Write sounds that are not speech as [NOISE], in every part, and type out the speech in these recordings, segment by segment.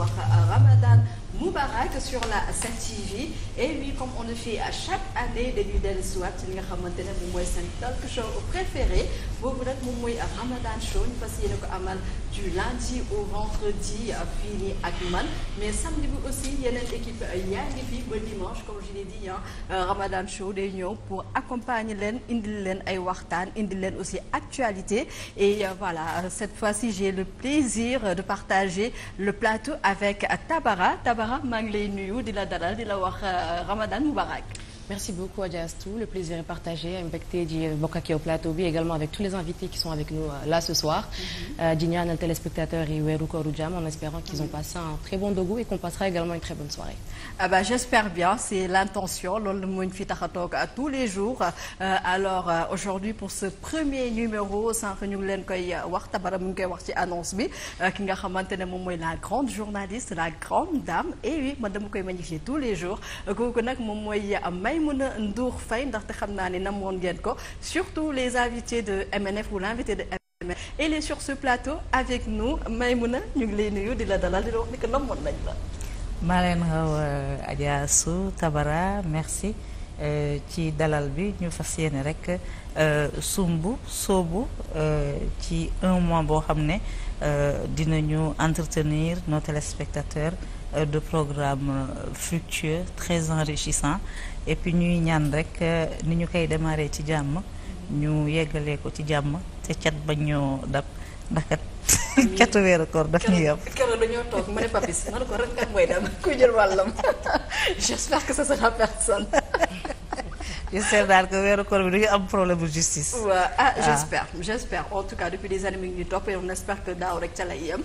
wax Ramadan Moubarak sur la 7TV et comme on le fait à chaque année dañuy dellu si waat ci li nga xamante ne moom mooy seen talk show préféré boobu nag moom mooy Ramadan show ñu fas ko amal du lundi au vendredi euh, fii nii ak man mais samedi bi aussi yeneen équipe euh, yaa euh, day ñëw pour accompagner leen indil leen ay waxtaan indil leen aussi actualité et voilà cette fois-ci j'ai le plaisir de partager le plateau. avec Tabara Tabara maa ngi lay nuyu di la dalal di la wax euh, Ramadan Moubarak merci beaucoup Adja Astou le plaisir est partagé mbégte ji euh, bokk ak yow bi également avec tous les invités qui sont avec nous euh, là ce soir mm-hmm. euh, di ñaanal téléspectateurs yi weeru kooru en espérant qu'ils ont mm-hmm. passé un très bon dogu et qu'on passera également une très bonne soirée ah a toog aujourd'hui pour ce premier numéro sànq ñu ngi leen koy mu koy wax ci ki nga xamante ne moom mooy la grande journaliste la grande dame et oui man dama koy tous les jours kooku nag moom mooy may Maïmouna Ndour Faye ndaxte xam naa ni namoon ngeen ko surtout les invités de MNF ou l'invité de MNF elle est sur ce plateau avec nous Maïmouna ñu ngi lay nuyu di la dalal di la wax ni que namoon nañ la. maa raw euh, Adja Tabara merci euh, ci dalal bi ñu fas yéene rek euh, sumb soobu ci un mois boo xam ne dinañu entretenir nos téléspectateurs. Euh, de programmes euh, fructueux très enrichissants et puis ñuy ñaan rek euh, ni ñu koy démarrer ci jàmm ñu yeggalee ko ci jàmm te cat ba ñoo dab ndax kat [LAUGHS] catu weeru koor daf ñu yem. keroog dañoo toog ko [LAUGHS] [LAUGHS] daal ku weeru koor bi du ñu am problème bu justice. waaw ouais, ah, ah. j'espère ah. j'espère en tout cas depuis des années mi topp et on que daaw rek ca lay yem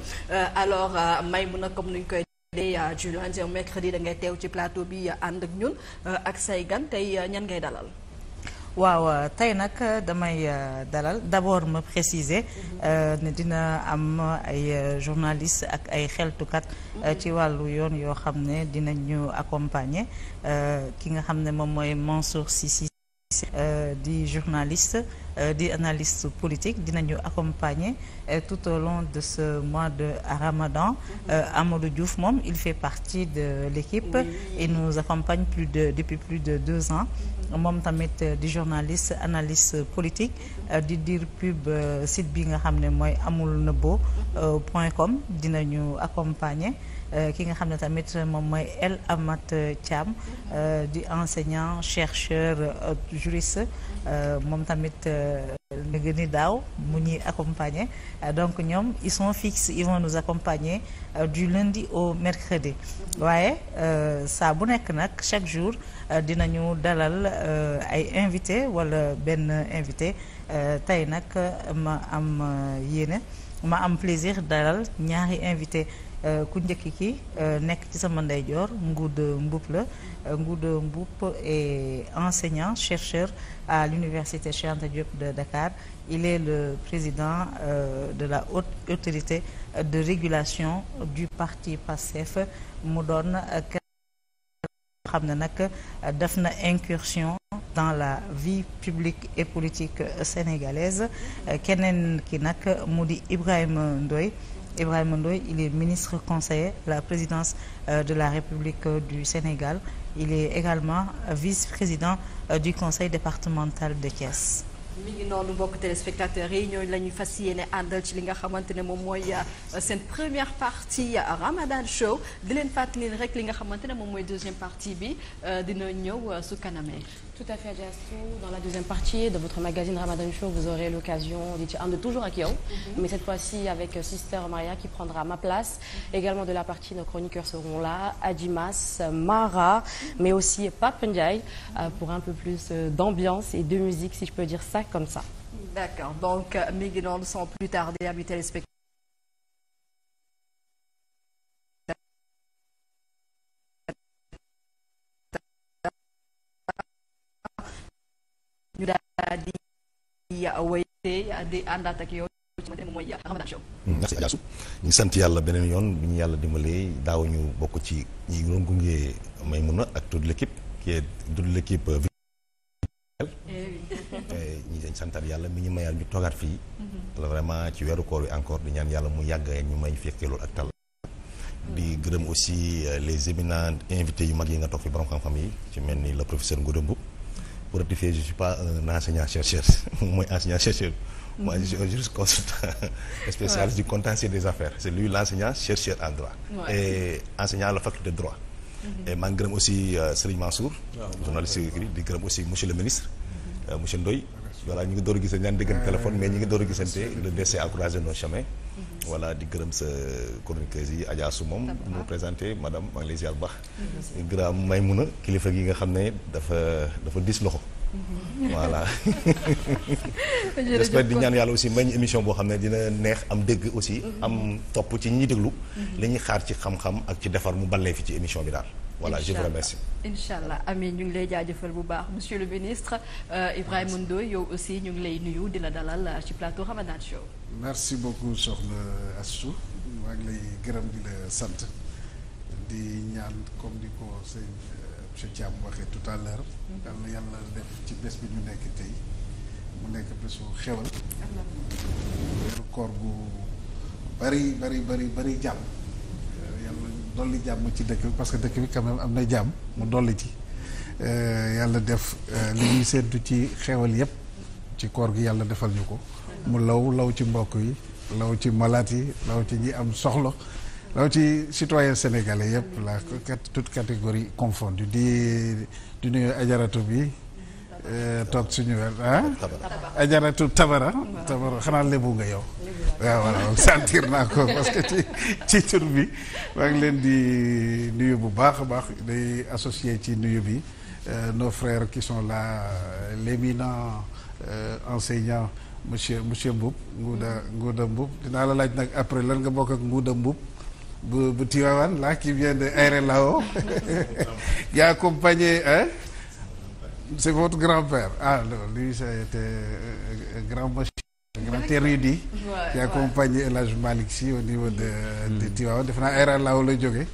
alors Maïmouna comme ni ñu koy. dès du ah, lundi au mercredi da ngay teew ci plateau bi ah, ànd ak ñun ah, ak say gan tey ñan ngay dalal. waaw tey nag damay dalal d'abord ma préciser mhm. ne dina am ay journaliste ak ay xeltukat mhm. ci wàllu yoon yoo xam ne dinañu accompagner ki nga xam ne moom mooy Mansour Sissi Euh, di journaliste euh, di analyste politique dinañu accompagner euh, tout au long de ce mois de Ramadan euh, Amadou Diouf moom il fait partie de l'équipe et nous accompagne plus de depuis plus de deux ans moom tamit euh, di journaliste analyste politique di dir pub site bi nga xam ne mooy amul nëbbo point com dinañu accompagner Euh, ki nga xam ne tamit moom mooy El Amat Thiam euh, di enseignant chercheur euh, juriste moom tamit na gën ni daaw mu ñuy accompagner donc ñoom ils sont fixes ils vont nous accompagner du lundi au mercredi waaye saa bu nekk nag chaque jour dina dinañu dalal ay invité wala benn invité tey nag ma am yéene ma am plaisir dalal ñaari invité Euh, ku njëkk ki euh, nekk ci sama ndeyjoor Ngouda Mboup la euh, Ngouda Mboup est enseignant chercheur à l'université Cheikh Anta de Dakar il est le président de la haute autorité de régulation du parti PASTEF mu doon xam ne nag def na incursion dans la vie publique et politique sénégalaise keneen ki nag mu di Ibrahima ndoy Ibrahima Ndoye il est ministre conseiller à la présidence euh, de la République euh, du Sénégal il est également euh, vice-président du conseil départemental de Thiès mi ngi noonu mbokk téléspectateurs yi ñooñu la ñuy fas yéene àndal ci li nga xamante ne moom mooy euh, seen première partie euh, Ramadan Show di leen fàttali rek li nga xamante ne moom mooy deuxième partie bi euh, dina ñëw su kanamee. tout à fait Diassou dans la deuxième partie de votre magazine Ramadan Show vous aurez l'occasion di ci ànd toujours ak yow. Mm-hmm. mais cette fois-ci avec Sister Maria qui prendra ma place. Mm-hmm. également de la partie nos chroniqueurs seront là Adjimas Mara mm-hmm. mais aussi Pape Ndiaye pour un peu plus d'ambiance et de musique si je peux dire ça. faire comme ça. D'accord donc mi ngi noonu sans plus tarder amis téléspectateurs. ñu daal di wéytee di àndaat yow ci mooy Ramadan sant yàlla beneen yoon bi ñu yàlla dimbalee daaw ñu bokk ci ñi doon gunge Maymuna ak toute l' équipe qui est toute l' équipe euh, virtuelle. ñi dañ santaat yàlla mi ñu mayaat ñu toogaat fii mm-hmm. la vraiment ci weeru koor wi encore di ñaan yàlla mu yàgg ñu may fekkee loolu ak tal di gërëm aussi euh, les éminents invités yu mag yi nga toog fi borom xam-xam yi ci mel ni le professeur Ngouda Mboup pour rectifier je suis pas un enseignant [LAUGHS] mooy enseignant chercheur moi je suis un juriste consultant [LAUGHS] spécialiste du contentieux des affaires c'est la faculté de droit mm-hmm. et maa gërëm aussi euh, Serigne Mansour journaliste écrit di gërëm aussi monsieur le ministre mm-hmm. euh, monsieur Ndoye voilà ñu ngi door a gisee ñaan diggante ah, téléphone mais ñu ngi door a gisante le décès a croisé nos chemins. Mm-hmm. voilà di gërëm sa chroniqueuse yi Adja su moom mu présenté madame maa ngi lay ziar bu baax mm-hmm. gërëm Maymuna kilifa gi nga xam ne dafa dafa dis loxo mm-hmm. voilà [LAUGHS] [LAUGHS] j'espère di ñaan yàlla aussi may ñu émission boo xam ne dina neex am dégg aussi am topp ci ñi déglu li ñuy xaar ci xam-xam ak ci defar mu ballee fi ci émission bi daal voilà je vous remercie. incha allah Ami ñu ngi lay jaajëfal bu baax monsieur le ministre euh, Ibrahima Ndoye yow aussi ñu ngi lay nuyu di la dalal euh, ci plateau Ramadan Show. merci beaucoup soxna Astou maa ngi lay gërëm di la sant di ñaan comme ni ko sëñ euh, monsieur Thiam waxee tout heure. Mhm. na def ci bés bi ñu nekk tey mu nekk bésu xewal. weeru koor bu bari bari bari bari jàmm. dolli jàmm ci dëkk bi parce que dëkk bi quand am na jàmm mu dolli ci euh, yàlla def euh, li ñuy séddu ci xewal yépp ci koor gi yàlla defal ñu ko mu law law ci mbokk yi law ci malaat yi law ci ñi am soxla law ci citoyen sénégalais yépp la toute catégorie confondue di di nuyu ajaratu bi Eh, toog suñu wel ah. ajaratu tabara tabara xanaa lebu nga yow. waaw waaw sentir naa ko parce que ci ci bi maa ngi leen di nuyu bu baax a baax day associé ci nuyu bi euh, nos frères qui sont là l'éminent euh, enseignant monsieur monsieur Mboup Ngouda Ngouda Mboup dinaa la laaj nag après lan nga bokk ak Ngouda bu bu Tivaouane qui vient de Aéré Lao [LAUGHS] qui a c'est votre grand-père ah lui c'était euh, grand monsieur grand érudit qui accompagne El Hadj Malick Sy au niveau de de hmm. Tivaouane def naa era law la jóge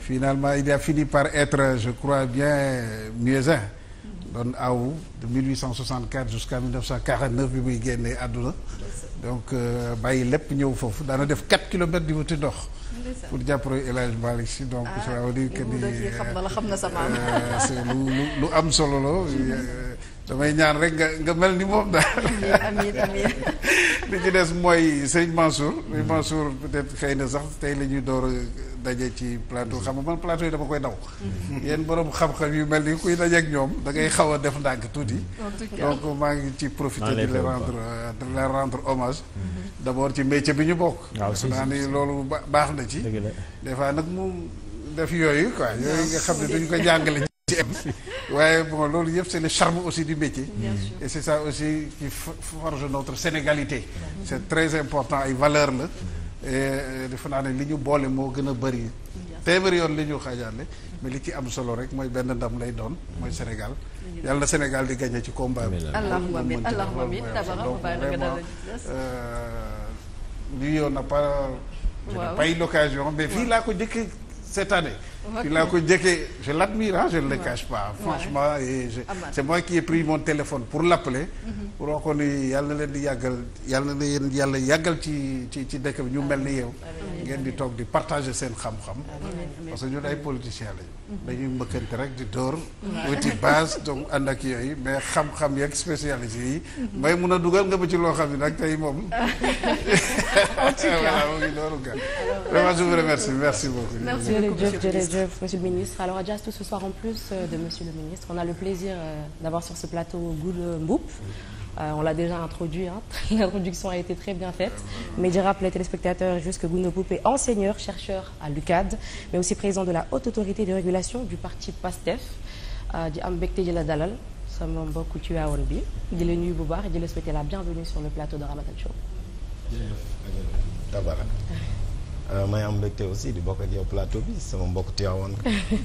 finalement il a fini par être je crois bien muezzin hmm. doon aw de 1864 jusqu'à 1949 bi muy génnee àdduna donc euh, bàyyi lépp ñëw foofu daana def 4 kilomètres di wuti ndox pour jàppale El Hadj Malick Sy donc ah, ça veut dire que ni. xam na la euh, xam na sa [LAUGHS] euh, lu lu am solo la. Euh, damay ñaan rek nga nga mel ni moom daal. amiin [LAUGHS] li ci des mooy sëñ Mansour. sëñ mm. Mansour peut-être xëy na sax tey la ñuy door a daje ci plateau mm. xam nga man plateau yi dama koy daw. Mm. yéen borom xam-xam yu mel ni kuy dajeeg ñoom da ngay xaw a def ndànk tuuti. donc maa ngi ci profiter di la rendre di la rendre hommage. Mm-hmm. d'abord ci métier bi ñu bokk. waaw si naa ni loolu baax na ci. des fois nag mu def yooyu quoi yooyu nga xam ne duñ ko jàngale. waaye bon loolu yëpp c'est le charme aussi di métier et c'est ça aussi qui forge notre sénégalité c'est très important ay valeur la euh, defe naa ne li ñu boole moo gën a bëri téeméeri yoon li ñu xaajaale mais li ci am solo rek mooy benn ndam lay doon mooy Sénégal yàlla na Sénégal di gagné ci combat bi allahumma amin allahumma amin vraiment euh, lui on n'a pas je n'ai pas eu l'occasion mais fii laa ko jëkk cette tu l'as ko jëkkee je l'admire le cache franchement et je ah, c'est moi qui ai pris mon téléphone pour l'appeler mhm. pour wax ko yàlla na leen di yàggal yàlla na leen yàlla yàggal ci ci ci dëkk bi ñu mel ni yow ngeen di toog di partager seen xam-xam parce que ñun ay politiciens lañu mhm. dañuy mbëkkante rek di dóor wuti base donc ànd ak yooyu mais xam-xam yeeg spécialisé yi may mun a dugal nga ba ci loo xam ne nag tey moom [LAUGHS] [LAUGHS] voilà mu ngi loolu nga vraiment je vous remercie merci beaucoup jërëjëf de Monsieur le ministre. Alors, Adja, tout ce soir en plus euh, de Monsieur le ministre, on a le plaisir euh, d'avoir sur ce plateau Goul Mboup. Euh, on l'a déjà introduit, hein. [LAUGHS] l'introduction a été très bien faite. Mais je rappelle les téléspectateurs juste que Gouno est enseigneur, chercheur à l'UCAD, mais aussi président de la Haute Autorité de Régulation du parti PASTEF, euh, di am mbégte ji la dalal sama mbokku ci waawoon bi di la nuyu bu baax di la la bienvenue sur le plateau de Ramatan Show. Euh, may am mbégte aussi di bokk ak plateau bi sama mbokk Tivaouane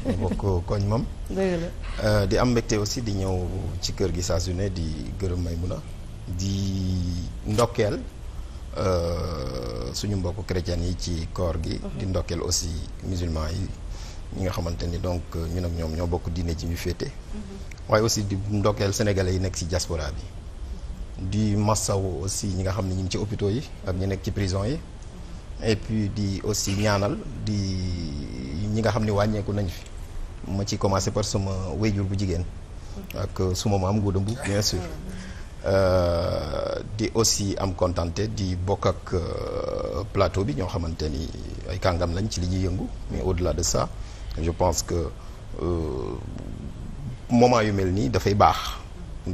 ma mbokk koñ mom euh, di am mbégte aussi di ñëw ci kër gi saa su ne di gërëm Maymuna di ndokkeel euh, suñu mbokk chrétiens yi ci koor gi mhm. di ndokkeel aussi musulman yi ñi nga xamante ni donc ñun ak ñoom ñoo bokk diine ci ñu féete mhm. waaye aussi di ndokkeel sénégalais yi nekk ci diaspora bi di massaw aussi ñi nga xam ne ñu ngi ci hôpitaux yi ak ñu nekk ci prison yi et puis di aussi ñaanal di ñi nga xam ne wàññeeku nañ fi ma ci commencé par sama wéyjur bu jigéen ak su suma maam Ngouda Mboup bien sûr euh, di aussi am contenté di bokk ak euh, plateau bi ñoo xamante ni ay kàngam lañ ci li ñuy yëngu mais au-delà de ça je pense que euh, moment yu mel nii dafay baax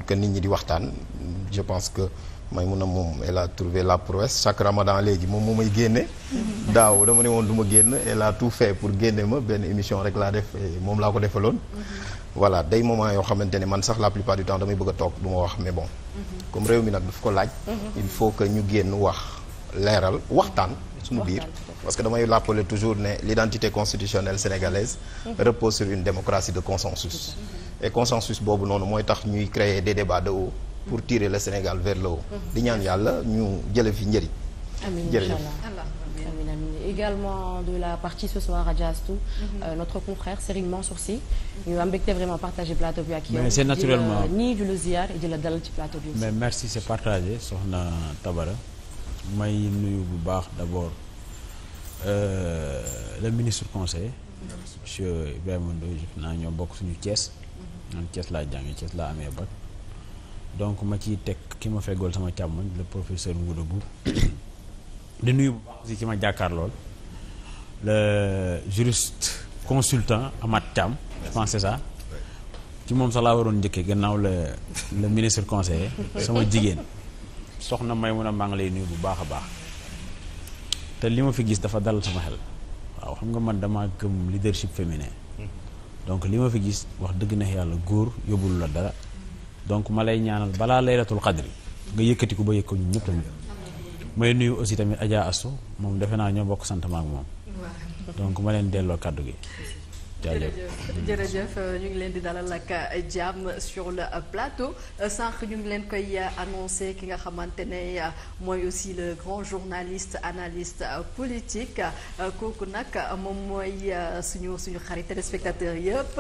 que nit ñi di waxtaan je pense que Maymuna moom elle a trouvé la prouesse chaque ramadan léegi moom moo may génne. daaw dama ne woon du génn elle a tout fait pour génne ma benn émission rek laa def moom laa ko defaloon. voilà day moment yoo xamante ne man sax la plupart du temps damay bëgg toog du wax mais bon. comme réew mi nag daf ko laaj. il faut que ñu génn wax leeral waxtaan. suñu biir parce que damay làppale toujours ne l'identité constitutionnelle sénégalaise repose sur une démocratie de consensus. et consensus boobu noonu mooy tax ñuy créer des débats de pour tirer la Sénégal vers loo haut. di ñaan yàlla ñu jële fi njëriñ. amiin jërëjëf amiin amiin également de la partie ce soir à Diastou. Mhm. Euh, notre confrère Serigne Mansour ñu am mbégte vraiment partagé plateau bi ak yow. mais c'est naturellement di la nii di la ziar di la dalal ci plateau bi. mais merci c'est partagé soxna Tabara. may nuyu bu baax d'abord euh, le ministre conseil. monsieur Ibrahima Ndoye naa ñoo bokk suñu cees mhm. man Thiès laa jàngee Thiès laa amee bac. donc ma ci teg ki ma feggool sama càmmoñ le professeur Ngouda Bou [COUGHS] di nuyu bu baax aussi ki ma jàkkaar lool le juriste consultant Amath Thiam je pense ci moom sax laa waroon njëkkee gannaaw la le ministre conseiller sama jigéen soxna may mun a maa ngi lay nuyu bu baax a baax te li ma fi gis dafa dal sama xel waaw xam nga man dama gëm leadership féminin hmm. donc li ma fi gis wax dëgg na yàlla góor yóbbul la dara donc ma lay ñaanal balaa laylatul xadri nga yëkkati ko ba yëg ko ñun ñëpp tamit may nuyu aussi tamit Adja Astu moom defe naa ñoo bokk sant ma moom donc ma leen delloo kàddu gi jërëjëf jërëjëf ñu ngi leen di dalal ak jàmm sur le plateau sànq ñu ngi leen koy annoncé ki nga xamante ne mooy aussi le grand journaliste analyste politique kooku nag moom mooy suñu suñu xarit téléspectateur yëpp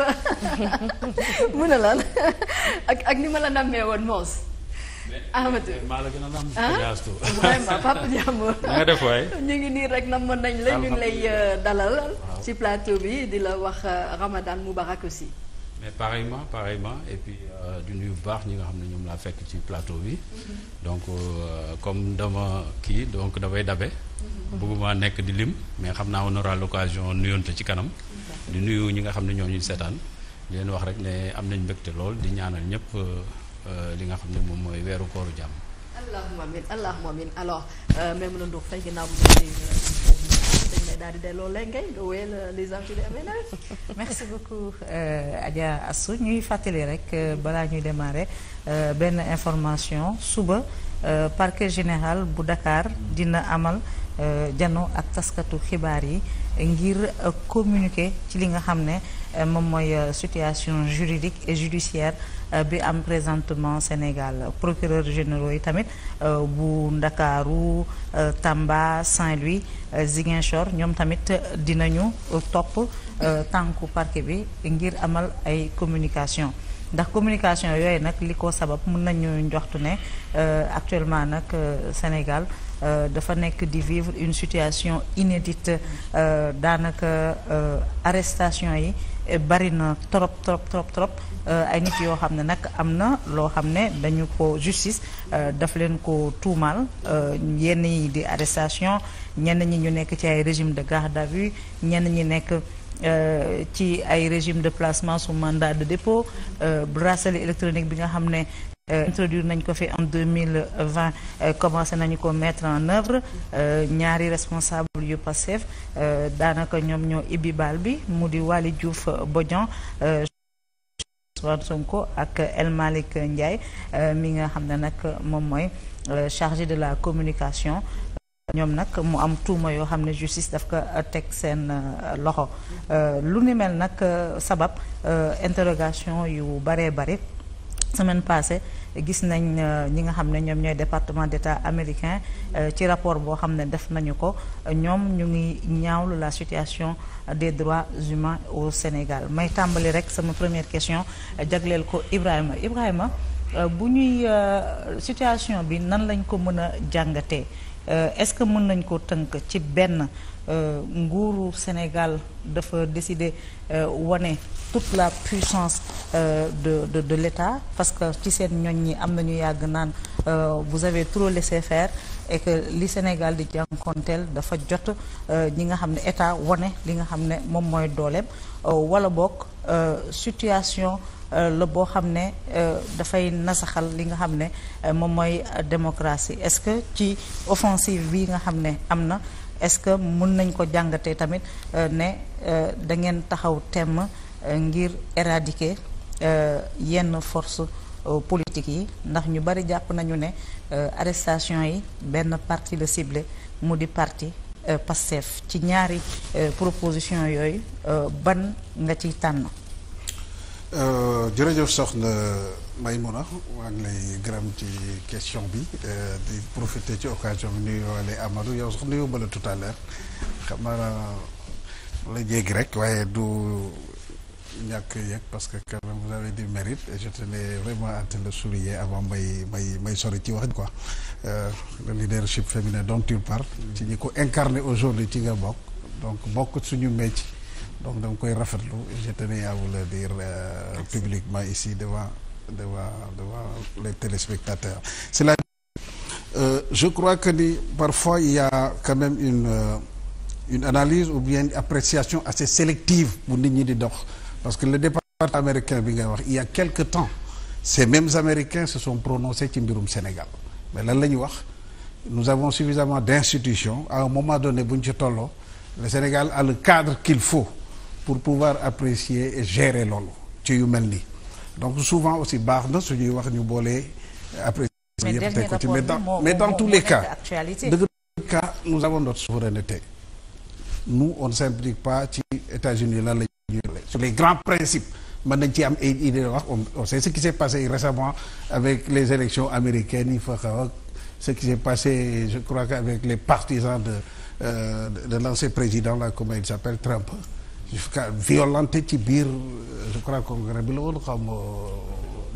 [LAUGHS] mën na lan [LAUGHS] ak ak ni ma la nammee woon moos. Amadou maa la gën a nam vraiment Papa Diambour nga def waay ñu ngi nii rek nam nañ la lay dalal ci plateau bi di la wax eh, Ramadan Moubarak aussi mais pareillement pareillement et puis du nuyu bu baax ñi nga xam ne ñoom laa fekk ci plateau bi mhm. donc euh, comme dama kii donc damay dabe mhm. bëgguma nekk di lim mais xam naa on aura l'occasion ci kanam di nuyu ñi nga xam ne ñoo ñuy seetaan di leen wax rek ne am nañ mbégte lool di ñaanal ñëpp euh, Euh, li nga xam ne moom mooy weeru kooru jàmm. allahumma amin allahumma amin alors euh, Maimouna Ndour tey ginnaaw euh, daal di delloo léeg-léeg nga les enjeux [LAUGHS] merci beaucoup euh, Adja Assou ñuy fàttali rek balaa ñuy démarrer euh, benn information suba euh, général bu Dakar dina amal jano ak taskatu xibaar yi ngir communiquer ci li nga xam ne moom mooy situation juridique et judiciaire. Euh, bi am présentement Sénégal procureur généraux yi tamit euh, bu Ndakaaru euh, Tamba Saint-Louis Ziguinchor ñoom tamit dinañu topp tànku parquet bi ngir amal ay communication ndax communication yooyu nag li ko sabab mun nañu njoxtu ne actuellement nag Sénégal Euh, dafa nekk di vivre une situation inédite euh, daanaka euh, arrestation yi eh, bari na trop trop trop trop ay nit yoo xam ne nag am na loo xam ne dañu ko justice daf leen ko tuumaal yenn yi di arrestation ñenn ñi ñu nekk ci ay régime de garde à vue ñenn ñi nekk ci ay régime de placement sous mandat de dépôt bracelet électronique bi nga xam ne Euh, introduire nañ ko fi en deux mille vingt euh, commencé nañu ko mettre en œuvre euh, ñaari responsable yu Pastef daanaka ñoom ñoo ibbi baal bi mu di Waly Diouf Bodian Ousmane ak El Malick Ndiaye mi nga xam ne nag moom mooy chargé de la communication ñoom nag mu am tuuma yoo xam ne justice daf ko teg seen loxo lu ni mel nag sabab interrogation yu baree bare semaine passée gis nañ euh, ñi nga xam ne ñoom ñooy département d'état américain euh, ci rapport boo xam ne def nañu ko ñoom ñu ngi ñaawlu la situation des droits humains au Sénégal may tàmbali rek sama première question euh, jagleel ko Ibrahima Ibrahima bu ñuy situation bi nan lañ ko mën a jàngatee est-ce que mën nañ ko tënk ci benn Euh, nguuru Sénégal dafa décider euh, wane toute la puissance euh, de de de l'État parce que ci seen ñoñ ñi am nañu yàgg naan vous avez trop laissé faire et que li Sénégal di jànkonteel dafa jot ñi nga xam ne État wane li nga xam ne moom mooy dooleem wala boog situation la boo xam ne dafay nasaxal li nga xam ne moom mooy démocratie est-ce que ci offensive bi nga xam ne am na est-ce que mën nañ ko jàngatee tamit euh, ne euh, da ngeen taxaw temm euh, ngir éradiquer yenn force politique yi ndax ñu bari jàpp nañu ne arrestation yi benn parti le cible mu di parti Pastef ci ñaari proposition yooyu ban nga ciy tànn jërëjëf soxna Maïmouna maa ngi lay gërëm ci question bi euh, di profiter ci occasion bi nuyu wale Amadou yow sax nuyu ma la tout à xam naa la jéggi rek waaye du ñàkk yëg parce que quand même vous avez du mérite et je tenais vraiment à te le souligner avant may may sori ci wax quoi euh, leadership féminin dont tu parles ci ñi ko incarné aujourd'hui ci nga bokk donc bokk suñu métier donc dama koy rafetlu et je tenais à vous le euh, publiquement ici devant devant devant les téléspectateurs cela euh, je crois que ni parfois il y a quand même une euh, une analyse ou bien une appréciation assez sélective bu nit ñi di dox parce que le département américain bi nga wax il y a quelque temps ces mêmes américains se sont prononcés ci mbirum Sénégal mais lan la ñuy wax nous avons suffisamment d'institutions à un moment donné bu ñu ci tolloo le Sénégal à le cadre qu'il faut pour pouvoir apprécier et gérer loolu ci yu mel nii donc souvent aussi baax na suñuy wax ñu boolee après yëpp teg ko ci mais dans mais tous les cas de tous cas nous avons notre on ne pas ci États-Unis lan la ñuy sur les grands principes mën nañ ci am ay idée wax on sait ce qui s'est passé récemment avec les élections américaines yi fa xaw ak ce qui s'est passé je crois qu'avec les partisans de euh, de l'ancien président là comment il s'appelle Trump jusqu'à violenté ci biir euh, je crois congrès bi la woon xaw ma euh,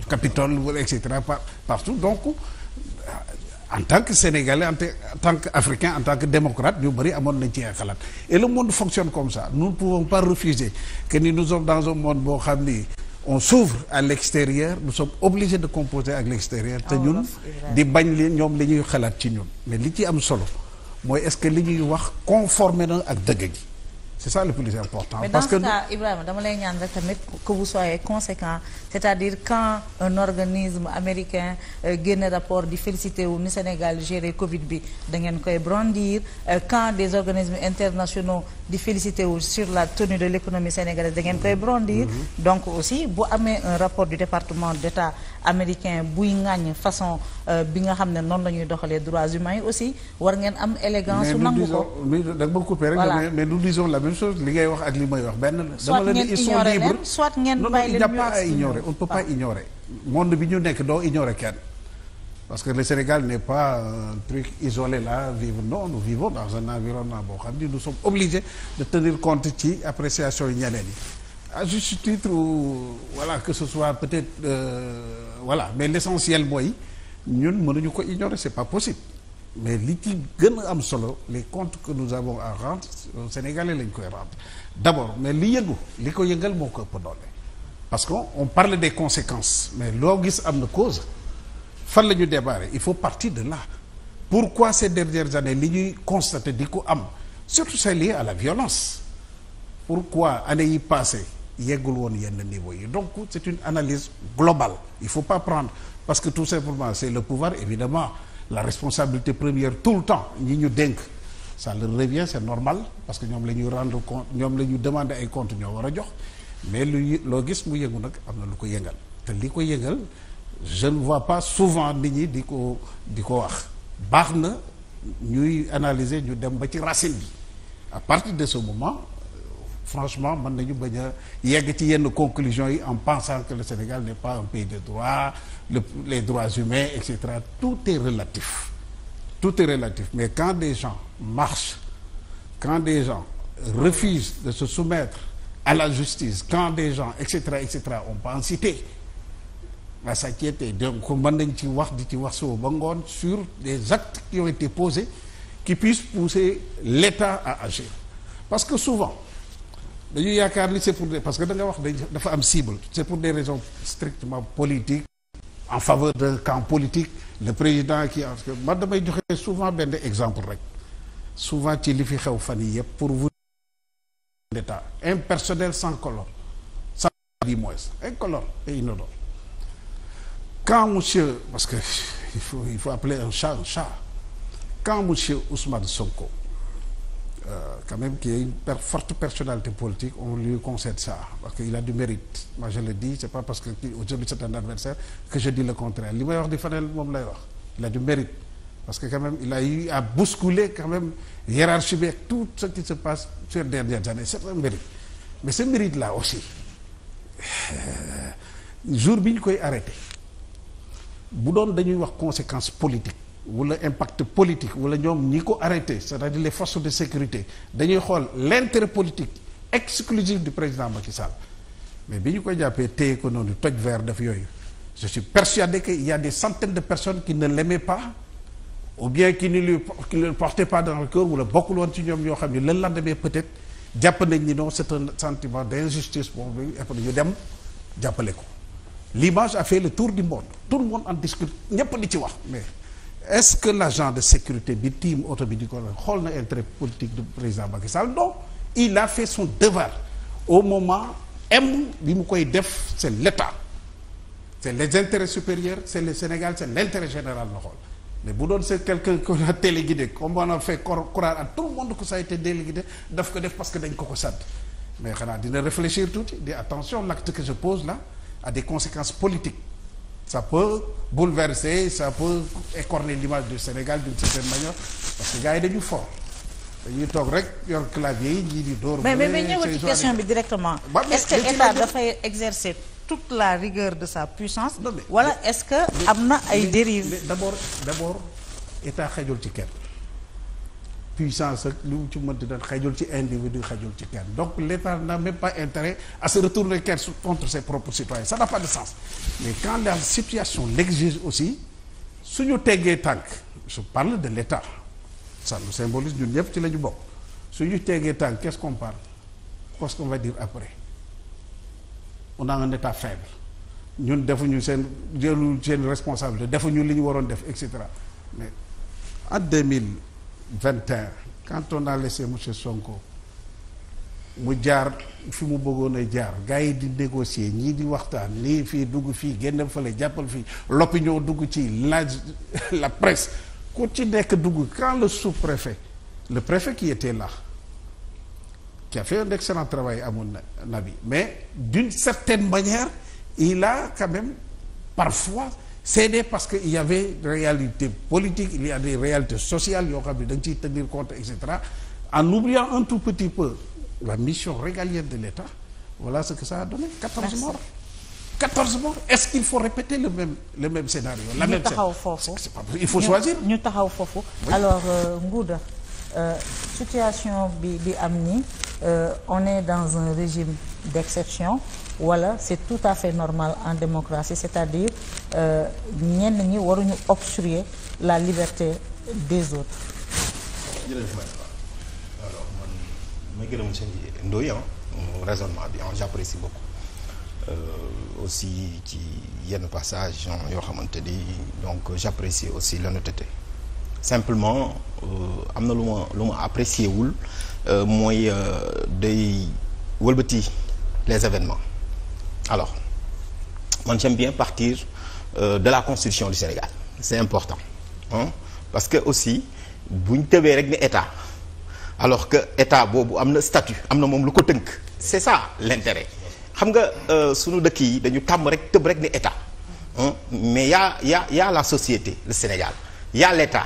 Capitole wala et par partout donc euh, en tant que sénégalais en tant qu'africain en tant que démocrate ñu bëri amoon nañ ci ay xalaat et le monde fonctionne comme ça nous ne pouvons pas refuser que ni nous sommes dans un monde boo xam ni on s'ouvre à l'extérieur nous sommes obligé de composer ak l'extérieur te ah, ñun di bañ li ñoom li ñuy xalaat ci ñun mais li ci am solo mooy est-ce que li ñuy wax conforme na ak dëgg gi c'est ça le plus important. Mais que mais dans ce cas Ibrahima dama lay ñaan rek tamit que vous soyez conséquent c'est-à-dire quand un organisme américain euh, génne rapport di félicité wu ni Sénégal géré Covid bi da ngeen koy brandir euh, quand des organismes internationaux di félicité wu sur la tenue de l'économie sénégalaise da ngeen koy mm-hmm. brandir. Mm-hmm. donc aussi bu amee un rapport du département d'État. américain buy ŋàññ façon euh, bi nga xam ne noonu la ñuy doxalee droits humains yi aussi war ngeen am élégance su nangu ko mais da nga ma coupé rek mais nous disons la même chose li ngay wax ak li may wax benn la dama la ne ils sont libres soit ngeen bàyyi leen pas à ignorer on ne peut pas ignorer monde bi ñu nekk doo ignorer kenn parce que le Sénégal n'est pas un truc isolé là vivre non nous vivons dans un environnement boo xam ni nous sommes obligés de tenir compte ci appréciation yi ñeneen yi à juste titre voilà que ce soit peut-être euh, voilà mais l'essentiel mooy ñun mënuñu ko ignorer c'est pas possible mais li ci gën am solo les comptes que nous avons à rendre euh, sénégalais lañ koy rendre d'abord mais li yëngu li ko yëngal moo ko ëpp doole parce que on parle des conséquence mais loo gis am na cause fan la ñu débarrer il faut partie de là pourquoi ces dernières années li ñuy constater di ko am surtout c'est lié à la violence pourquoi années yi passée yeggul woon yenn niveau yi donc c'est une analyse globale il faut pas prendre parce que tout simplement c'est le pouvoir évidemment la responsabilité première tout le temps ñi ñu dénk ça leur revient c'est normal parce que ñoom la ñuy rendre compte ñoom la ñuy demander ay compte ñoo war a jox mais lu loo gis mu yëngu nag am na lu ko yëngal te li ko yëngal je ne vois pas souvent nit ñi di ko di ko wax baax na ñuy analyser ñu dem ba ci racine bi à partir de ce moment franchement mën nañu bañ a yegg ci yenn conclusion yi en pensant que le Sénégal n'est pas un pays de droit le, les droits humains et cetera tout est relatif tout est relatif mais quand des gens marchent quand des gens refusent de se soumettre à la justice quand des gens et cetera et cetera on peut en citer à s'inquiéter donc mën nañ ci wax di ci wax soo ba ngoon sur des actes qui ont été posés qui puissent pousser l'État à agir parce que souvent dañu yaakaar ni c'est pour des parce que danga nga wax dafa am cible c'est pour des raisons strictement politiques en faveur d'un camp politique le président qui parce que man damay joxe souvent benn exemple rek souvent ci li fi xew fan yi yëpp pour vous d'état impersonnel sans color sans di moins incolore et inodore quand monsieur parce que [LAUGHS] il faut il faut appeler un chat un chat quand monsieur Ousmane Sonko euh, quand même qui est une per forte personnalité politique, on lui concède ça, parce qu'il a du mérite. Moi, je le di c'est pas parce qu'aujourd'hui c'est un adversaire que je dis le contraire. Li may wax di Fadel moom lay wax il a du mérite parce que quand même il a eu à bousculer quand même bi ak tout ce qui se passe ces dernières années c'est mérite mais ce mérite là aussi euh, jour bi ñu koy arrêté bu doon dañuy wax conséquence politique wala impact politique wala ñoom ñi ko arrêté c'est-à-dire les forces de sécurité dañuy xool l'intérêt politique exclusif du président Macky Sall mais bi ñu koy jàppee téye ko noonu toj verre def yooyu su suis persuadé qu'il y a des de personnes qui ne l'aimaient pas ou bien ki ne lui qui le portaient pas dans le cœur wala bokkul woon ci ñoom ñoo xam ne le lendemain peut-être jàpp nañ ni non c'est un sentiment d'injustice boobu ñu dem jàppale ko l'image a le tour du monde tout le monde en discute ci wax mais est-ce que l'agent de sécurité bi tiim oto bi di ko xool na intérêt politique du président Macky Sall non il a fait son devoir au moment M bi mu koy def c'est l'État c'est les intérêts supérieurs c'est le Sénégal c'est l'intérêt général la xool mais bu doon c'est quelqu'un qu'on a téléguidé comme on a fait croire à tout le monde que ça a été téléguidé daf ko def parce que dañ ko ko sant mais xanaa dina réfléchir tuuti di attention l'acte que je pose là a des conséquences politiques ça peut bouleverser ça peut écorner l'image du Sénégal d'une certaine manière parce que gars yi dañu fort dañuy toog rek yor clavier yi ñii di dóor. mais mais ñëwal ci question bi directement. est-ce que état dafay exercer tout la rigueur de sa puissance. wala est-ce que am na ay dérives. d'abord d'abord état xejul ci kenn. puissance ak lu mu ci mënti doon xajul ci individu xajul ci kenn donc l' état n'a même pas intérêt à se retourner contre ses propres suñu teggee tànk su parle de l' état ça nous symbolise ñun ñëpp ci lañu ñu bokk suñu teggee tànk qu'est-ce qu'on parle qu'est-ce qu'on va dire après on a un état faible ñun defuñu seen jëlul seen responsabilité defuñu li ñu waroon def et cetera mais en 21 quand on a laissé monsieur Sonko mu jaar fi mu bëggoon a jaar gars yi di négocier ñii di waxtaan lii fii dugg fii génn fale jàppal fii l'opinion dugg ci la la presse ku ci nekk dugg quand le sous-préfet le préfet qui était là qui a excellent travail amoon na bi mais d'une certaine manière il a quand même parfois c'est parce que il y avait réalité politique il y a des réalités sociales yoo xam ne da nga ciy tenir compte et cetera en oubliant un tout petit peu la mission régalienne de l'État voilà ce que ça a donné 14 morts 14 morts est-ce qu'il faut répéter le même le même scénario la même taxaw foofu il faut choisir ñu taxaw foofu alors euh, Ngouda euh, situation bi bi am euh, on est dans un régime d'exception wala c' est tout à fait normal en démocratie c' est à dire euh, ñenn ñi waruñu obstruer la liberté des autres. jërëjëf alors man ma gërëm monsieur Ndoye raisonnement bi ah j' apprécie beaucoup euh, aussi ci yenn passage yoo xamante ni donc j' apprécie aussi l'honnêteté simplement euh, am na lu ma lu ma apprécié wul euh, mooy day walbati les événements. alors man j'aime bien partir euh, de la constitution du Sénégal c'est important parce que aussi bu ñu tëbee rek ne état alors que état boobu am na statut am na moom lu ko tënk c'est ça l'intérêt xam nga euh, sunu dëkk yi dañu tàmm rek tëb rek ne état mais y'a y'a y'a la société le Sénégal y'a l'état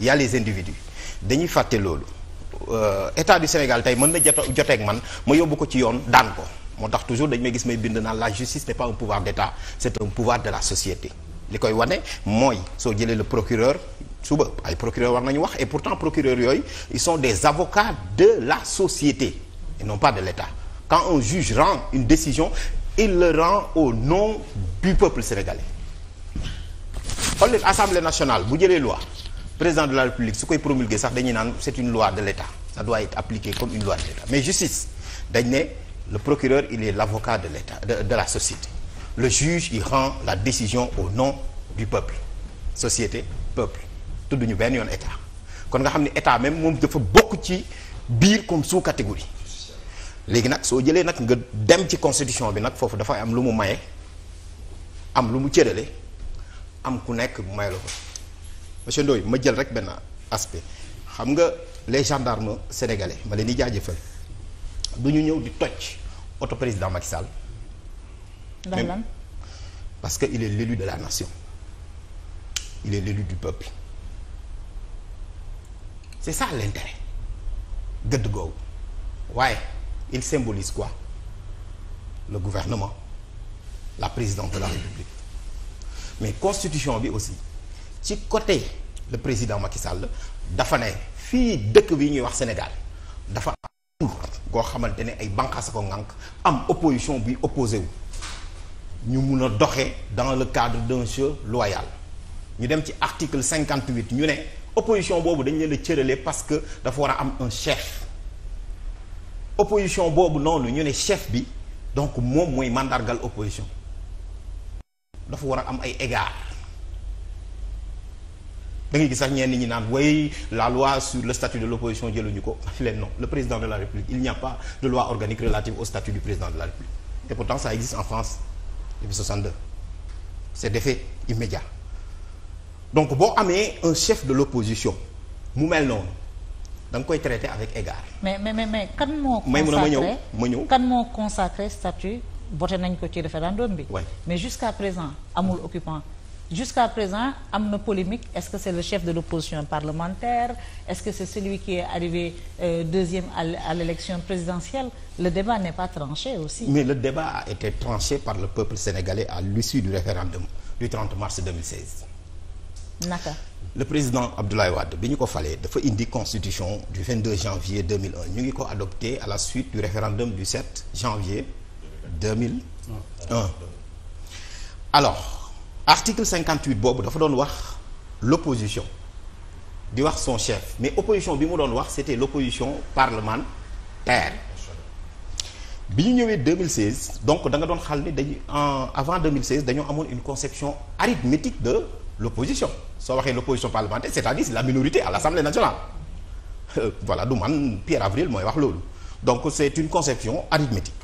y'a les individus dañuy fàtte loolu euh, état du Sénégal tey mën na jot joteeg man ma yóbbu ko ci yoon daan ko moo tax toujours dañ may gis may bind naan la justice n'est pas un pouvoir d'État c'est un pouvoir de la société li koy wane mooy soo jëlee le procureur suba ay procureur war nañu wax et pourtant procureur yooyu il sont des avocats de la société non pas de l'État quand un juge rend une décision il le rend au nom du peuple sénégalais xool leen assemblée nationale bu jëlee loi président de la république su koy promulguer sax dañuy naan c'est une loi de l'État ça doit être appliqué comme une ne le procureur il est l'avocat de l'État de, de la société le juge il rend la décision au nom du peuple société peuple tudduñu benn yoon État kon nga xam ne État même moom dafa bokk ci biir comme sous catégorie léegi nag soo jëlee nag nga dem ci constitution bi nag foofu dafay am lu mu maye am lu mu cërale am ku nekk may la ko monsieur Ndoye ma jël rek benn aspect xam nga les gendarmes sénégalais ma leen di jaajëfal du ñu ñëw di toj oto président Macky Sall. parce que il est l'élu de la nation il est l'élu du peuple c'est ça l'intérêt gëdd googu waaye il symbolise quoi le gouvernement la présidente de la république mais constitution bi aussi ci côté le président Macky Sall dafa ne fii dëkk bi ñuy wax Sénégal dafa goo xamante ne ay banqaas ko ngànk am opposition bi opposé wu ñu mun a doxe dans le cadre d'un jeu loyal ñu dem ci article cinquante huit ñu ne opposition boobu dañu leen a cërale parce que dafa war a am un chef opposition boobu noonu ñu ne chef bi donc moom mooy màndargal opposition dafa war a am ay égards da ngay gis sax ñenn ñi naan way la loi sur le statut de l'opposition jëluñu ko leen non le président de la république il n'y a pas de loi organique relative au statut du président de la république et pourtant ça existe en France c'est d'effet immédiat donc boo amee un chef de l'opposition mu mel noonu da nga koy traiter avec égard. mais mais mais mais kan moo. may mun a ma ñëw ñëw kan moo consacré statut voté nañ ko ci référendum bi. mais jusqu'à présent amul occupant. jusqu'à présent am na polémique est-ce que c'est le chef de l'opposition parlementaire est-ce que c'est celui qui est arrivé euh, deuxième à l'élection présidentielle le débat n'est pas tranché aussi mais le débat a été tranché par le peuple sénégalais à l'issue du référendum du 30 mars 2016 naka le président Abdoulaye Wade bi ñu ko falee dafa indi constitution du 22 janvier 2001 ñu ngi ko adopté à la suite du référendum du 7 janvier 2001 alors article 58 boobu dafa doon wax l'opposition di wax son chef mais opposition bi mu doon wax c'était l'opposition parlementaire bi ñu ñëwee 2016 donc danga doon xal ni dañu en avant 2016 dañoo amoon une conception arithmétique de l'opposition soo waxee l'opposition parlementaire c'est-à-dire la minorité à l'Assemblée nationale euh, voilà du man Pierre Avril mooy wax loolu donc c'est une conception arithmétique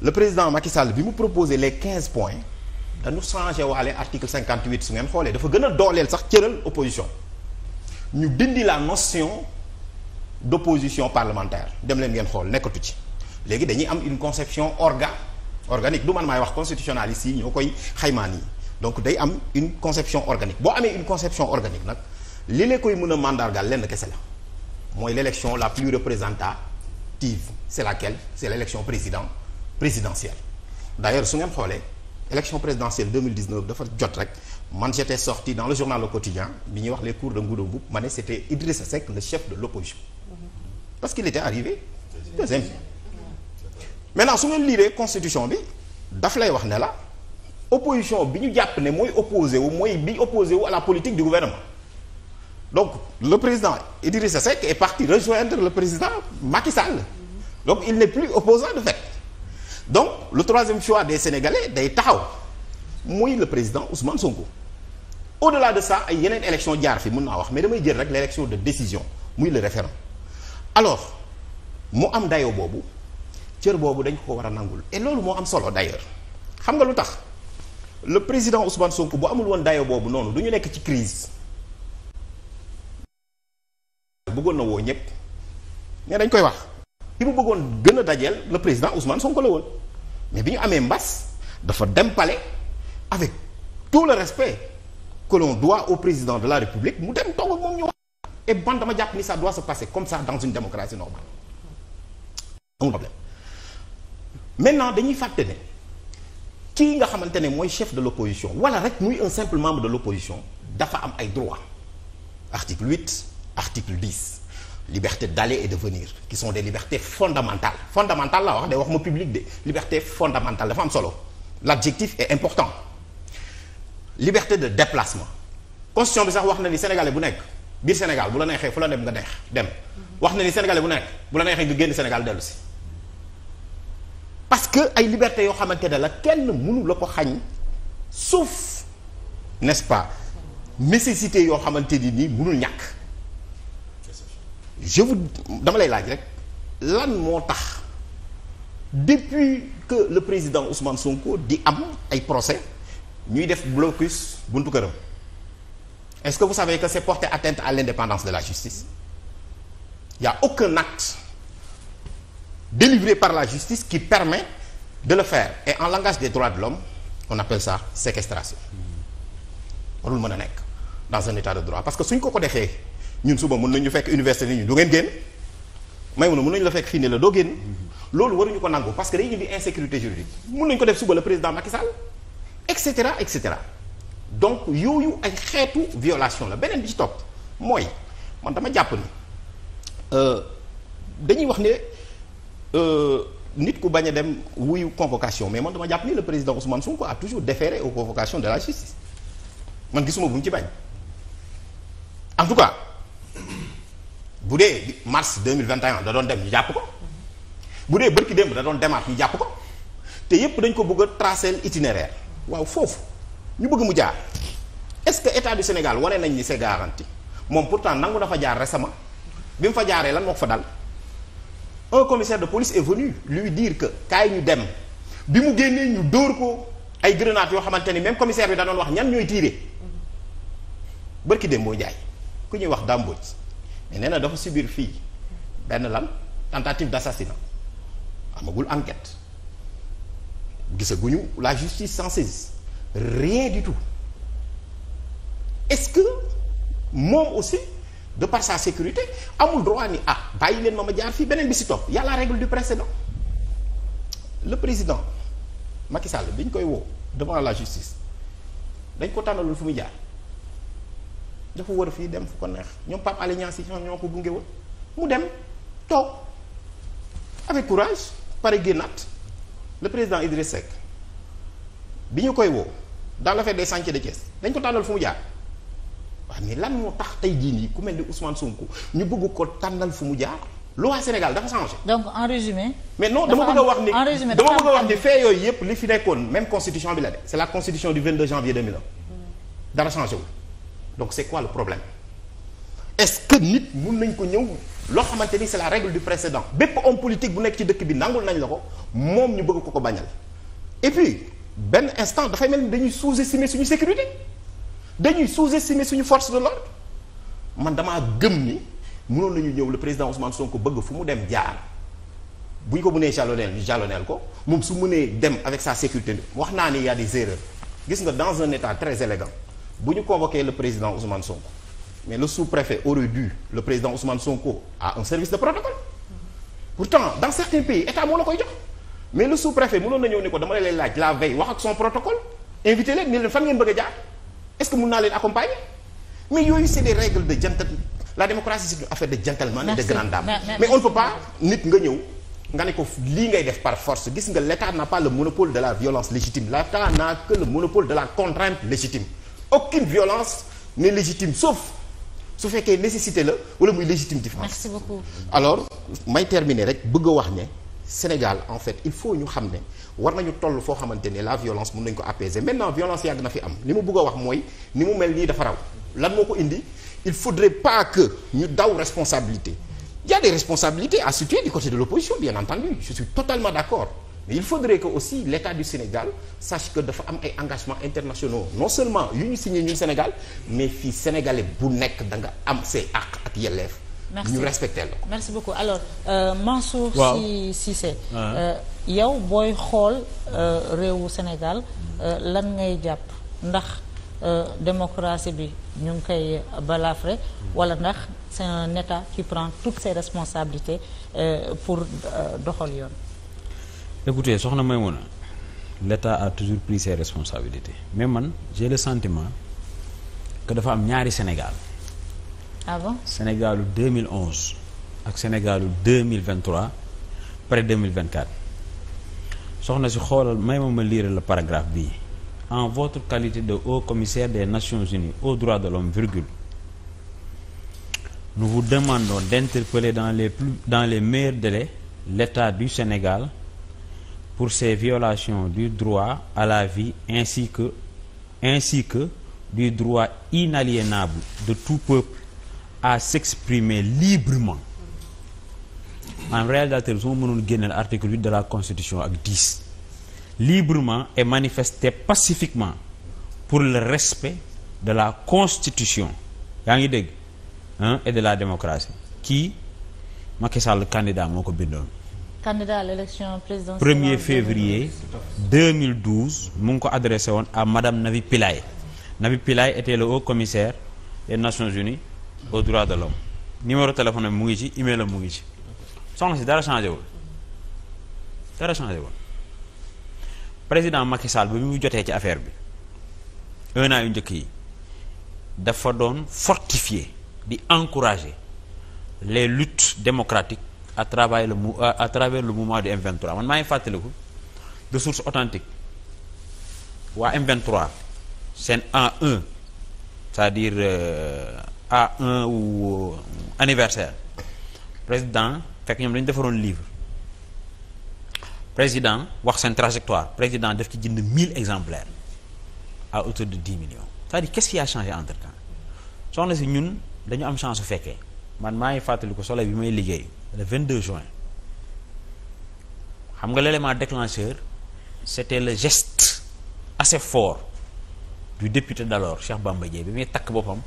le président Macky Sall bi mu proposé les 15 points dañu changé waale article 58 su ngeen xoolee dafa gën a dooleel sax cëral opposition ñu bindi la notion d' opposition parlementaire dem leen ngeen xool nekkatu ci léegi dañuy am une conception orga organique du man maay wax constitutionnaliste yi ñoo koy xaymaan yi donc day am une conception organique boo amee une conception organique nag li la koy mën a mandargaal lenn kese la mooy l' la plus représentative c' est laquelle c' est l' élection président présidentielle d' ailleurs su ngeen xoolee élection présidentielle 2019 dafa jot rek man j'étais sorti dans le journal Le Quotidien bi ñuy wax les cours de Ngouda Mboup ma ne c'était Idrissa Seck le chef de l'opposition parce qu'il était arrivé deuxième maintenant su ngeen liiree constitution bi daf lay wax ne la opposition bi ñu jàpp ne mooy opposé wu mooy bi opposé à la politique du gouvernement donc le président Idrissa Seck est parti rejoindre le président Macky Sall donc il n'est plus opposant de fait donc le troisième choix des sénégalais day taxaw mooy le président Ousmane Sonko au-delà de ça ay yeneen élection jaar fi mun naa wax mais damay jël rek l'élection de décision muy le référendum alors mu am dayo boobu cër boobu dañ ko war a nangul loolu moo am solo d'ailleurs xam nga lu tax le président usman Sonko bu amul woon dayo boobu noonu du ñu nekk ci crise bëggoon na woo ñëpp mais dañ koy wax. ki mu bëggoon gën a dajeel le président Ousmane ko la woon mais bi ñu amee mbas dafa dem pale avec tout le respect que l'on doit au président de la République mu dem toog ak moom ñu a et ban dama jàpp ni ça doit se passer comme ça dans une démocratie normale maintenant dañuy fàtte ne kii nga xamante ne mooy chef de l'opposition wala rek muy un simple membre de l'opposition dafa am ay droits article 8 article 10 liberté d'aller et de venir qui sont des libertés fondamentales fondamentales laa wax day wax ma public de liberté fondamentale dafa am solo l'adjectif est important liberté de déplacement constitution bi sax wax na ni sénégalais bu nekk biir Sénégal bu la neexee fu la dem neex dem wax na ni sénégalais bu nekk bu la neexee nga génn Sénégal dellu si parce que ay liberté yoo xamante ne la kenn mënu la ko xañ sauf nest pas nécessité yoo xamante ni nii mënul ñàkk je dama lay laaj rek lan moo tax depuis que le président Ousmane Sonko di am ay procès ñuy def blocus buntu këram est-ce que vous savez que c'est porter atteinte à l'indépendance de la justice il y a aucun acte délivré par la justice qui permet de le faire et en langage des droits de l'homme on appelle ça séquestration warul mën a nekk dans un état de droit parce que suñ ko ko defee ñun suba mën nañu fekk université ni ñu du ngeen génn may mun a mën nañu la fekk fii ne la doo génn loolu waruñu ko nangu parce que day indi insécurité juridique mën nañu ko def suba le président Macky Sall et cetera et cetera donc yooyu ay xeetu violation la beneen bi ci topp mooy man dama jàpp ni euh, dañuy wax ne euh, nit ku bañ a dem wuyu convocation mais man dama jàpp ni le président ma Sonko a toujours déféré aux convocations de la justice man gisuma buñ ci bañ en tout cas bu dee mars 2021 da doon dem ñu jàpp ko bu dee bërki démb da doon demaat ñu jàpp ko te yépp dañ ko bëgg a tracer waaw foofu ñu bëgg mu jaar est-ce que état du Sénégal wane nañ ni c'est garanti moom pourtant nangu dafa jaar récemment bi mu fa jaaree la moo fa dal un commissaire de police est venu lui dire ka kaay ñu dem bi mu génnee ñu dóor ko ay grenades yoo xamante ni même commissaire bi danoon wax ñan ñooy tiire bërki démb boo ku ñuy wax dàmbooj mais nee na dafa subir fii benn lan tentative d'assassinat amagul enquête gisaguñu la justice s'en saisit rien du tout est-ce que moom aussi de par sa sécurité amul droit ni ah bàyyi leen ma ma jaar fii beneen bi si topp yàlla a la règle du précédent le président Macky Sall bi ñu koy woo devant la justice dañ ko tànnalul fu muy jaar dafa a fii dem fu ko neex ñoom part Alé Niang si ñoo ko gunge mu dem toog avec courage pare génnaat le président Idriss Seck bi ñu koy woo dans l'affaire des chantiers de Thiès dañ ko tànnal fu mu jaar waaw mais lan moo tax tey jii nii ku mel ni Ousmane Sonko ñu bëgg ko tànnal fu mu jaar loi Sénégal dafa changé. donc en résumé. mais non dama bëgg a wax ni dama bëgg a wax ni fait yooyu yëpp li fi nekkoon même constitution bi la de. c'est la constitution du 22 janvier 2001 dara donc c'est quoi le problème est-ce que nit mun nañ ko ñëw loo xamante ni c'est la règle du précédent bépp homme politique bu nekk ci dëkk bi nangul nañ la ko moom ñu bëgg ko ko bañal et puis benn instant dafay mel ni dañuy sous-estimer suñu sécurité dañuy sous-estimer suñu force de l'ordre man damaa gëm ni mënoon nañu ñëw le président soo ko bëgg fu mu dem jaar bu ñu ko mënee jaloneel ñu jaloneel ko moom su mënee dem avec sa sécurité wax naa ni y a des gis nga dans un état très élégant bu ñu convoqué le président Ousmane Sonko mais le sous-préfet aurait dû le président Ousmane Sonko à un service de protocole pourtant dans certains pays état moo la koy jox mais le sous-préfet mënoon na ñëw ne ko dama lay laaj la veille wax ak son protocole invité leen ni leen fan ngeen bëgg a jaar est-ce que mun naa leen accompagner mais yooyu c'est des règles de jantal la démocratie c'est une affaire de gentleman de grande dame mais on ne peut nit nga ñëw nga ne ko lii ngay def par force n'a pas le monopole de la violence légitime l'état aucune violence n'est légitime sauf su fekkee nécessité la wala muy légitime défense. merci beaucoup alors may terminer rek bëgg a wax ne Sénégal en fait il faut ñu xam ne war nañu toll foo xamante ne la violence mun nañ ko apaiser maintenant violence yàgg na fi am li mu bëgg wax mooy ni mu mel nii dafa raw lan moo ko indi il faudrait pas que ñu daw responsabilité il y a des responsabilités à du côté de l'opposition bien entendu je suis totalement d'accord mais il faudrait que aussi l'État du Sénégal sache que dafa am ay engagements internationaux non seulement yu ñu signé ñun Sénégal mais fii sénégalais bu nekk danga am say àq ak yelleef. ñu respecté la ko. merci beaucoup alors euh, Mansour. waaw si Cissé. Ah. Euh, yow booy xool euh, réewu Sénégal euh, lan ngay jàpp ndax démocratie bi ñu ngi koy balafré wala ndax c'est un État qui prend toutes ses responsabilités euh, pour doxal yoon. écoutez soxna Maïmouna l'État a toujours pris ses responsabilités mais man j'ai le sentiment que dafa am ñaari Sénégal. ah bon Sénégalu 2011 ak Sénégalu 2023 près 2024 soxna si xoolal may ma ma lire la paragraphe bi en votre qualité de haut commissaire des Nations Unies aux droits de l'homme virgule nous vous demandons d'interpeller dans les plus dans les meilleurs délais l'État du Sénégal. pour ces violations du droit à la vie ainsi que ainsi que du droit inaliénable de tout peuple à s'exprimer librement en réalité su ma mënoon génneel article de la constitution ak 10 librement et manifester pacifiquement pour le respect de la constitution yaa ngi dégg et de la démocratie kii Macky Sall candidat moo ko bindoon candidat à l'élection présidentielle 1er février 2012 mu ngi ko adressé woon à madame Navi Pillay Navi Pillay était le haut commissaire des Nations Unies aux droits de l'homme numéro téléphone bi mu ngi ci email am mu ngi ci soxna si dara changé wul dara changé wul président Macky Sall bi mu jotee ci affaire bi un yu njëkk yi dafa doon fortifier di encourager les luttes démocratiques à travers le mou euh, à travers le mouvement du M23 man maa ngi fàttaliku de source authentique waa M23 seen A1 c'est-à-dire euh, A1 ou euh, anniversaire président fekk ñoom dañu defaroon livre président wax seen trajectoire président def ci jënd 1000 exemplaires à hauteur de 10 millions c'est-à-dire qu'est-ce entre temps soxna si ñun dañu am chance su fekkee. man maa ngi fàttaliku soleil bi may liggéey le 22 juin xam nga l'élément déclencheur c'était le geste assez fort du député d'alors Cheikh Bamba Dièye bi muy takk boppam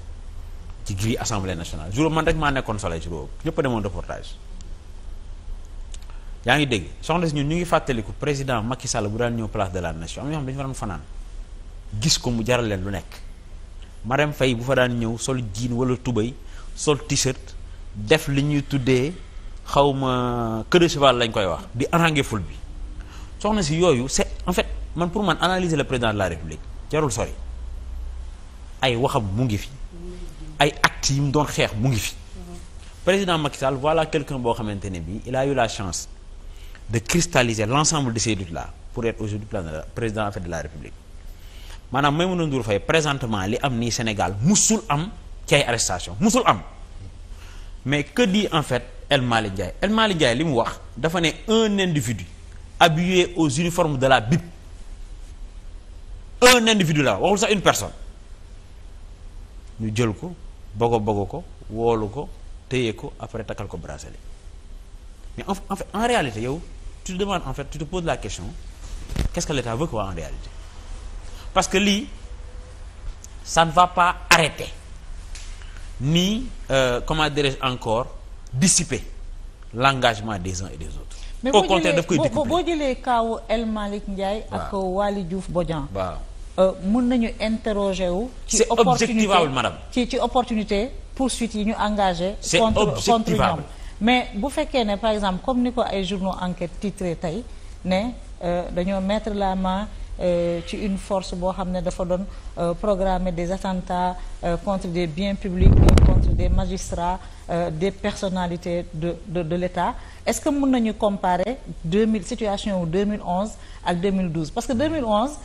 ci grille assemblée nationale juróom man rek maa nekkoon soleil si boobu ñëpp a demoon reportage yaa ngi dégg soxna si ñun ñu ngi fàttaliku président Macky Sall bu daan ñëw place de la nation am na ñoo xam dañu fa doon fanaan gis ko mu jaral leen lu nekk Marème Faye bu fa daan ñëw sol jean wala tubéy sol def li ñuy tuddee xaw ma queue cheval lañ koy wax di arranger foule bi soxna si yooyu c'est en fait man pour man analyser le président de la république jarul sori ay waxam mu ngi fi ay actes yi mu doon xeex mu ngi fi président Macky Sall voilà quelqu'un boo xamante ne bii il a eu la chance de cristalliser l'ensemble de ces luttes là pour être aujourd'hui président en de la république maanaam Maïmouna fa Faye présentement li am nii Sénégal musul am ci ay arrestation am mais que dit en fait El Malick Ndiaye El Malick li mu wax dafa ne un individu habillé aux uniformes de la BIP un individu la waxul sax une personne ñu jël ko bogo bogo ko woolu ko téye ko après takkal ko bracelet mais en en en réalité yow tu te demandes en fait tu te poses la question qu'est-ce que l'État veut en réalité parce que lii ça ne va pas arrêter. ni euh, comment dirais-je encore dissiper l'engagement des uns et des autres. Mais daf koy découper boo jëlee kaawu El Malick Ndiaye. ak Waly Diouf Bodian. waaw euh, mën nañu interroger wu. ci objectivable madame ci ci opportunité poursuite yi ñu engagé. c'est contre ñoom mais bu fekkee ne par exemple comme ni ko ay journaux enquête titré tey ne euh, dañoo mettre la main. Euh, ci une force boo xam ne dafa doon euh, programme des attentats euh, contre des biens publics contre des magistrats des personnalités de de de l'État est-ce que mun nañu comparer 2000 situation 2011 ak 2012 parce que 2011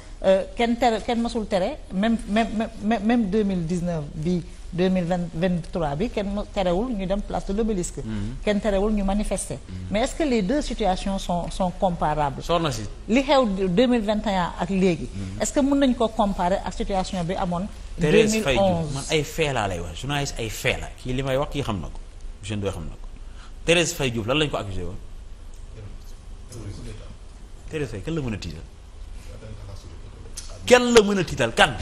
kenn tere kenn masul tere même même même 2019 bi deux mille vingt vingt trois bi kenn terewul ñu dem place de l'obélisque mhm. kenn terewul ñu manifester. Mhm. mais est-ce que les deux situations sont sont comparables. soxna si li xew deux mille vingt et ak léegi. Mhm. est-ce que mën nañu ko comparer ak situation bi amoon. 2011 Thérèse Faye Diouf man ay fee lay wax journaliste ay fee la kii li may wax kii xam na ko monsieur Ndoye xam na ko Thérèse Faye lan lañu ko accusé woon. Thérèse la mën a tiital. kenn la mën a tiital kan.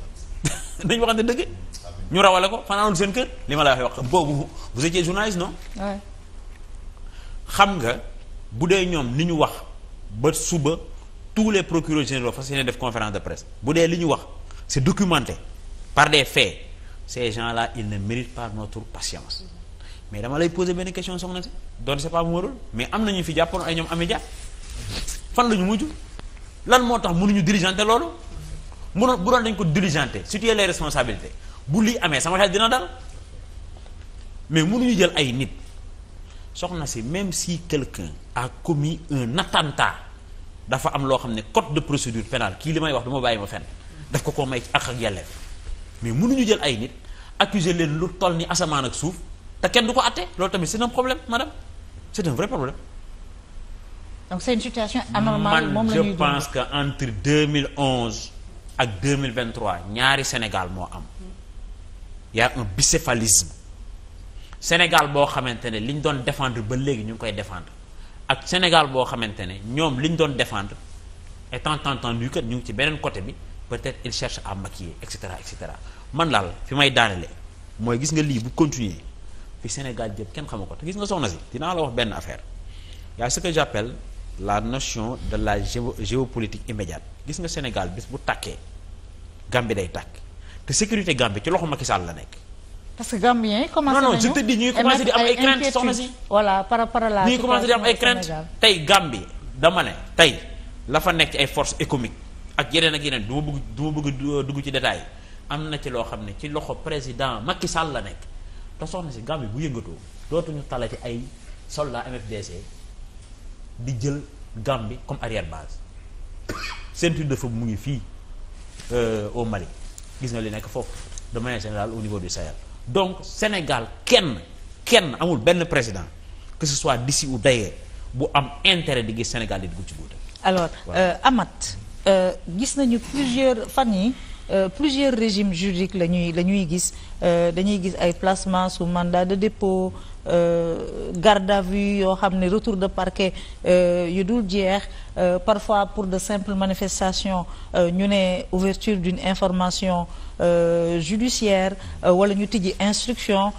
[LAUGHS] nañu waxante dëgg. ñu rawale ko fanaanul seen kër li ma la wax boobu vous étiez journaliste non. xam nga bu dee ñoom li ñu wax ba suba tous les procureurs généraux fas yéene def conférence de presse bu dee li ñu wax c'est documenté par des faits ces gens la ils ne méritent pas notre patience mais dama lay poser benn question soxna si donc c'est pas mon rôle mais am na ñu fi jàppoon ay ñoom Amédia fan la ñu mujj lan moo tax mënuñu diligenté loolu mënoon bu doon dañ ko diligenté situer les responsabilités. bu lii amee sama xel dina dal mais mënuñu jël ay nit soxna si même si quelqu'un a commis un attentat dafa am loo xam ne code de procédure pénale kii li may wax du ma bàyyi ma fenn daf ko ko may ak ak yelleef mais mënuñu jël ay nit accuser leen lu toll ni asamaan ak suuf te kenn du ko atte loolu tamit c'est un problème madame c'est un vrai problème. donc c'est une situation anormale moom la ñuy man je pense que entre 2011 ak 2023 ñaari Sénégal moo am. y a un bicéphalisme Sénégal boo xamante ne li ñu doon défendre ba léegi ñu ngi koy défendre ak Sénégal boo xamante ne ñoom li ñu doon défendre étant entendu que ñu ngi ci beneen côté bi peut-être il cherche à maquiller et cetera et man laal fi may daanele mooy gis nga lii bu continuer fi Sénégal jëpp kenn xamu ko te gis nga soxna si dinaa la wax benn affaire y a ce que j'appelle la notion de la géo géopolitique immédiate gis nga Sénégal bis bu tàkkee Gambie day tàkk te sécurité Gambie ci loxo Macky Sall la nekk. parce que Gambien yi commencé nañu non non je te ñuy commencé di am ay crainte voilà par rapport à am ay crainte tey Gambie dama ne tey la fa nekk ci ay force économiques ak yeneen ak yeneen du ma bëgg du euh, dugg ci détail am na ci loo xam ne ci loxo président Macky Sall la nekk te soxna si Gambie bu yëngatoo dootuñu talati ay soldats MFDC di jël Gambie comme arrière base [COUGHS] ceinture de feu mu ngi fii euh, au Mali. gis na li nekk foofu de manière générale au niveau du Sahel donc Sénégal kenn kenn amul benn président que ce soit d'ici ou d'ailleurs bu am intérêt di gis Sénégal di dugg ci alors amat euh, Amath euh, gis euh, nañu plusieurs fan yi euh, plusieurs régimes juridiques la ñuy la gis Euh, dañuy gis ay placement sous mandat de dépôt euh, garde à vue yoo xam ne retour de parquet euh, yu dul jeex parfois pour de simples manifestations ñu ne ouverture d'une information judiciaire wala ñu tijji instruction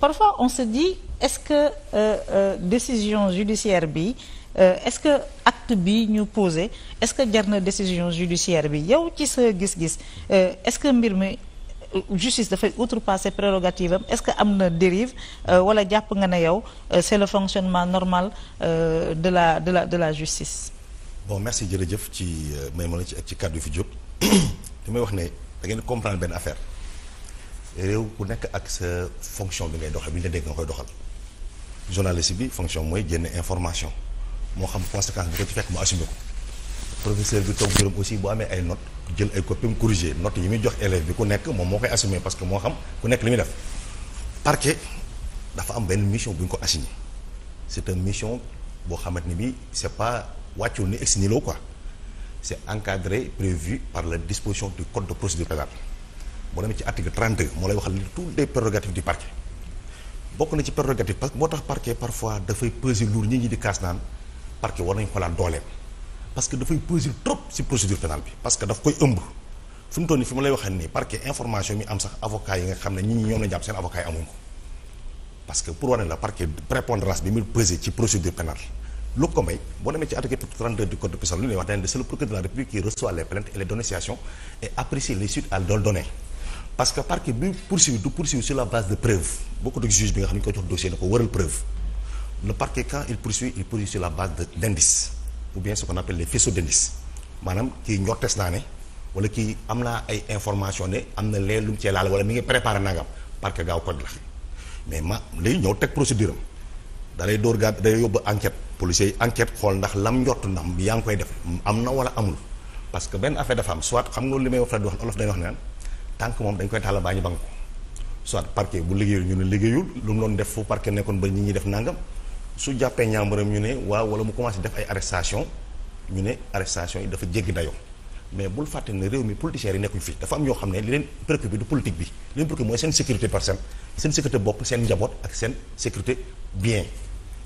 parfois on se dit est-ce que décision judiciaire bi est-ce que acte bi ñu posé est-ce que jar na décision judiciaire bi yow ci sa gis-gis est-ce que mbir mi justice dafay outrepasser prérogative am est-ce que am na dérive euh, wala jàpp nga ne yow euh, c'est le fonctionnement normal euh, de la de la de la justice. bon merci jëf ci may mën ci ak ci kàddu fi jóg [COUGHS] li may wax ne da ngeen comprendre benn affaire réew ku nekk ak sa fonction bi ngay doxal bi ñu la dégg nga koy doxal journaliste bi fonction mooy génne information moo xam conséquence bi ko ci fekk mu assumé ko professeur bi toog juróom aussi bu amee ay not jël ay copiam corrigé note yi muy jox élève bi ku nekk moom moo koy assumer parce que moo xam ku nekk li muy def parquet dafa am benn mission bu ñu ko assigné c'est une mission boo xamante ni bi c'est pas wàccul ni ex nihilo ko c'est encadré prévu par la disposition du code de procédure pénale boo demee ci article 32 moo lay wax tous les prérogatives du parquet bokk na ci prérogative parce que moo tax parquet parfois dafay peser lourd ñi ñi di kaas naan parquet war nañu xoolaat dooleem parce que dafay pesir trop ci procédure pénale bi parce que daf koy ëmb fu mu toll nii fi ma lay waxee nii parce information mi am sax avocat yi nga xam ne ñi ñoom la jàpp seen avocat yi amuñ ko parce que pour wane la parce que bi muy peser ci procédure pénale lu ko may boo ne c'est le procureur de la république bi poursuivre du poursuivre sur la base de preuve bokkut ak juge bi nga xam ne ñu ko jox dossier na ko wëral preuve le parquet quand il ou bien ce qu'on appelle les faisceaux d'indices maanaam kii njortes naa ne wala kii am naa ay information ne am na leen lu mu cee laal wala mi ngi préparé nangam parce que gaaw code la mais ma lay ñëw teg procédure am da lay door gaa day yóbbu enquête policiers yi enquête xool ndax lam njort ndax yaa ngi koy def am na wala amul parce que benn affaire dafa am soit xam nga li may wax wax olof day wax naan tànk moom dañ koy taal baa ñu bang ko soit parquet bu liggéeyul ñu ne lu mu doon def fu parquet nekkoon ba ñi ñuy def nangam su jàppee ñaambaram ñu ne waaw wala mu commencé def ay arrestation ñu ne arrestation yi dafa jéggi dayoo mais bul fàtte ne réew mi politiciens yi nekkuñu fii dafa am ñoo xam ne li leen préoccupé du politique bi li leen préoccupé mooy seen sécurité personne seen sécurité bopp seen njaboot ak seen sécurité bien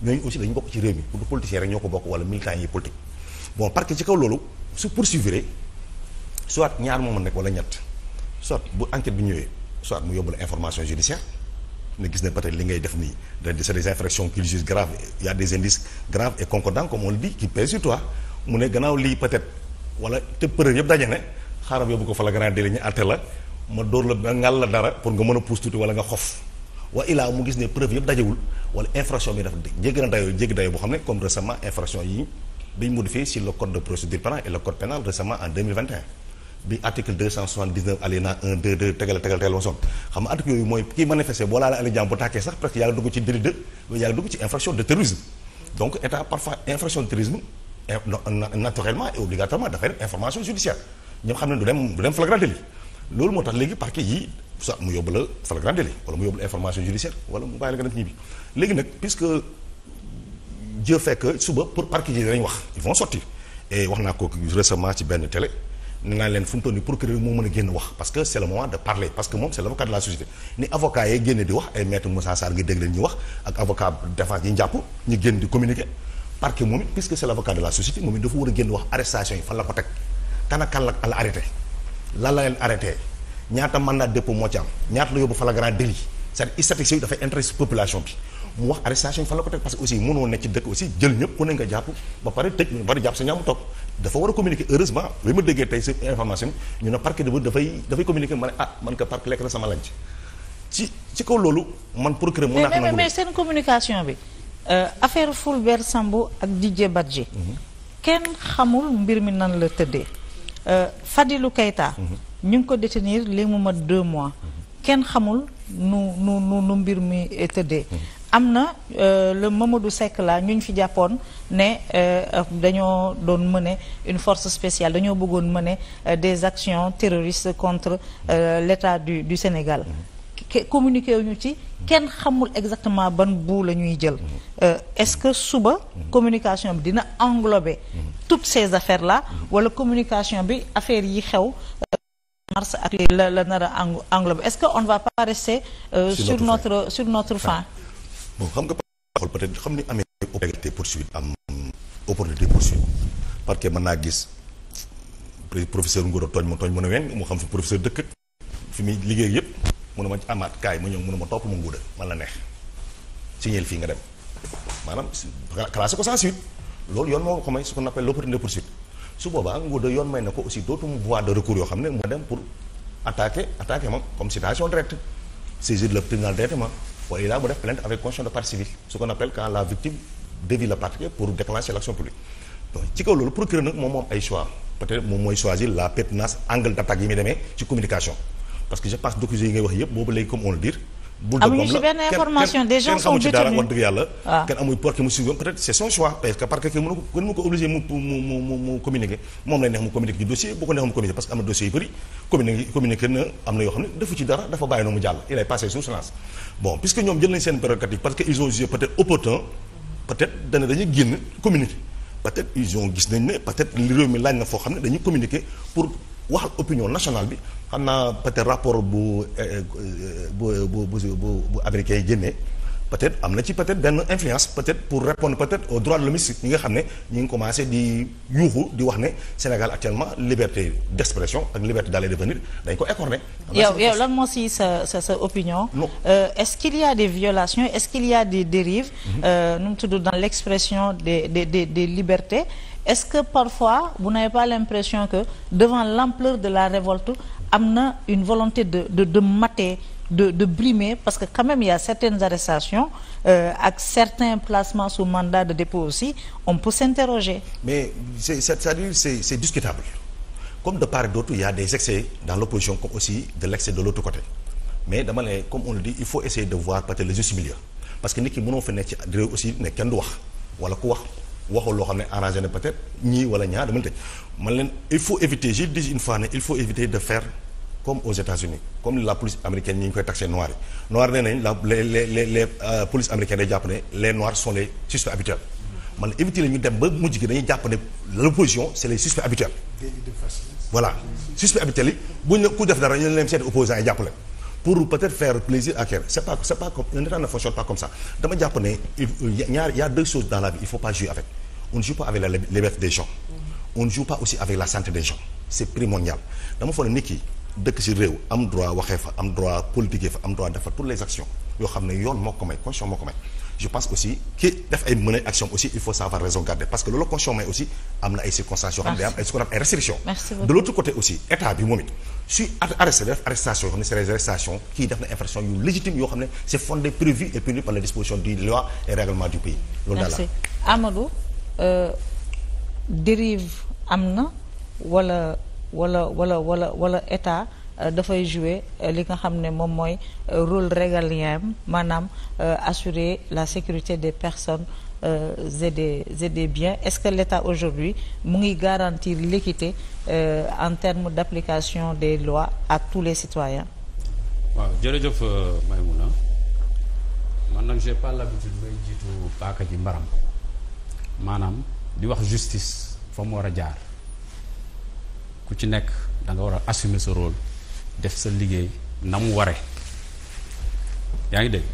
ñooñu aussi dañu bokk ci réew mi du politicien rek ñoo ko bokk wala militants yi politique bon parce que ci kaw loolu su poursuivre soit ñaar moo mën nekk wala ñett soit bu enquête bi ñëwee soit mu yóbbu information judiciaire ne gis ne peut-être li ngay def nii c'est des infractions qu'il juge graves il y a des indices graves et concordants comme on le dit qui sur toi mu ne gannaaw lii peut-être te preuve yëpp daje ne xaaral yóbbu ko fa la grand délai ñu àtte la ma dóor la ba ngal la dara pour nga mën a puus tuuti wala nga xof wa ilaa mu gis ne preuve yëpp dajewul wala infraction bi dafa jéggi na dayoo jéggi dayoo boo xam ne comme récemment infraction yi dañ modifié sur le code de en bi article 279 alinéa 1 2 2 tegal tegal tegal wasoon xam nga article yooyu mooy kii manifester boo laalee jàmm bu tàkkee sax parce que yaa ngi dugg ci délit de yaa dugg ci infraction de terrorisme donc état parfois infraction de terrorisme naturellement et obligatoirement dafay def information judiciaire ñoom xam ne du dem du dem loolu moo tax léegi parquet yi sax mu yóbbu la flagrant délit wala mu yóbbu la information judiciaire wala mu bàyyi la nga def ñibbi wax ils vont sortir et wax naa ko récemment ci benn télé nee naa leen fu mu procureur moo mën a génn wax parce que c'est parler parce que moom c'est l'avocat de la société ni avocat yee génne di wax ay maître Moussa Sarr ngi dégg leen ñu wax ak avocat défense yi njàpp ñu génn di communiquer parquet moom it puisque c'est l'avocat de la société moom it dafa war a génn wax arrestation yi fan la ko teg kan ak kan la la leen arrêté ñaata mandat dépôt moo ci am ñaata la yóbbu flagrant délit cest à bi mu wax arrestation fan la ko teg parce que aussi mënoo ne ci dëkk aussi jël ñëpp ku ne nga jàpp ba pare tëj ñu bari jàpp sa ñaamu topp dafa war a communiquer heureusement bi ma déggee tey si information ñu ne parquet bi dafay dafay communiquer ma ne ah man ko parc lekk sama lanc ci ci kaw loolu man procureur mun naa ko nangu mais seen bi euh, affaire Fulbert Sambou ak Didier Badji mhm. kenn xamul mbir mi nan la tëddee euh, Fadilou Keita mhm. ñu ngi ko détenir léegi mu ma deux mois mhm. kenn xamul nu nu nu nu mbir mi tëddee am na euh, le Mamadou Seck la ñu ñu fi jàppoon ne euh, dañoo doon mener une force spéciale dañoo bëggoon mener euh, des actions terroristes contre l'État du du Sénégal communiqué wuñu ci kenn xamul exactement ban bu la ñuy jël est-ce que suba communication bi dina englober toutes ces affaires la wala communication bi affaire yi xew mars ak la la nar a englober est-ce que on va pas rester euh, sur notre sur bon xam nga xool peut être xam ni amee opportunité poursuite am opportunité poursuite parce que mën naa gis professeur Ngoro tooñ ma tooñ mën a wen mu xam fi professeur dëkk fi muy liggéey yëpp mu ne ma amaat kaay ma ñëw mu ne ma topp ma nguuda ma la neex signeel fii nga dem maanaam classé ko sans suite loolu yoon moo ko may ce qu'on appelle l'opportunité de poursuite su boobaa nguuda yoon may na ko aussi dootum voie de recours yoo xam ne mu dem pour attaquer attaquer ma comme citation directe le tribunal directement waaye là mu def plainte avec constitution de partie civile ce qu'on appelle quand la victime dévie le parquet pour déclencher l'action publique ci kaw loolu procureur nag moom moo ay choix peut-être moom mooy choisir la pertinence angle d'attaque yi muy demee ci communication parce que je pense documents yi ngay wax yëpp boobu léegi comme on le dit boule de ah. moom lay neex mu communiquer ci dossier bu ko neex mu communiquer am na dossier yu bëri communiquer communiquer yoo xam ne defu ci dara dafa bàyyi noonu mu jàll il est passé sous bon puisque ñoom jël nañ seen prérogative parce que ils ont jugé peut opportun peut dana dañuy génn communiquer peut ils ont gis nañ ne peut réew mi laaj na foo xam ne dañuy communiquer pour waxal opinion nationale bi xam naa peut-être rapport bu bu américain yi génnee am na ci peut-être benn influence peut pour répondre peut-être aux droits de ñi nga xam ne ñu ngi commencé di yuuxu di wax ne Sénégal actuellement liberté d'expression ak liberté d'aller et venir dañ ko écorné. yow yow lan moo sa opinion. Euh, est-ce qu'il y a des violations est-ce qu'il y a des dérives. Mm-hmm. Euh, nu mu tudd dans l'expression des des des des libertés est-ce que parfois vous n'avez pas l'impression que de la révolte. am na une volonté de de de mater de de brimer parce que quand même il y a certaines arrestations euh, ak certains placements sous mandat de dépôt aussi on peut s'interroger mais c'est c'est-à-dire c'est c'est discutable comme de part et d'autre a des excès dans l'opposition comme aussi de l'excès de l'autre côté mais dama ne comme on le dit il faut essayer de voir peut-être le juste milieu parce que nit ki mënoo fa nekk ci réew aussi ne kenn wax wala ku wax waxul loo xam ne arrangé na peut-être ñii wala ñaar dama tëj man leen il faut éviter je dis une fois ne il faut éviter de faire comme aux États-Unis comme la police américaine ñi ngi koy taxé noir yi noir nee nañ la les les les les euh, police américaine day jàpp ne les noirs sont les suspects habituels man éviter la ñu dem ba mujj gi dañuy jàpp ne l'opposition c'est les suspects habituels voilà suspects habituels yi buñ la ku def dara ñu leen seeti pour peut-être faire plaisir à quelqu'un c'est pas c'est pas comme un état ne pas comme ça dama jàpp ne ñaar il y a deux choses dans la vie il faut pas jouer avec on ne joue pas avec la liberté des gens on joue pas aussi avec la santé des gens c'est primordial dama foog ne nit dëkk ci réew am droit waxee fa am droit politiquer fa am droit defar toutes les actions yoo xam ne yoon moo ko may constitution moo ko may je pense aussi ki def ay mën a action aussi il faut savoir raison garder parce que loolu constitution aussi am na ay circonstances yoo xam ne su ko def ay restrictions de l'autre côté aussi état bi moom it suy arrêté arrestation yoo xam ne c'est des kii def na infraction yu légitime yoo xam ne c'est fondé prévu et puni par les dispositions du loi règlement du pays loolu daal la Amadou euh, dérive am na wala wala wala wala wala état Euh, dafay joue euh, li nga xam ne moom mooy euh, rôle régalien maanaam assurer la sécurité des personnes et des et des biens est-ce que l'État aujourd'hui mu ngi garantir l'équité en termes d'application des loi ak tous les citoyens waaw jërëjëf Maïmouna man nag j'ai may jiitu paaka ji mbaram di wax justice fa mu war a jaar ku ci nekk da nga war a assumer sa rôle def sa liggéey na mu ware yaa ngi dégg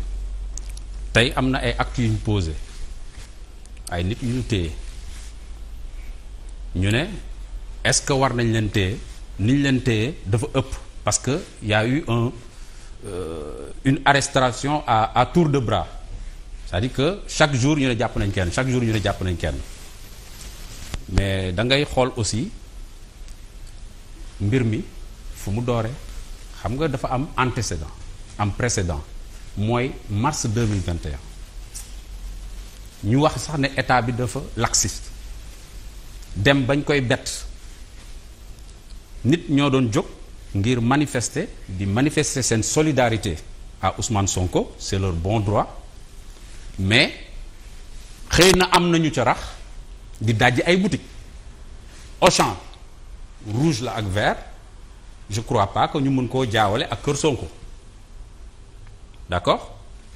tey am na ay actes yu ñu posé nit yu ñu téye ñu ne est-ce que war nañ leen téye ni ñu leen téye dafa ëpp parce que y un euh, une arrestation à à tour de bras c'est-à-dire que chaque jour ñu ne jàpp nañ kenn chaque jour ñu ne jàpp nañ kenn mais da ngay xool aussi mbir mi fu mu dooree. xam nga dafa am antécédent am précédent mooy mars 2021 ñu wax sax ne état bi dafa laxiste dem bañ koy bett nit ñoo doon jóg ngir manifester di manifester seen solidarité à Ousmane Sonko c'est leur bon droit mais xëy na am nañu ca rax di dajji ay boutique Auchan rouge la ak vert je crois pas que ñu mun koo jaawale ak kër Sonko d'accord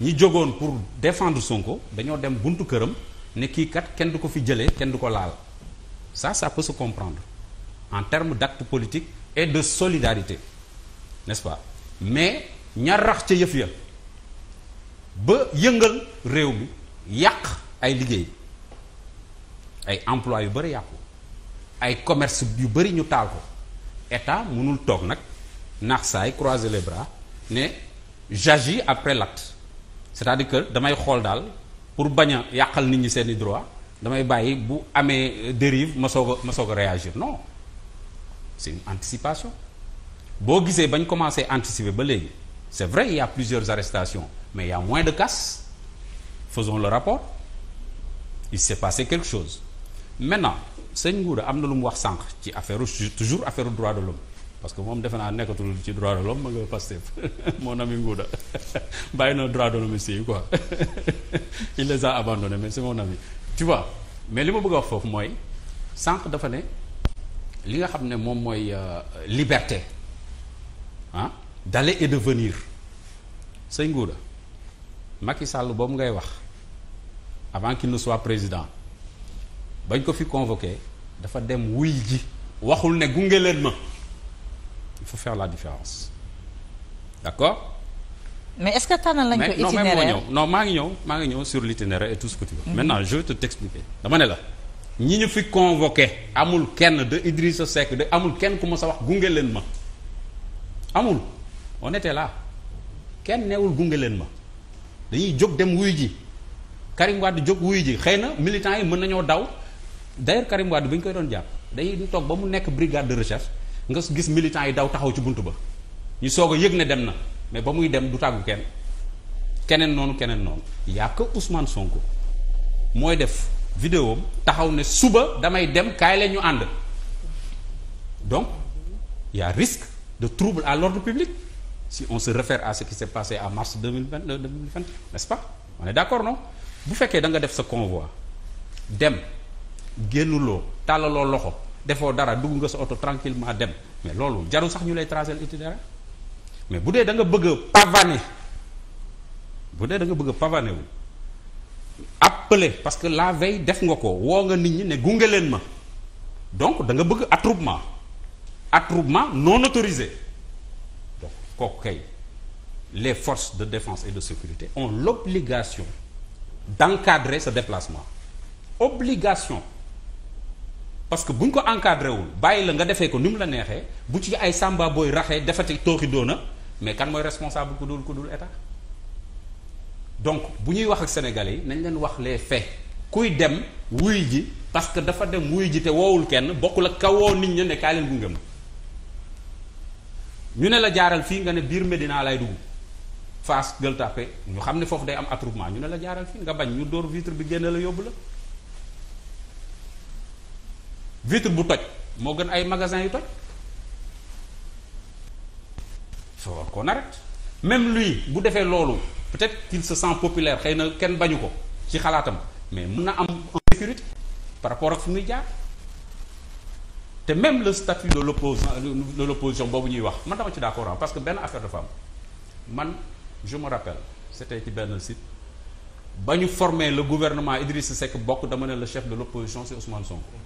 ñi jógoon pour défendre Sonko dañoo dem buntu këram ne kii kat kenn du ko fi jëlee kenn du ko laal ça ça peut comprendre en terme d'acte politique et de solidarité n'est-ce pas mais ña rax ca yëf ya ba yëngal réew mi yàq ay liggéey ay emploi yu bari yàqu ay commerce yu bari ñu taal ko état mënul toog nag naax saay croiser les bras ne j'agis après l'acte c'est-à-dire que damay xool daal pour bañ a yàqal nit ñi seen i droit damay bàyyi bu amee dérive ma soog ma soog a réagir non c'est une anticipation boo gisee bañ commencé anticiper ba léegi c'est vrai il y a plusieurs arrestations mais il moins de casse faisons le rapport il s'est passé quelque chose maintenant sëñ Ngouda am na lu mu wax sànq ci affaire toujours affaire droit de l'homme parce que moom defe naa nekkatul ci droit de l'homme ma nga Pastef [LAUGHS] mon ami Ngouda [LAUGHS] bàyyi na droit de l'homme yi quoi [LAUGHS] il les a abandonnés mais c'est mon ami mais li ma bëgg a wax foofu mooy sànq dafa ne li nga xam ne moom mooy euh, liberté ah d'aller et de venir sëñ Ngouda Macky Sall boobu ngay wax avant qu'il ne soit président bañ ko fi convoqué dafa dem wuy ji waxul ne gunge leen ma il faut faire la différence d'accord mais est-ce que tànnal lañ ko itinéraire non maa ngi ñëw maa ngi ñëw sur l'itinéraire et tout ce que tu veux. Mhm. maintenant je vais te dama ne la ñi ñu fi convoqué amul kenn de Idrissa Seck de amul kenn ku ma sa wax gunge leen ma amul on était kenn neewul gunge leen ma dañuy jóg dem wuyu ji Karim Wade jóg wuyu ji xëy na militants yi mën na nañoo daw d'ailleurs Karim Wade bi ñu koy doon jàpp dañuy toog ba mu nekk brigade de recherche nga gis militants yi daw taxaw ci bunt ba ñu soog a yëg ne dem na mais ba muy dem du tàggu kenn keneen noonu keneen noonu y'a que Ousmane Sonko mooy def vidéo taxaw ne suba damay dem kaay leen ñu ànd donc y a risque de trouble à l'ordre public si on se réfère à ce qui s'est passé en mars 2020 2020 n'est-ce pas on est d'accord non bu fekkee danga def sa convoi dem génnuloo tàllaloo loxo defoo dara dugg nga sa oto tranquillement dem mais loolu jarul sax ñu lay tracer itinéraire mais bu dee da nga bëgg a pavaner bu dee da nga bëgg a pavaner wu parce que la veille def nga ko woo nga nit ñi ne gunge leen ma donc da nga bëgg attroupement attroupement non autorisé donc kooku kay les forces de défense et de sécurité ont l'obligation d'encadrer sa déplacement obligation parce que ñu ko encadré wul bàyyi la nga defee ko ni mu la neexee bu ci ay sàmba booy raxee defati tooxi doona mais kan mooy responsable ku dul ku dul état donc bu ñuy wax ak sénégalais yi nañ leen wax lee faits kuy dem wuy ji parce que dafa dem wuy ji te woowul kenn bokkul ak kawoo nit ña ne kaa leen gunge ñu ne la jaaral fii nga ne biir Medina lay dugg Fass Gueule Tapée ñu xam ne foofu day am attroupement ñu ne la jaaral fii nga bañ ñu door vitre bi génne la yóbbu vitre bu toj moo gën ay magasin yu toj soo ko koon arrête même lui bu defee loolu peut-être qu'il sa sent populaire xëy na kenn bañu ko ci xalaatam mais mun na am en sécurité par rapport ak fu muy jaar te même le statut de l'opposant de l'opposition boobu ñuy wax man dama ci d'accord am parce que benn affaire de femme man je rappelle c'était ci benn site ba ñu former le gouvernement Idrissa Seck bokk dama ne le chef de l'opposition c'est Ousmane Sonko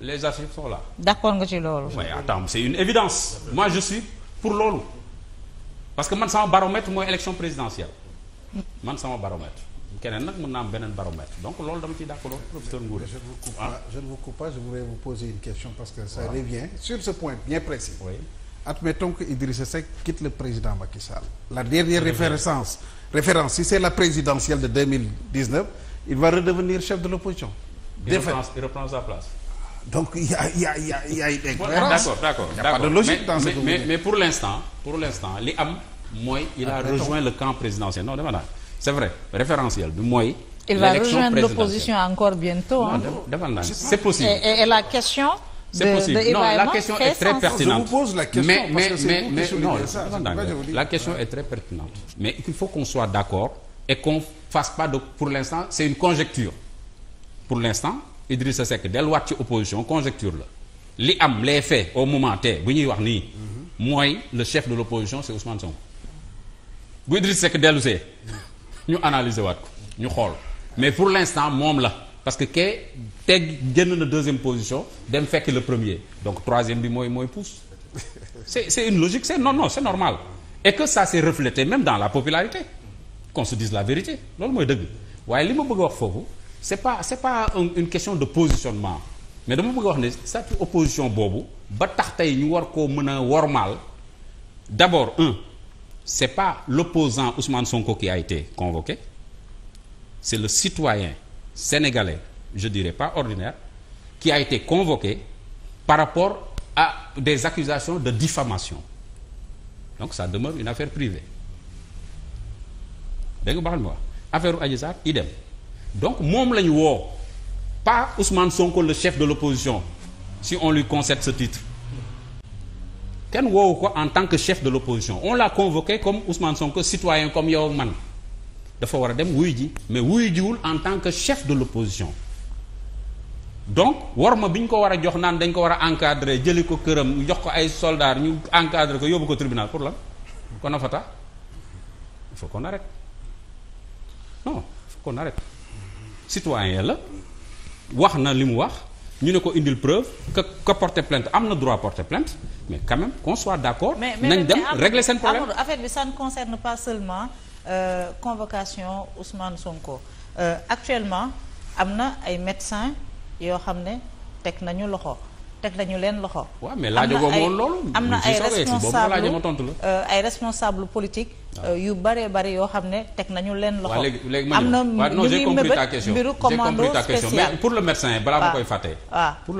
les archives sont là. d'accord nga ci loolu. mais attends c'est une évidence. moi je suis pour loolu. parce que man sama baromètre mooy élection présidentielle. man sama baromètre. keneen nag mën naa am beneen baromètre donc loolu dama ciy d'accord professeur Ngouré. Ah. je ne vous coupe pas je voudrais vous poser une question parce que ça voilà. revient sur ce point bien précis. oui admettons que Idrissa Seck quitte le président Macky Sall. la dernière référence référence si c'est la présidentielle de il va redevenir chef de l'opposition. il reprend il reprend donc yaa yaa yaa yaay dégg. d'accord d'accord mais pour l'instant pour l'instant li il a rejoint le camp présidentiel non dama naan c'est vrai référentiel bi mooy. il va rejoindre l'opposition encore bientôt. dama naan c'est possible. et et la question. c'est possible non la question est très pertinente. mais mais mais non la question est très pertinente. mais il faut qu'on soit d'accord et qu'on fasse pas de pour l'instant c'est une conjecture pour l'instant. Idrissa Seck delluwaat ci opposition conjecture la li am les faits au moment te bu ñuy wax nii mooy le chef de l' opposition c' est Ousmane Sonko bu Idrissa Seck dellusee ñu analyser waat ko ñu xool mais pour l' instant moom la parce que kee teg génn na deuxième position dem fekk le premier donc troisième bi mooy mooy pouse c'est c' est logique c' est non non c' est normal et que ça s'est reflété même dans la popularité qu'on se dise la vérité loolu mooy dëgg waaye li foofu c'est pas c'est pas une question de positionnement mais dama bëgg a wax ne statut opposition boobu ba tax tey ñu war koo mën a wormaal d'abord un c'est pas l'opposant Ousmane Sonko qui a été convoqué c'est le citoyen sénégalais je dirais pas ordinaire qui a été convoqué par rapport à des accusations de diffamation donc ça demeure une affaire privée dégg nga baxal ma wax affaire u Adji Sarr idem donc moom la ñu woo pas Ousmane Sonko le chef de l'opposition si on lui concède ce titre kenn woowu ko en tant que chef de l'opposition on l'a convoqué comme Ousmane Sonko citoyen comme yow man dafa war a dem wuy ji mais wuy jiwul en tant que chef de l'opposition donc war ma bi ñu ko war a jox naan dañ ko war a encadrer jëli ko këram jox ko ay soldats ñu encadrer ko yóbbu ko tribunal pour la kon a fata il faut qu'on arrête non il citoyen la wax na li mu wax ñu ne ko indil preuve que que porter plainte am na droit porter plainte mais quand même qu'on soit d'accord nañ dem régler seen problème Amadou affaire bi ça ne concerne pas seulement euh, convocation Ousmane Sonko euh, actuellement am na ay médecins yoo xam ne teg nañu loxo teg nañu leen loxo. waaw mais laajagoo ma woon loolu. am na ay responsable euh, ay responsable politique. Ah. Euh, yu bëree bëri yoo xam ne teg nañu leen loxo. am na ñu ngi mébét mbiru commando spécial mais pour le médecin balaa ma ah. koy fàtte. waaw ah. pour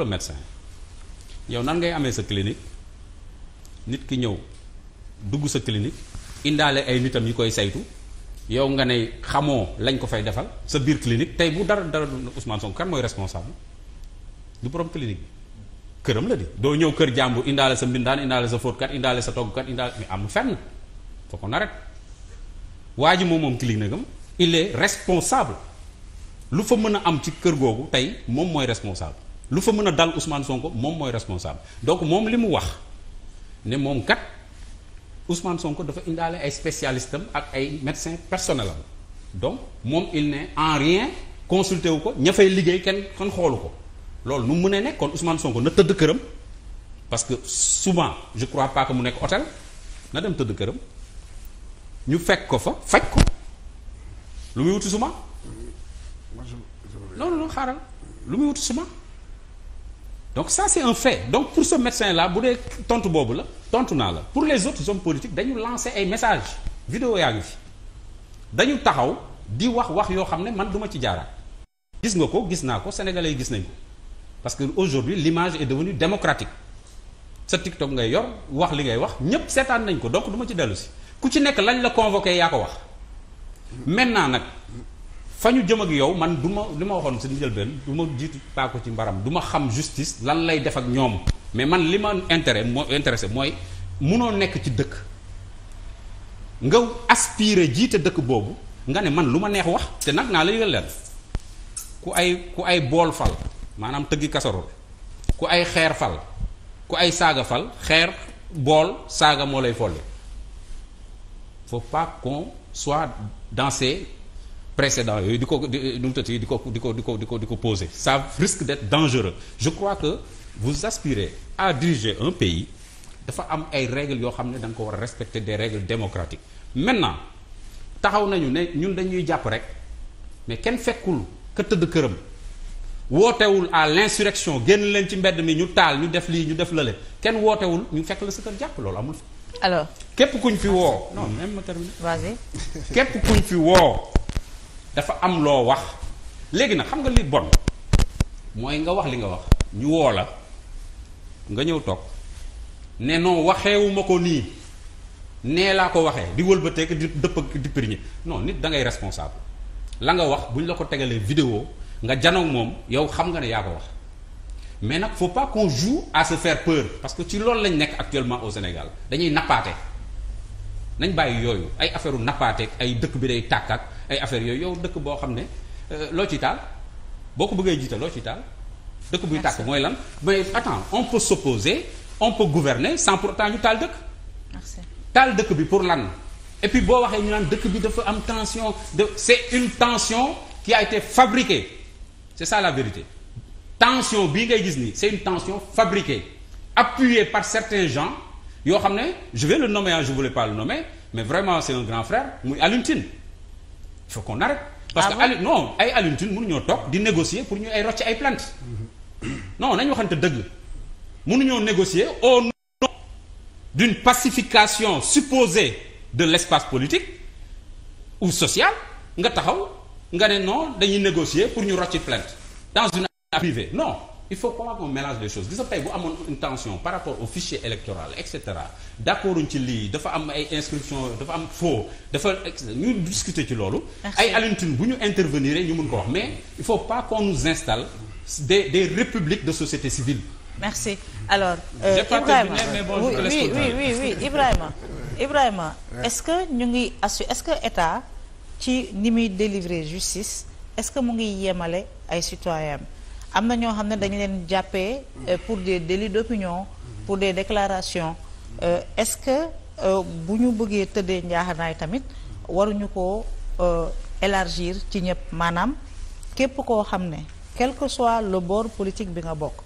yow nan ngay amee sa clinique nit ki ñëw dugg sa clinique indaale ay nitam yi koy saytu yow nga ne xamoo lañ ko fay defal sa biir clinique tey bu dara dara Ousmane Sonko kan mooy responsable du borom clinique këram la di doo ñëw kër jàmbur indaale sa mbindaan indaale sa fóotkat indaale sa toggkat indaale mais amul fenn foo ko na rek waa ji moom moom clinique am il est responsable lu fa mën a am ci kër googu tey moom mooy responsable lu fa mën a dal Ousmane Sonko moom mooy responsable donc moom li mu wax ne moom kat Ousmane Sonko dafa indaale ay spécialiste am ak ay médecin personnel am donc moom il n'est en rien consulté wu ko ña fay liggéey kenn kon xoolu ko loolu nu mu mënee nekk kon Ousmane Sonko na tëdd këram parce que souvent je crois pas que mu nekk hôtel na dem tëdd këram ñu fekk ko fa faj ko lu muy wuti souvent. non non xaaral lu muy wuti souvent donc ça c'est un fait donc pour ce médecin là bu dee tontu boobu la tontu naa la pour les autres hommes politiques dañu lancer ay messages. vidéo yaa ngi fi dañu taxaw di wax wax yoo xam ne man duma ci jaaraat. gis nga ko gis naa ko sénégalais gis nañ ko. parce que aujourd'hui l'image est devenue démocratique sa TikTok ngay yor wax li ngay wax ñépp seetaan nañ ko donc duma ci dellu si ku ci nekk lañ la convoqué yaa ko wax maintenant nag fa ñu jëm ak yow man duma ma li ma waxoon si njëlbeen du ma jiitu paako ci mbaram duma xam justice lan lay def ak ñoom mais man li ma intérêt moo intéressé mooy munoo nekk ci dëkk nga aspiré jiite dëkk boobu nga ne man lu ma neex wax te nag naa la yëgal leen ku ay ku ay bool fal maanaam tëgg casserole ku ay xeer fal ku ay saaga fal xeer bool saaga moo lay folli faut pas qu'on soit dans ces précédents yooyu di ko di di ko di ko di ko di ko di ko poser ça risque d'être dangereux je crois que vous aspirez à diriger un pays dafa am ay règles yoo xam ne danga ko war a respecter des règles démocratiques maintenant taxaw nañu ne ñun dañuy jàpp rek mais kenn fekkul ka tëdd këram wootewul à l'insurrection génn leen ci mbedd mi ñu taal ñu def lii ñu def la lële kenn wootewul ñu fekk la sa kër jàpp loolu amul. alors képp kuñ fi woo. non même ma terminer. vas-y. [LAUGHS] képp kuñ fi woo dafa am loo wax léegi nag xam nga li bon mooy nga wax li nga wax ñu woo la nga ñëw toog ne noo waxewuma ko nii nee laa ko waxee di wëlbateeg di dëpp di pirñe noonu nit da ngay responsable la nga wax buñ la ko tegalee vidéo nga janoog moom yow xam nga ne yaa ko wax mais nag faut pas qu'on joue à se faire peur parce que ci lool lañ nekk actuellement au Sénégal dañuy nappaate nañ bàyyi yooyu ay affaire u nappaate ay dëkk bi day tàkk ak ay affaire yooyu yow dëkk boo xam ne euh, loo ci taal boo ko bëggee jiite loo ci taal dëkk buy tàkk mooy lan mais attends on peut s'opposer on peut gouverner sans pour ñu taal dëkk taal dëkk bi pour lan et puis boo waxee ñu naan dëkk bi dafa am tension de c'est tension a été c'est ça la vérité tension bii ngay gis nii c'est une tension fabriquée appuyée par certains gens yoo xam ne je vais le nommer ah je voulais pas le nommer mais vraiment c'est un grand frère muy Alioune Tine il faut qu'on arrête parce ah que Alioune non ay Alioune Tine mënuñoo toog di négocier pour ñu ay rocc ay plainte mm-hmm. non nañu waxante dëgg mënuñoo négocier au nom d'une pacification supposée de l'espace politique ou social nga taxaw nga ne non dañuy négocier pour ñu rocci plainte dans une privée non il faut pas qu'on mélange les choses gis nga tey bu amoon une tension par rapport au fichier électoral et cetera d'accorduñ ci lii dafa am ay inscription dafa am faux dafa ñu discuter ci loolu ay alintine bu ñu intervenir ñu mun ko wax mais il faut pas qu'on nous installe des des républiques de société civile merci alors euh, Ibrahima mais bon, oui, oui, Ibrahima Ibrahima est-ce que ñu ngi assu est-ce que état ci ni muy délivrer justice est-ce que mu ngi yemale ay citoyens am na ñoo xam ne dañu leen jàppee euh, pour des délits d'opinion pour des déclaration euh, est-ce que euh, bu ñu bëggee tëddee njaaxanaay tamit waruñu ko euh, élargir ci ñëpp maanaam képp koo xam ne quel que soit le bord politique bi nga bokk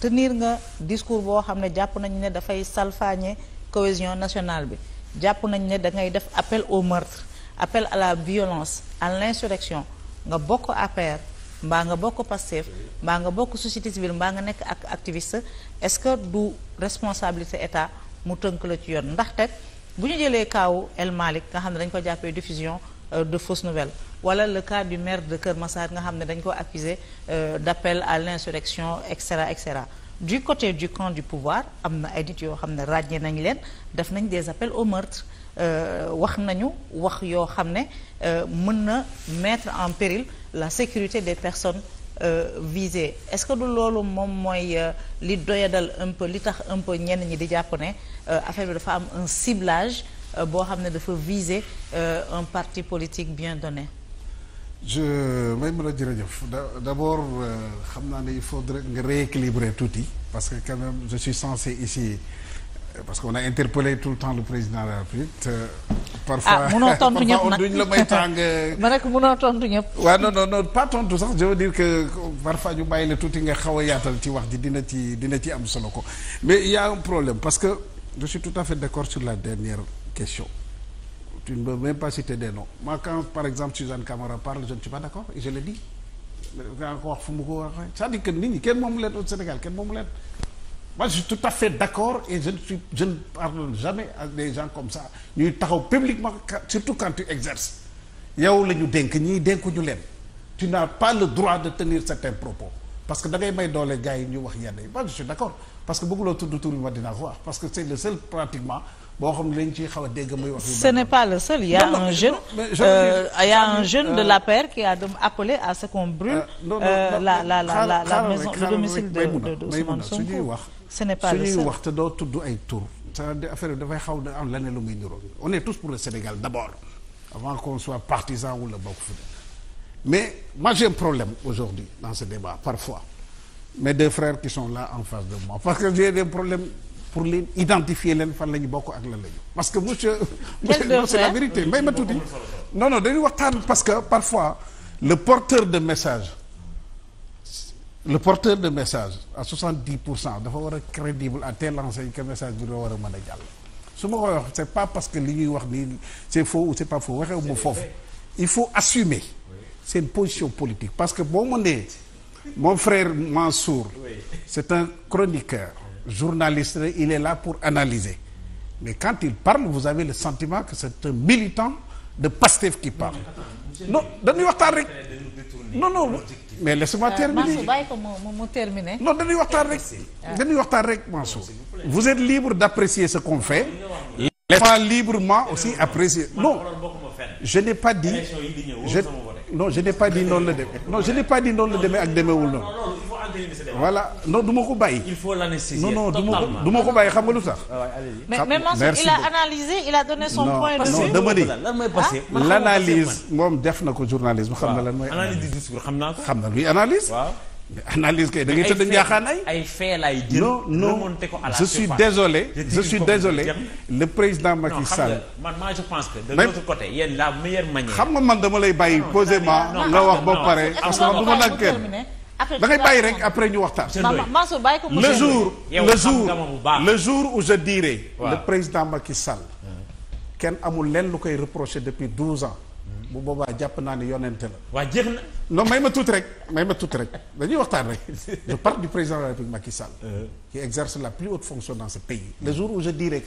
tenir nga discours boo xam ne jàpp nañu ne dafay salfaañe cohésion nationale bi jàpp nañu ne da ngay def appel au meurtre appel à la violence à l'insurrection nga bokk APR mbaa nga bokk Pastef mbaa nga bokk société civile mbaa nga nekk ak activiste est-ce que du responsabilité état mu tënk la ci yoon ndaxteg bu ñu jëlee kaawu El Malick nga xam ne dañ ko jàppee diffusion euh, de fausses nouvelles wala le cas du maire de Kër Massar nga xam ne dañ ko accusé euh, d'appel à l'insurrection et cetera et cetera du côté du camp du pouvoir am na ay nit yoo xam ne ràññee nañ leen def nañ des appels au meurtre Euh, wax nañu wax yoo xam ne euh, mën na mettre en péril la sécurité des personnes euh, visées est-ce que du loolu moom mooy li doyadal un peu li tax un peu ñenn ñi di jàpp ne affaire bi dafa am un ciblage boo xam ne dafa viser un parti politique bien donné. je may mën a jërëjëf d'abord xam naa ne il faudrait nga rééquilibrer tuuti parce que quand même je suis censé ici. parce qu'on a interpellé tout le temps le président la République. Ah, parfois ah munoo tontu ñëpp nag duñ la may [LAUGHS] pas tontu sax je veux dire que parfois ñu bàyyi la tuuti nga xaw yaatal ci wax ji dina ci dina ci am solo ko mais il problème parce que je suis tout à fait d'accord sur la dernière question. tu ne peux même pas citer des noms moi quand par exemple Suzanne Camara par je ne suis pas d'accord et je le dis. daa ko wax fu mu ko waxee cest à nit ñi kenn moomu leen au Sénégal kenn moomu leen. moi je tout à fait d'accord et je ne suis je ne pardonne jamais à des gens comme ça ñuy taxaw publiquement surtout quand tu exerces yow la ñu dénk ñii dénkuñu leen tu n'as pas le droit de tenir certains propos parce que da ngay may doole gars yi ñu wax yenn yi moi je suis d'accord parce que bëgguloo tudd tur bi ma dinaa ko parce que c'est le seul pratiquement boo xam ne lañ xaw a dégg muy wax. ce n'est pas le seul il un euh, jeune. de euh, l'APR qui a à ce euh, la la la la la maison le domicile de wax. ce n'est wax te doo tudd ay tur. c'est-à-dire affaire bi dafay xaw am leneen lu muy niroo on est tous pour le Sénégal d'abord avant qu'on soit partisan wala bokk fi mais moi j'ai problème aujourd'hui dans ce débat parfois mes deux frères qui sont là en face de moi parce que j'ai des problèmes pour leen identifier leen fan la ñu bokk ak lan la ñu parce que monsieur c'est la vérité may ma tuuti non non dañuy waxtaan parce que parfois le porteur de message le porteur de message à 70 pour cent dafa war a crédible à telle enseigne que message bi doo war a mën a jàll su ma koy wax c'est pas parce que li ñuy wax nii c'est faux ou c'est pas faux waxewu ma foofu il faut assumer seen position politique parce que boo ma nee mon frère Mansour c'est un chroniqueur journaliste il est là pour analyser mais quand il parle vous avez le sentiment que c'est un militant de Pastef qui parle non dañuy waxtaan rek. non non mais laissez-moi euh, terminer. non dañuy waxtaan rek. Ah. dañuy waxtaan rek Mansour. vous êtes libre d'apprécier ce qu'on fait. laissez-moi librement aussi apprécier non. je n'ai pas dit je non je n'ai pas dit noonu la demee non je n'ai pas dit noonu la demee ak demeewul noonu. voilà non du ma ko bàyyi. il faut l'anesthésier non non du ma ko du ma ko bàyyi xam nga lu tax. Ah mais mais Mansour il a analysé il a donné son point de vue. non dama ni ah. l'analyse moom def na ko journalisme xam na lan mooy. analyse du discours xam naa ko. xam na luy analyse. mais analyse kay da ngay tëdd njaaxaanay ay fait lay jël non non je suis désolé je suis désolé le président Macky Sall. man moi je pense que de l'autre côté yéen la meilleure manière. xam nga man dama lay bàyyi posément nga wax ba pare parce que man du ma nag kenn. après da ngay bàyyi rek après ñu waxtaan. Mansour bàyyi ko le jour le jour le jour où je le président Macky Sall. kenn amul len lu koy reprocher depuis douze ans. bu boobaa jàpp naa ne yonente la. waaw jeex na. non may ma tuuti rek may ma tuuti rek dañuy waxtaan rek je parle du président de la République Macky Sall. Euh. la plus haute fonction dans ce pays. le jour où je dirai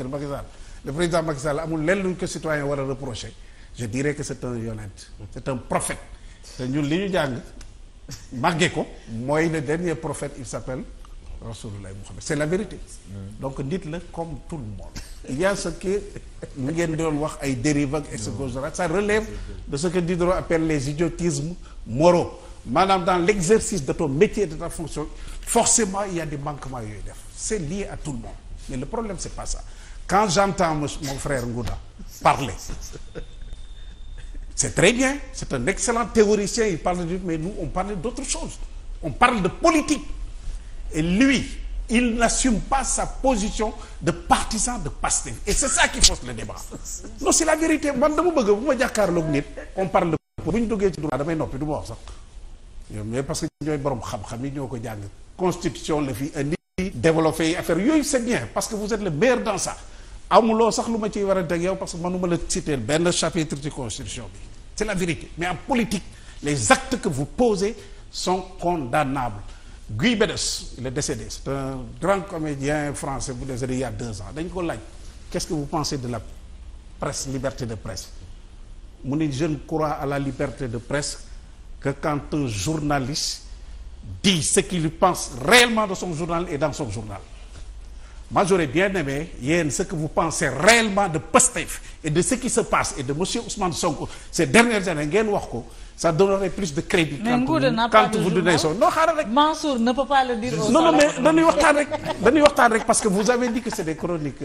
le président Macky Sall amul lenn luñ ko citoyen war a reprocher je dirai que c'est un yonente. c'est te ñun li ñu jàng. màggee ko mooy le dernier prophète il s'appelle Rasulullah Muhammad c'est la vérité mm. donc nit la comme tout le monde il y a ce que ñu ngeen doon wax ay dérives ak et ce que ça relève de ce que Diderot appelle les idiotismes moraux maanaam dans l'exercice de ton métier de ta fonction forcément il y a des yooyu def c'est lié à tout le monde mais le problème c'est pas ça quand j'entends mon frère Ngouda parler c'est très bien c'est un excellent théoricien il parle de mais nous on parle d'autre chose on parle de politique et lui il n'assume pas sa position de partisan de Pastef et c'est ça qui fausse le débat non c'est la vérité man dama bëgg bu ma jàkkaarloog nit on parle de bu duggee ci droit damay noppi du ma wax sax mais parce que ñooy borom xam-xam yi ñoo ko jàng constitution la fi indi développé yi affaire yooyu c'est bien parce que vous êtes le meilleur dans lu ma ciy warante ak yow que mënuma la citer benn chapitre ci bi c'est la vérité mais en politique les actes que vous posez sont condamnables Guy Bédès il est décédé c'est un grand comédien français bu décédé il y a deux ans dañ ko laaj qu'est-ce que vous pensez de la presse liberté de presse mu ne je ne à la liberté de presse que quand un journaliste dit ce qu'il pense réellement de son journal et dans son journal moi j'aurais bien aimé yéen ce que vous pensez réellement de Pastef et de ce qui se passe et de monsieur Ousmane Sonko ces dernières années ngeen wax ko ça donnerait plus de crédit. mais Ngouda n'a pas de journal non xaaral rek. Mansour ne peut pas le dire. non non waxtaan rek dañuy parce que vous avez dit que c'est des chroniques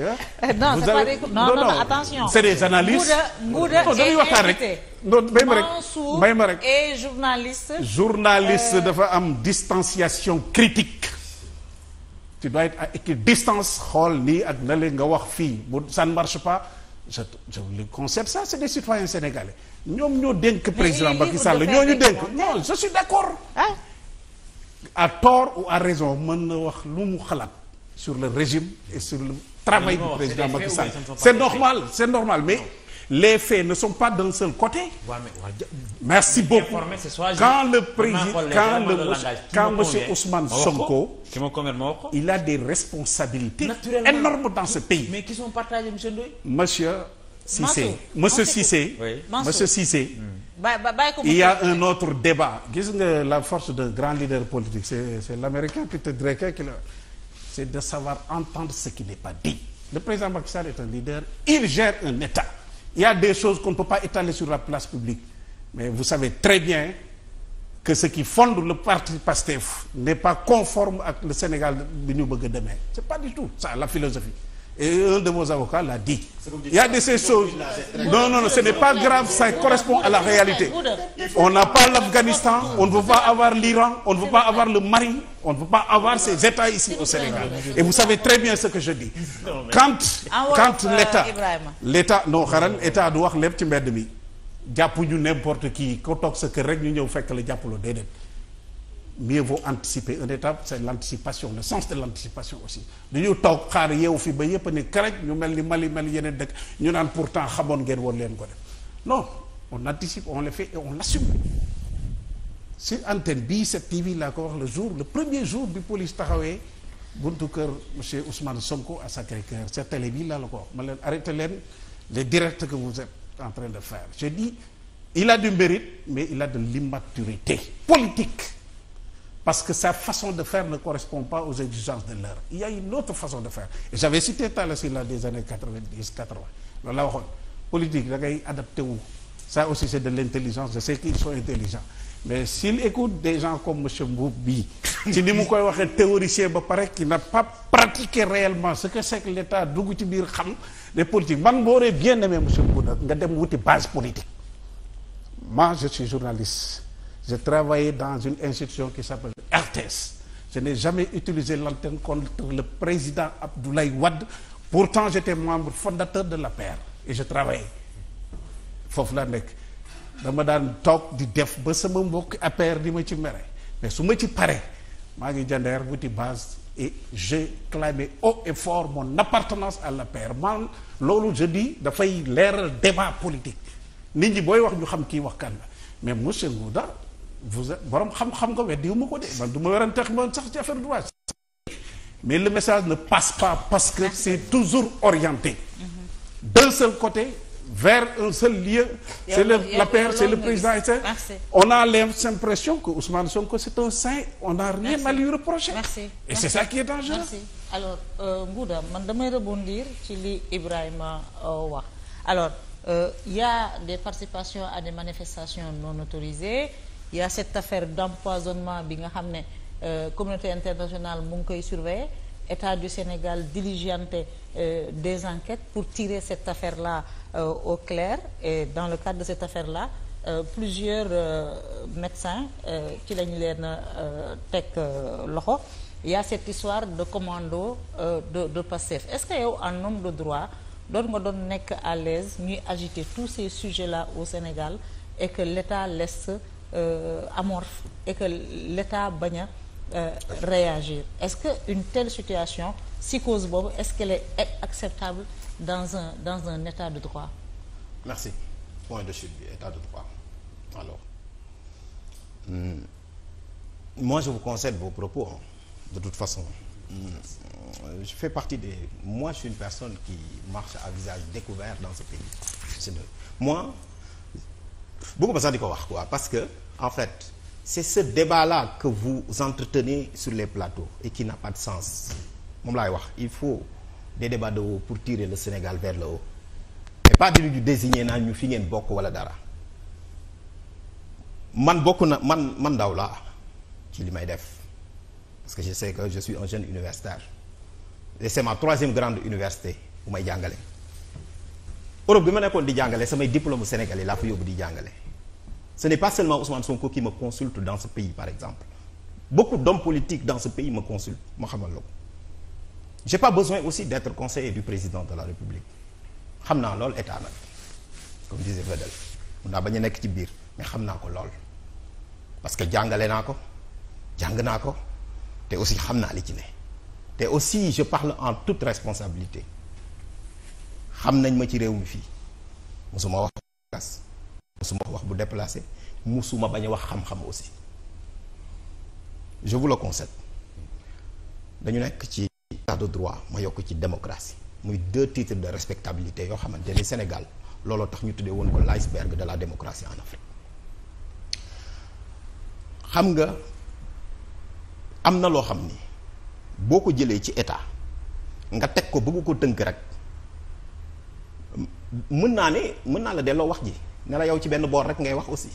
ah. non c'est pas des non non attention c'est des analyses. Ngouda Ngouda dañuy waxtaan rek. non may ma rek Mansour est journaliste. journaliste euh, dafa am distanciation critique tu dois être à distance xool lii ak na le nga wax fii bu ça ne marche pas je je le concept ça c'est des citoyens sénégalais ñoom ñoo dénk président Macky Sall ñoo ñu dénk non je suis d'accord hein? à tort ou à raison mën na wax lu mu xalaat sur le régime et sur le travail non, du président Macky c'est normal c'est normal les faits ne sont pas d'un seul côté. quand le président quand le quand monsieur Ousmane Sonko. il a des responsabilités. énormes dans ce pays. monsieur Ndoye. Hmm. il y a un autre débat. gis nga la force d'un grand leader politique c'est c'est l'américain Peter Drucker qui l'a c'est de savoir entendre ce qui n'est pas dit. Le président Macky est un leader, il gère un État. il y a des choses qu'on ne peut pas étaler sur la place publique mais vous savez très bien que ce qui fonde le parti PASTEF n'est pas conforme ak le Sénégal bi ñu bëgg a demee c'est pas du tout ça la philosophie Et un de vos avocats l'a dit. Il y de ces choses. Non, non, ce n'est pas grave, ça correspond à la réalité. On n'a pas l'Afghanistan, on ne veut pas avoir l'Iran, on ne veut pas avoir le Mali, on ne veut pas avoir ces États ici au Sénégal. Et vous savez très bien ce que je dis. Quand, quand l'État, l'État, non, xaral État du wax lépp ci mbedd mi jàppuñu n'importe qui ko toog sa kër rek ñu ñëw fekk la jàppaloo déedéet mieux vaut anticiper une étape c'est l'anticipation le sens de l'anticipation aussi dañu toog xaar yeewu fi ba yépp ni karaj ñu mel ni Mali mel yeneen dëkk ñu naan pourtant xamoon ngeen woon leen ko def non on anticipe on le fait et on l'assume si antenne bi cette TV laa ko wax le jour le premier jour bi police taxawee buntu kër monsieur Ousmane Sonko à Sacré-Cœur cette télé bii laa la ko wax ma leen arrêté leen les directs que vous êtes en train de faire j'ai dit il a du mérite mais il a parce que sa façon de faire ne correspond pas aux exigences de l'heure il y a une autre façon de faire et j'avais cité Talla Sylla des années 90 80 loolu laa waxoon politique da ngay adapté wu aussi c'est de l'intelligence je sais qu'ils sont intelligents mais s'ils écoutent des gens comme monsieur Mboup bii ci ni mu koy waxee théoricien ba pare qui n'a pas pratiqué réellement ce que c'est l'État dugg ci biir xam les politiques man booree bien aimé monsieur Mboup nga dem wuti base politique moi je suis J'ai travaillé dans une institution qui s'appelle RTS. Je n'ai jamais utilisé l'antenne contre le président Abdoulaye Wade. Pourtant, te membre fondateur de l'APR et je travaillais. foofu la nekk dama daan toog di def ba sama mbokk appaire di ma ci mere mais su ma ci pare maa ngi jandeer wuti base et j'ai clamé haut et fort mon appartenance à l'APR man loolu je dis dafay leeral débat politique nit ñi booy wax ñu xam kii wax kan la mais monsieur Ngouda vous borom xam-xam nga weddiwu ma ko de ma werante ak man sax ci affaire droit mais le message ne passe pas parce que c'est toujours orienté côté vers un le la paire c'est le président et on a l'impression que Ousmane Sonko c'est un saint on n'a rien à lui et c'est ça qui est dangereux alors Mbouda euh, man damay rebondir ci li Ibrahima euh, alors euh, il y a des participations à des manifestations non autorisées y a cette affaire d'empoisonnement bi nga xam ne euh, communauté internationale mu ngi koy surveiller état du Sénégal diligenter euh, des enquêtes pour tirer cette affaire la euh, au clair et dans le cadre de cette affaire la euh, plusieurs euh, médecins ci la ñu leen teg loxo il y a cette histoire de commando de de Pastef est-ce que yow en homme de droit doon nga doon nekk à l'aise ñuy agiter tous ces sujets-là au Sénégal et que l'État laisse Euh, amorphe et que l'État bañ a euh, réagir est-ce que une telle situation psychose boobu est-ce qu'elle est acceptable dans un dans un état de droit merci point de chute bi état de droit hmm, moi je vous concède vos propos de toute façon hmm, je fais partie des moi je suis une personne qui marche à visage découvert dans ce pays c'est moi bëggu parce que en fait c'est ce débat-là que vous entretenez sur les plateaux et qui n'a pas de sens moom laay wax il faut des débats de haut pour tirer le Sénégal vers la haut mais pas du désigner naa ñu fi ngeen bokk wala dara man bokk na man man ndaw laa ci li may def parce que je sais que je suis un jeune universitaire et c'est ma grande université bu may jàngale Europe bi ma nekkoon di jàngale samay diplôme Sénégal yi laa fa yóbbu di jàngale Ce n'est pas seulement Ousmane Sonko qui me consulte dans ce pays, par exemple. Beaucoup d'hommes politiques dans ce pays me consultent, Mohamed Lok. Je n'ai pas besoin aussi d'être conseiller du président de la République. xam naa lool état nag comme disait Vedel mun naa bañ nekk ci biir mais xam naa ko lool parce que jàngale naa ko jàng naa ko te aussi xam naa li ci ne te aussi je parle en toute responsabilité xam nañ ma ci réew mi fii ma wax gas su musuma wax bu déplacé mu musuma bañ a wax xam-xam aussi je vous le conseille dañu nekk ci état droit ma yokk ci démocratie muy deux titres de respectabilité yoo xamante ni Sénégal looloo tax ñu tuddee woon ko l'iceberg de la démocratie en Afrique xam nga am na loo xam ni boo ko jëlee ci état nga teg ko bëgg ko tënk rek mën naa ne mën naa la delloo wax ji ne la yow ci benn boor rek ngay wax aussi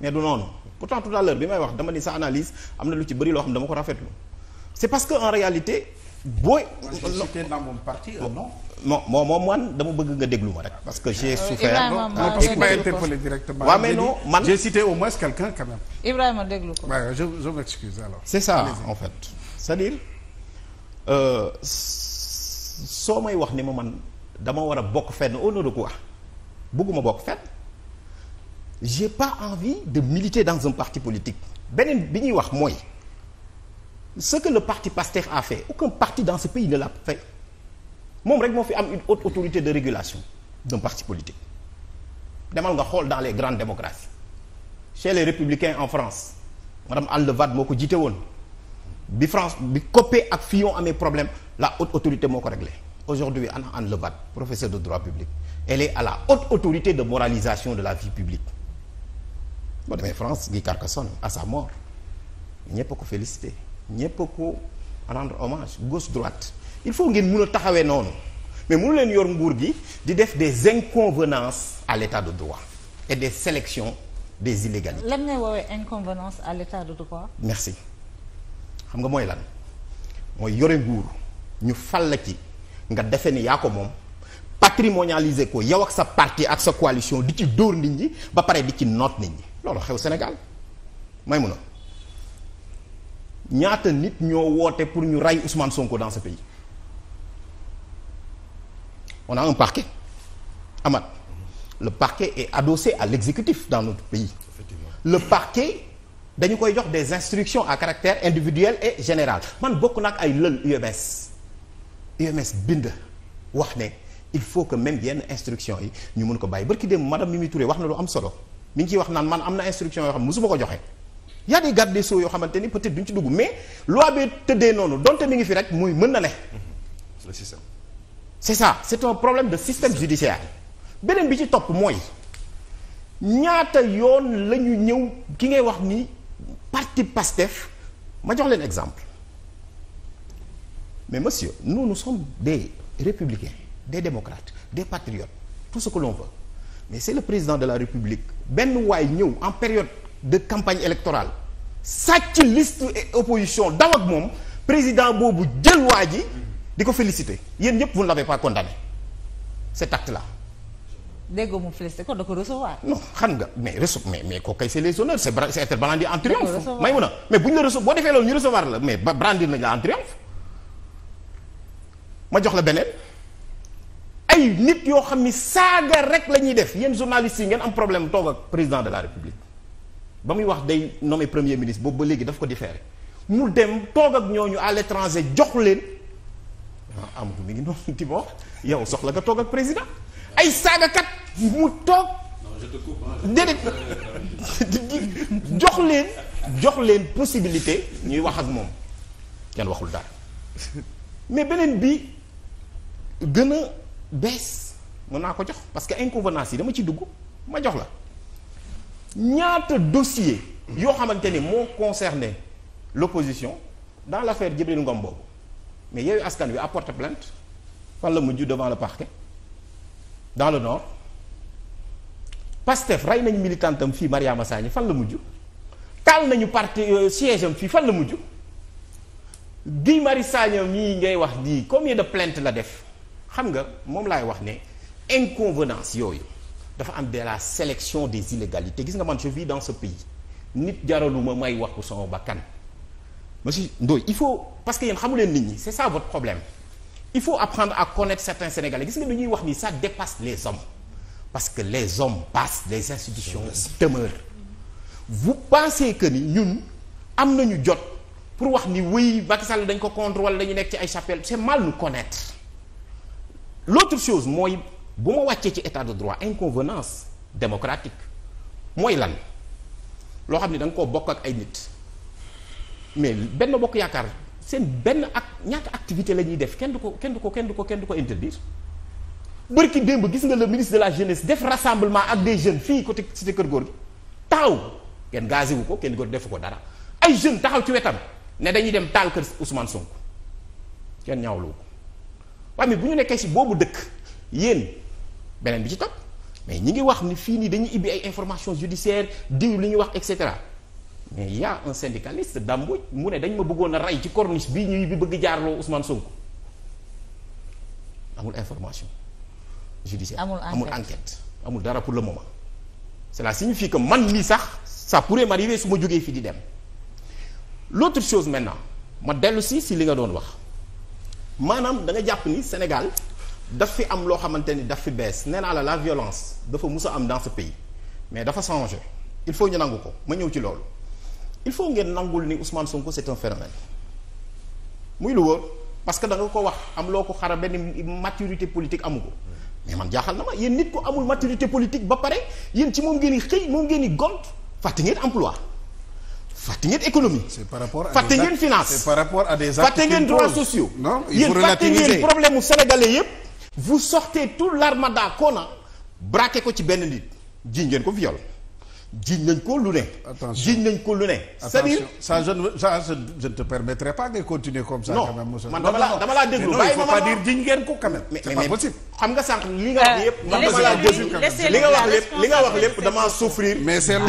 mais du noonu pourtant tout à l'heure bi may wax dama ni sa analyse am na lu ci bëri loo xam dama ko rafetlu c'est parce que en réalité booy. Euh, non non moom moom man dama bëgg nga déglu ma rek. parce que j'ai euh, souffert waaw ah, mais non man j'ai cité au moins quelqu'un quand même. Ibrahima déglu ko. waaw je je m'excuse alors. c'est ça en fait cest euh, soo may wax ni ma man dama war a bokk fenn au nom de bëgguma bokk fet j'ai pas envie de militer dans un parti politique beneen bi ñuy wax mooy ce que le parti Pastef a fait aucun parti dans ce pays ne l'a fait moom rek moo fi am une haute autorité de régulation d'un parti politique demal nga xool dans les grandes démocraties chez les républicains en France madame Anne Levade moo ko jiite woon bi France bi Copé ak Fillon amee problème la haute autorité moo ko réglé aujourd'hui Anne Anne Levade professeur de droit public elle est à la haute autorité de moralisation la vie boo demee France Guy Carcassonne à sa ñëpp ko félicité ñëpp a ko rendre hommage gauche droite il faut ngeen mun a taxawee noonu mais mënu leen yor nguur gi di def des inconvenances à l'état de droit et des sélections des illégalités. lan ngay woowee inconvenance à l'état de droit. merci xam nga mooy lan mooy yore nguur ñu fal la ci nga defe ni yaa ko moom patrimonialiser ko yow ak sa parti ak sa coalition di ci dóor nit ñi ba pare di ci noot nit ñi. loolu xew Sénégal may mun ñaata nit ñoo woote pour ñu rey Ousmane Sonko dans ce pays on a un parquet Amath le parquet est adossé à l'exécutif dans notre pays le parquet dañu koy jox des instructions à caractère individuel et général man bokk naa ak ay lël UMS UMS bind wax ne il faut que même yenn instructions yi ñu mën ko bàyyi barki dem madame Mimi Touré wax na lu am solo mi ngi ciy wax naan man am na instruction yoo xam ne mosuma ko joxe y a des gardes des sceaux yoo xamante ni peut-être duñ ci dugg mais loi bi tëddee noonu donte mu ngi fi rek muy mën na ne le système. c'est ça c'est un problème de système judiciaire beneen bi ci topp mooy ñaata yoon la ñu ñëw ki ngay wax ni parti Pastef ma jox leen exemple mais monsieur nous nous sommes des républicains des démocrates des patriotes tout ce mais c'est le président de la République benn waay ñëw en période de campagne électorale sàcc liste opposition daw ak moom président boobu jël waa ji di ko féliciter yéen ñëpp vous ne l'avez pas condamné cet acte la déggoo mu félicité ko da ko recevoir. non xam nga mais recevoir mais mais kooku kay c'est les honneurs c'est bra c'est en triomphe. may mun a mais bu ñu la recevoir boo defee loolu ñu recevoir la mais brandir nañ la en triomphe ma jox la beneen. ay nit yoo xam ni saaga rek la ñuy def yéen journalistes yi ngeen am problème toog ak président de la république ba muy wax day nommé premier ministre boobu ba léegi daf ko différé mu dem toog ak ñooñu à l'étranger jox leen ah mi ngi noonu di [LAUGHS] yow soxla nga toog président ay saagakat mu toog. déedéet jox leen possibilité ñuy wax ak moom kenn waxul dara [LAUGHS] mais beneen bi gën a. bees mën naa ko jox parce que inconvenance yi dama ci dugg ma jox la ñaata dossier yoo xamante ni moo concerné l'opposition dans l'affaire Djibril Ngom boobu mais yooyu askan wi apporte plainte fan la mujj devant le parquet dans le nord Pastef rey nañu militantam fii Mariama Sagna fan la mujj taal nañu parti euh, siège am fii fan la mujj Guy Marius Sagna mii ngay wax di combien de plainte la def xam nga moom laay wax ne inconvenance yooyu dafa am de la sélection des illégalités gis nga man je vis dans ce pays nit jaraluma may wax ko sama bakkan monsieur Ndoye il faut parce que yéen xamu leen nit ñi c'est ça votre problème il faut apprendre à connaître certains Sénégalais gis nga lu ñuy wax ni ça dépasse les hommes parce que les hommes passent les institutions demeurent vous pensez que ni ñun am nañu jot pour wax ni wéy Macky Sall dañ ko contrôler dañu nekk ci ay chapelle c'est mal nous connaître l'autre chose mooy bu ma wàccee ci état de droit inconvenance démocratique mooy lan loo xam ne da nga koo bokk ak ay nit mais benn bokk yaakaar seen benn ak ñaata activité la ñuy def kenn du ko kenn du ko kenn du ko kenn du ko interdire bërki démb gis nga le ministre de la jeunesse def rassemblement ak des jeunes fii côté cité kër góor gi taxaw kenn gazé wu ko kenn góor defu ko dara ay jeunes taxaw ci wetam ne dañuy dem taal kër Ousmane Sonko kenn ñaawlu ko waaye mais bu ñu nekkee si boobu dëkk yéen beneen bi ci topp mais ñu ngi wax ni fii nii dañu ibbi ay information judiciaire diw li ñuy wax et cetera mais y a un syndicaliste Dambou mu ne dañ ma bëggoon a rey ci corniche bii ñuy bi bëgg jaarloo Ousmane Sonko amul information judiciaire amul enquête amul dara pour le moment cela signifie que man mii sax sa ça pourrait m'arriver su ma jógee fii di dem l'autre chose maintenant ma dellu si si li nga doon wax maanaam da nga jàpp ni Sénégal daf fi am loo xamante ni daf fi bees nee naa la la violence dafa mus am dans ce pays mais dafa changé il faut ñu nangu ko ma ñëw ci loolu il faut ngeen nangul ni Ousmane Sonko c'est un phénomène muy lu wóor parce que da nga ko wax am loo ko xara benn maturité politique amu ko mais man jaaxal na ma yéen nit ko amul maturité politique ba pare yéen ci moom ngeen di xëy moom ngeen di gont fàtte ngeen emploi fàtte ngeen économie. c'est par rapport à fàtte ngeen finance. c'est par rapport à des fàtte ngeen droits sociaux. non il faut relativiser yéen fàtte ngeen problème mu sénégalais vous sortez tout l'armada qu'on a ko ci benn nit ji ngeen ko viol jiñ nañ ko lu ne. attention jiñ nañ ko lu ne. c'est-à-dire ça je ne man dama la déglu. bàyyi yëpp. man dama nga wax lépp li nga wax lépp damaa souffrir. mais c'est ma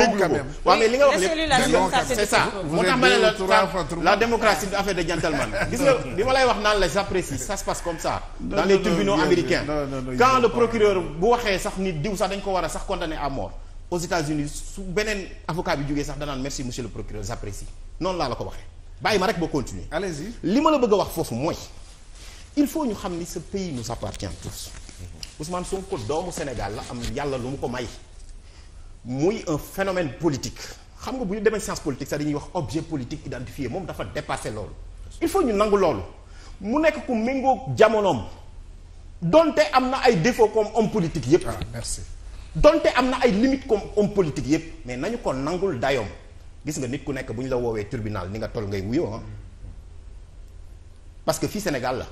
la démocratie du affaire de gentleman. gis nga li ma lay wax naan la j'apprécie ça se passe comme ça. dans les tribunaux quand le procureur bu waxee sax nit diw sax dañ ko war a sax condamné à mort aux états su beneen avocat bi jógee sax danaan merci monsieur le procureur j'apprécie noonu laa la ko waxee bàyyi ma rek ba continuer li ma la bëgg a wax foofu mooy il faut ñu xam ni ce pays nous appartient tous Ousmane Sonko doomu Sénégal la am yàlla lu mu ko may muy un phénomène politique xam nga bu ñu demee science politique sax dañuy wax objet politique identifié moom dafa dépassé loolu il faut ñu nangu loolu mu nekk ku méngoog jamonoom donte am na ay défauts comme homme politique yépp ah, merci donte am na ay limites comme homme politique yëpp mais nañu ko nangul dayoom gis nga nit ku nekk bu ñu la woowee tribunal ni nga tol ngay wuyoo ah parce que fii Sénégal la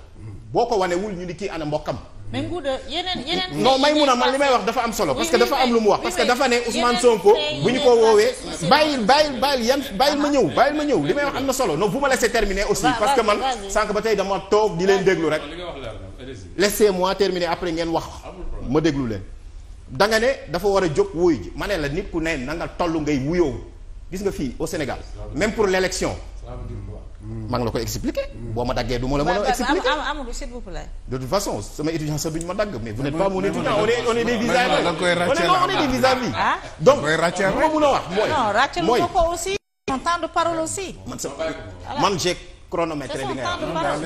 boo ko wanewul ñu ni kii ana mbokkam. mais Ngouda yeneen yeneen. non may mun a man li may wax dafa am solo. parce que dafa am lu mu wax parce que dafa ne Ousmane Sonko. bu ñu ko woowee bàyyil bàyyil bàyyil yan bàyyil ma ñëw bàyyil ma ñëw li may wax am na solo non vous me laissez terminer aussi. parce que man sànq ba tey dama toog di leen déglu rek. laissez-moi terminer après ngeen wax ma déglu leen. da ne dafa war a jóg wuyu ji ma ne la nit ku ne na nga toll ngay wuyoo gis nga fii au Sénégal même pour l'élection maa la ko expliquer boo ma daggee du ma la ma a expliquer Amadou s'il vous plaît de toute façon sama étudiant sax duñu ma dagg mais vous n'êtes pas mon étudiant on est on vis-à-vis on est ma mun a wax mooy mooy temps de parole aussi man sa man j'ai chronométré li ngay wax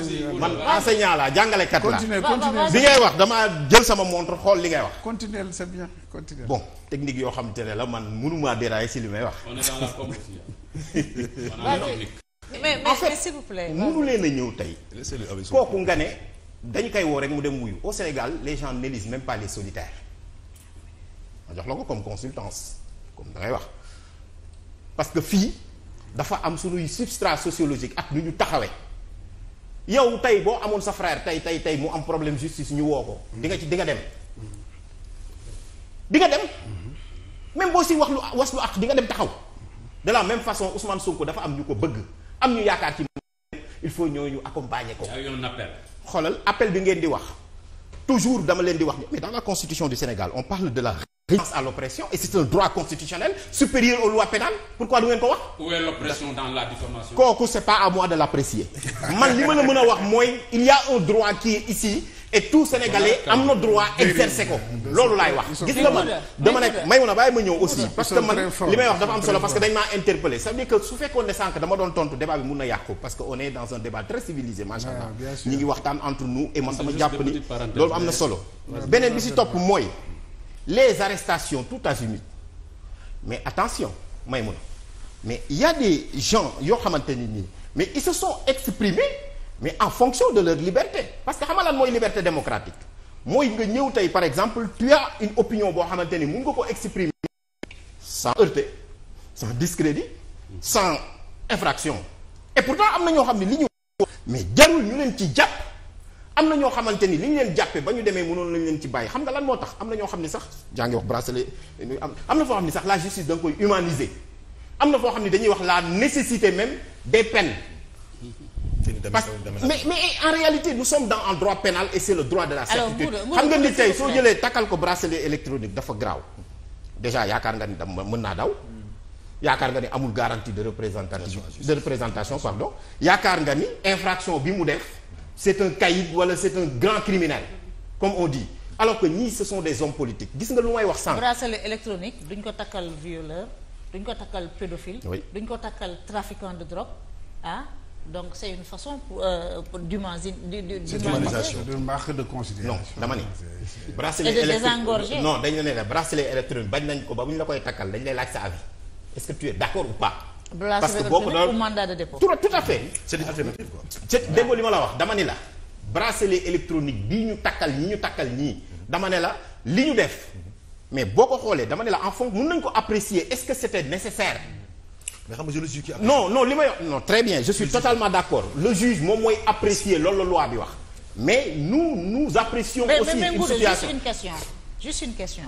man enseignant laa jàngalekat laa bi ngay wax damaa jël sama montre xool li ngay wax. continuer c'est bien continuer. bon technique yoo xamante ne la man mënumaa dérailler si li may wax. on est dans la com [LAUGHS] leen a ñëw tey. kooku nga ne dañu koy woo rek mu dem wuyu au Sénégal les gens n'élisent même pas les ma jox la ko comme consultance comme da wax parce fii. dafa am suñuy substrat sociologique ak nu ñu taxawee yow tey boo amoon sa frère tey tey tey mu am problème justice ñu woo ko. Mm-hmm. di nga ci dinga dem. di nga dem. Mm-hmm. même boo si wax lu was lu ak di nga dem taxaw. Mm-hmm. de la même façon Ousmane ko dafa am ñu ko bëgg am ñu yaakaar ci il faut ñooñu accompagner ko. xoolal appel bi ngeen di wax toujours dama leen di wax mais dans la constitution du Sénégal on parle de la. résistance à l'oppression et c'est un droit constitutionnel supérieur aux lois pénales pourquoi du ngeen ko wax. kooku c'est pas à de l'apprécier man li ma la mën a wax mooy il y a un droit qui est et tout sénégalais am na droit exercer ko loolu laay wax. gis nga man dama nekk may mun a bàyyi ma ñëw aussi. parce que man li may wax dafa am solo parce que dañ maa interpellé ça veut que su fekkoon ne sànq dama doon tontu débat bi mun na yàqu parce que on est dans un débat très civilisé ah, ngi waxtaan entre nous et man sama na solo beneen bi si topp mooy les arrestations tout azimut mais attention may mun mais il y a des yoo xamante ni nii mais ils se sont exprimés mais en fonction de leur liberté parce que xam lan mooy liberté démocratique mooy nga ñëw tey par exemple tu as une opinion boo xamante ni mun nga ko exprimer sans heurter sans discrédit sans infraction et pourtant am na ñoo xam ne li ñu mais jarul ñu leen ci jàpp am na ñoo xamante ni li ñu leen jàppee ba ñu demee mënoon lañ leen ci bàyyi xam nga lan moo tax am na ñoo xam ne sax jaa wax bracelet am na foo xam ne sax la justice da nga koy humaniser am na foo xam ne dañuy wax la nécessité même des peines parce mais mais en réalité nous sommes dans un droit pénal et c'est le droit de la certitude xam nga ni tey soo jëlee takkal ko bracelet électronique dafa graaw déjà yaakaar nga ni da mën naa daw yaakaar nga ni amul garantie de représentation de représentation pardon yaakaar nga ni infraction bi mu def c'est un caïd wala c'est un grand criminel comme on dit alors que ñii ce sont des hommes politiques gis nga lu may wax sànq. bracelet électronique duñ ko takkal violeur duñ ko takkal pédophile. oui duñ ko takkal trafiquant de drogue ah. donc c'est une façon pour, euh, pour d'humaniser d'humanisation de marque de considération non dama ne. bracelet électronique non dañu ne la bracelet électronique bañ nañ ko ba bu ñu la koy takkal dañ lay laaj sa avis est-ce que tu es d'accord ou parce que boo ko doon mandat tout tout fait. c'est li ma la wax dama ni la bracelet électronique bii ñu takkal ñi ñu takkal ñii dama ne la li ñu def mais boo ko xoolee dama ne la en fond mën nañ ko apprécier est-ce que c'était nécessaire. mais xam li may non très bien je suis je totalement d'accord le juge moom mooy apprécier lool la loi bi wax mais nous nous apprécions. Mais, aussi mais, mais, une situation mais juste une question juste une question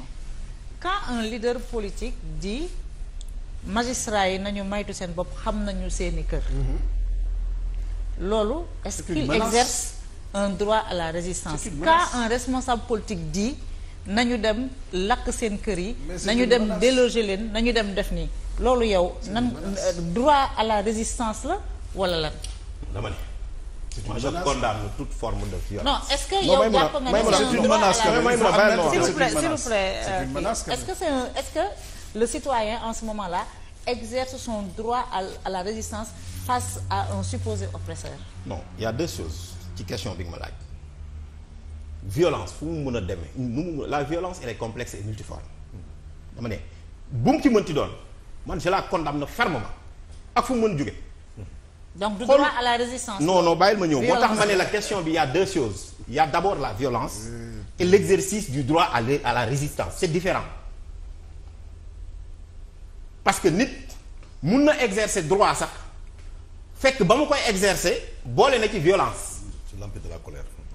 quand un leader politique dit. magistrats yi nañu maytu seen bopp xam nañu seeni kër loolu est-ce qu'il exerce un droit à la résistance quand un responsable politique dit nañu dem lakk seen kër yi nañu dem déloger leen nañu dem def nii loolu yow nan euh, droit à la résistance la wala lan dama ne est que yow jàpp nga ne c'est une menace s'il vous plaît s'il vous plaît est que c'est est-ce que le citoyen en ce moment-là exerce son droit à la résistance face à un supposé oppresseur. non ya y a deux choses ci question bi nga ma laaj violence fu mu mun a demee nu la violence elle est complexe et multiforme dama ne bu mu ci mënti doon man je la condamne fermement ak fu mu mën jóge donc du droit à la résistance. non non bàyyil ma ñëw moo tax ma ne la question bi y a deux choses il y a d'abord la violence. et l'exercice du droit à la résistance c'est différent parce que nit mun na exercer droit sax fekk ba mu koy exercer boole na ci violence. c'est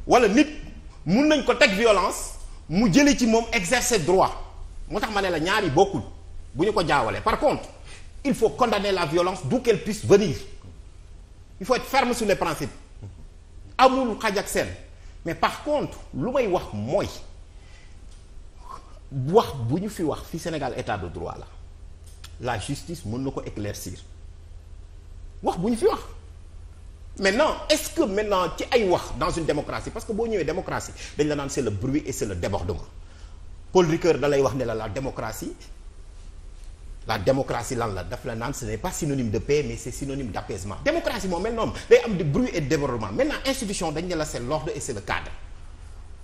wala nit mun nañ ko teg violence mu jëlee ci moom exercer droit moo tax ma ne la ñaar yi bokkul bu ñu ko jaawalee par contre il faut condamner la violence d'où qu'elle puisse venir il faut ferme sur les principes amul xaj ak seen mais par contre lu may wax mooy wax bu ñu fi wax fi Sénégal état de droit la. la justice mën na ko éclaircir wax bu ñu fi wax maintenant est-ce que maintenant ci ay wax dans une démocratie parce que boo ñëwee démocratie dañ la naan c'est le bruit et c'est le débordement Paul Ricoeur wax ne la la démocratie la démocratie lan la daf la naan ce n'est pas synonyme de paix mais c'est synonyme d'apaisement démocratie moom mel noonu day am di bruit et débordement maintenant institution dañ la c'est l'ordre et c'est le cadre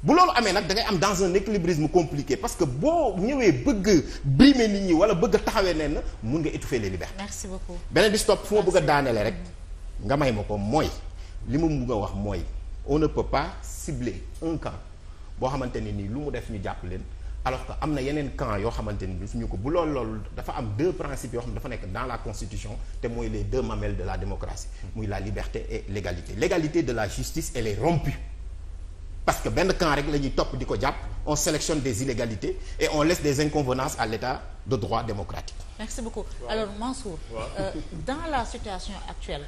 bu loolu amee nag dangay am dans un équilibrisme compliqué parce que boo ñëwee bëgg brimer nit ñi wala bëgg taxawee nen na mun nga étouffer les libertés. merci beaucoup beneen bi stop fu ma bëgg a rek nga may ma ko mooy li ma mun nga wax mooy on ne peut pas cibler un camp boo xamante nii lu mu def ñu jàpp leen alors que am na yeneen camp yoo xamante ni daf ñu ko bu lool loolu dafa am deux principes yoo xam ne dafa nekk dans la constitution te mooy les deux mamelles de la démocratie muy la l'égalité de la justice elle est rompue parce que benn camp rek la ñuy topp di ko jàpp on sélectionne des illégalités et on laisse des inconvenances à l'état de droit démocratique merci beaucoup alors Mansour wow. Euh, dans la situation actuelle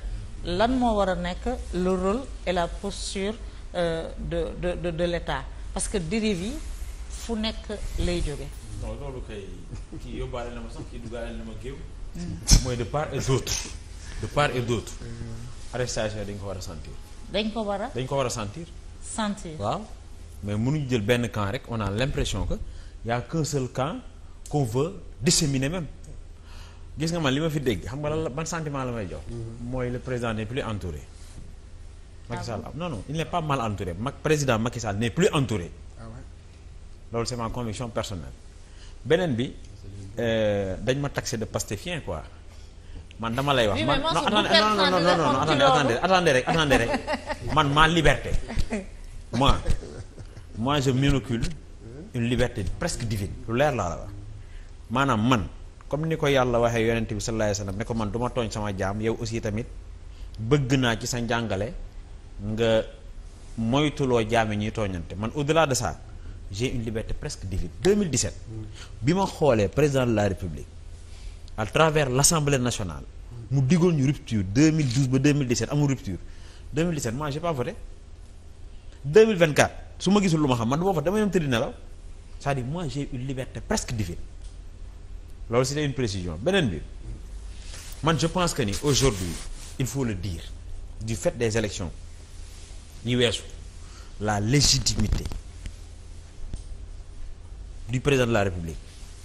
lan moo war a nekk le rôle et la posture euh, de de de, de l'état parce que dérive yi fu nekk lay jóge non loolu kay kii yóbbaale na ma sax kii duggaale na ma géew hmm. mooy de part et d'autre de part et d'autre arrestation dañ ko war a sentir dañ ko war dañ ko war a sentir sentir waaw mais mënuñu jël benn camp rek on a l'impression que y a qu'un seul camp qu'on veut disséminer gis nga man li ma fi dégg xam nga lan la ban sentiment la may jox. Mhm. mooy le président n'est plus entouré. Macky ah Sall non non il n'est pas mal entouré Mac président Macky Sall n'est plus entouré. Ah loolu c'est ma conviction personnelle. beneen bi euh, dañ ma taxé de pastéfien quoi man dama lay wax. man non non non non attendez rek attendez rek man ma liberté. moi moi je m'inocule une liberté presque divine lu leer laa la wax maanaam man comme ni ko yàlla waxee yonent bi sallallahu alayhi wasallam ne ko man du ma tooñ sama jaam yow aussi tamit bëgg naa ci sa njàngale nga moytuloo jaam yi ñuy tooñante man au-delà de ça j'ai une liberté presque divine 2017 bi ma xoolee président de la république à travers l'assemblée nationale mu digoon ñu rupture 2012 ba 2017 amul rupture 2017 moi deux mille vingt quatre su ma gisul lu ma xam man du ma fa dama yem tëdd nelaw c'est-à-dire moi une liberté presque divine loolu c'était une précision beneen bi man je pense que ni aujourd'hui il faut le dire du fait des élections ñi weesu la légitimité du président de la République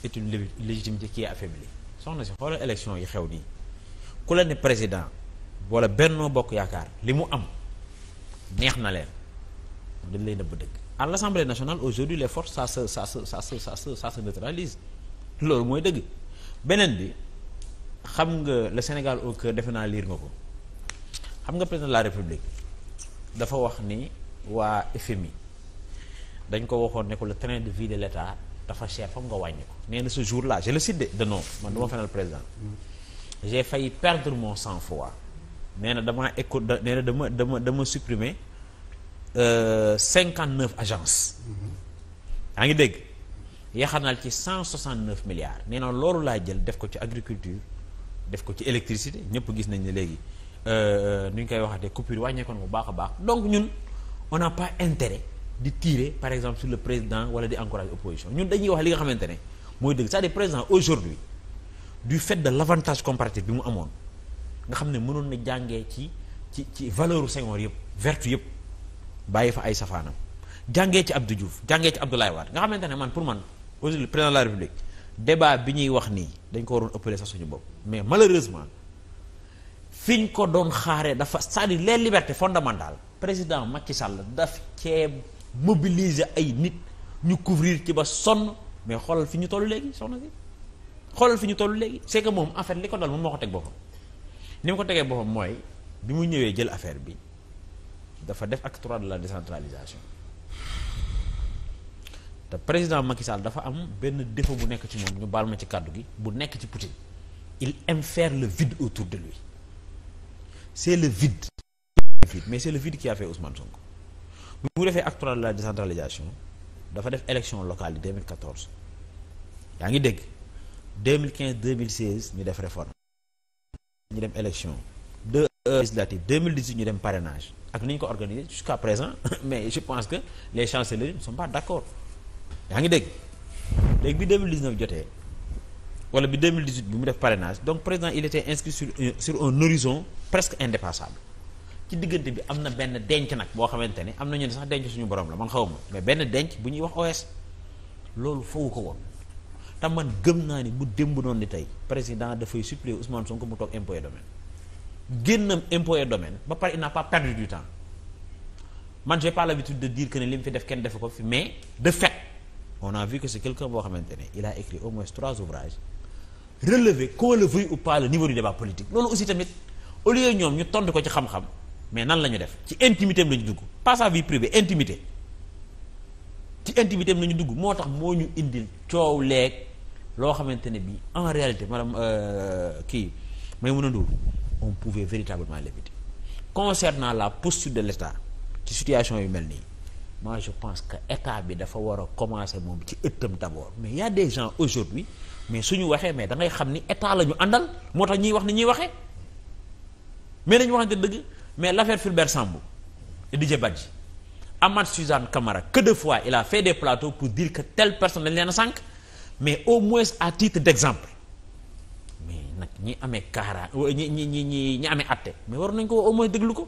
est une légitimité qui est affaiblie soxna si xoolal élection yi xew nii ku la ne président wala Benno Bokk Yaakaar li mu am neex na leen dañ lay nëbb dëgg à l'Assemblée nationale aujourd'hui les forces ça se ça se ça se ça se ça se neutralise loolu mooy dëgg beneen bi xam nga le Sénégal au cœur defe naa liir nga ko xam nga président de la République dafa wax ni waa FMI dañ ko waxoon ne ko le train de vie de l'État dafa cher foog nga wàññi ko nee na ce jour-là je le cite de de nom man du ma fenal président j'ai failli perdre mon sang-froid nee na damaa éco nee na dama dama dama supprimer Euh, cinquante neuf agences yaa ngi dégg yaxanal ci cent soixante neuf milliards nee na loolu laa jël def ko ci agriculture def ko ci électricité ñëpp gis nañ ne léegi euh, euh, nu ñu koy waxatee coupure wàññeekoon bu baax a baax donc ñun on a pas intérêt di tiire par exemple sur le président wala di encourager opposition ñun dañuy wax li nga xamante ne mooy dëgg c'est-à-dire président aujourd'hui du fait de l'avantage comparatif bi mu amoon nga xam ne mënoon na jàngee ci ci ci valeur u Senghor yëpp vertu yëpp bàyyi fa ay safaanam jàngee ci Abdou Diouf jàngee ci Abdoulaye Wade nga xamante ne man pour man aujourd'hui président de la République débat bi ñuy wax nii dañ ko waroon ëppale sa suñu bopp mais malheureusement fi ñu ko doon xaaree dafa c'est-à-dire les libertés fondamentales président Macky Sall daf cee mobiliser ay nit ñu couvrir ci ba sonn mais xoolal fi ñu toll léegi soxna si xoolal fi ñu toll léegi c'est moom en li ko dal moom moo ko teg boppam ni mu ko tegee boppam mooy bi mu ñëwee jël affaire bi. dafa def acte trois de la décentralisation te président Macky Sall dafa am benn défaut bu nekk ci moom ñu baal ma ci kàddu gi bu nekk ci Poutine il aime faire le vide autour de lui c'est le vide mais c'est le vide qui a fait Ousmane Sonko bu mu defee acte trois de la décentralisation dafa def élection locale yi 2014 yaa ngi dégg deux mille mille 2016 ñu def réforme ñu dem élection deux euh, législatives 2018 ñu dem parrainage ak ni ko ko organiser jusqu'à présent [LAUGHS] mais je pense que les chancelleries ne sont pas d'accord yaa ngi dégg léegi bi 2019 jotee wala bi 2018 bi mu def parrainage donc président il était inscrit sur un horizon presque indépassable ci diggante bi am na benn denc nag boo xamante ne am na ñu sax denc suñu borom la man xaw ma mais benn denc bu ñuy wax OS loolu foofu ko woon te man gëm naa ni bu bu noonu ni tey président dafay suppléer Ousmane Sonko mu toog impôt domaine génnam impôt et domaine ba pare il n'a pas perdu du temps man j'ai pas l'habitude de dire que li mu fi def kenn defu ko fi mais de fait on a vu que c'est quelqu'un boo xamante ne il a écrit au mois trois ouvrages relever qu'on le veuille ou pas le niveau du débat politique loolu aussi tamit au lieu ñoom ñu tontu ko ci xam-xam mais nan la def ci intimité am la ñu dugg pas sa vie privée intimité ci intimité am nañu ñu dugg moo tax moo ñu indil coow leeg loo xamante ne bii en réalité madame euh, kii may mën a Ndour on pouvait véritablement l'éviter concernant la posture de l'État ci situation yu mel nii moi je pense que état bi dafa war a commencer moom ci ëttam d'abord mais y a des gens aujourd'hui mais suñu waxee mais da xam ni état la ñu àndal moo tax ñuy wax ni ñuy waxee mais nañu waxante dëgg mais l'affaire Fulbert Sambou et Didier Badji Amath Suzanne Camara que de fois il a fait des plateaux pour dire que telle personne dañ leen a mais au moins à titre d'exemple nag ñi amee kaara ñi ñi ñi ñi ñi amee atte mais war nañ ko au moins déglu ko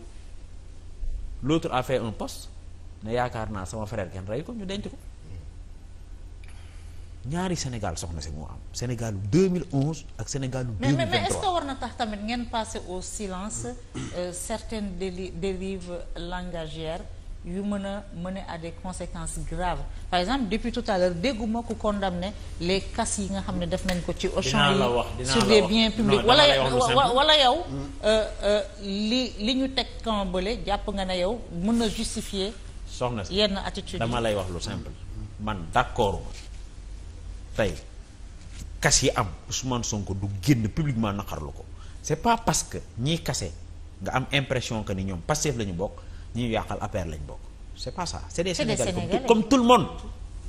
l'autre a fait un poste ne yaakaar naa sama frère kenn rey ko ñu denc ko ñaari Sénégal soxna si moo am Sénégal 2011 ak Sénégal 2023 mais mais est-ce war na tax tamit ngeen passer au silence euh, certaines déli dérives langagières. yu mën a mener à des conséquences graves par exemple depuis tout à l'heure dégguma ko condamné les cas yi nga xam ne def nañ ko ci Auchan yi sur des biens publics wala wala yow mm. euh, euh, li li ñu teg kambale jàpp nga ne yow mën a justifier soxna si yenn attitude dama lay wax lu simple man d'accord tey kas yi am Ousmane Sonko du génn publiquement naqarlu ko c'est pas parce que ñiy kase nga am impression que ni ñoom Pastef la ñu bokk ñi ñu yàqal APR lañ bokk c' est pas ça c' est des sénégalais comme, comme tout le monde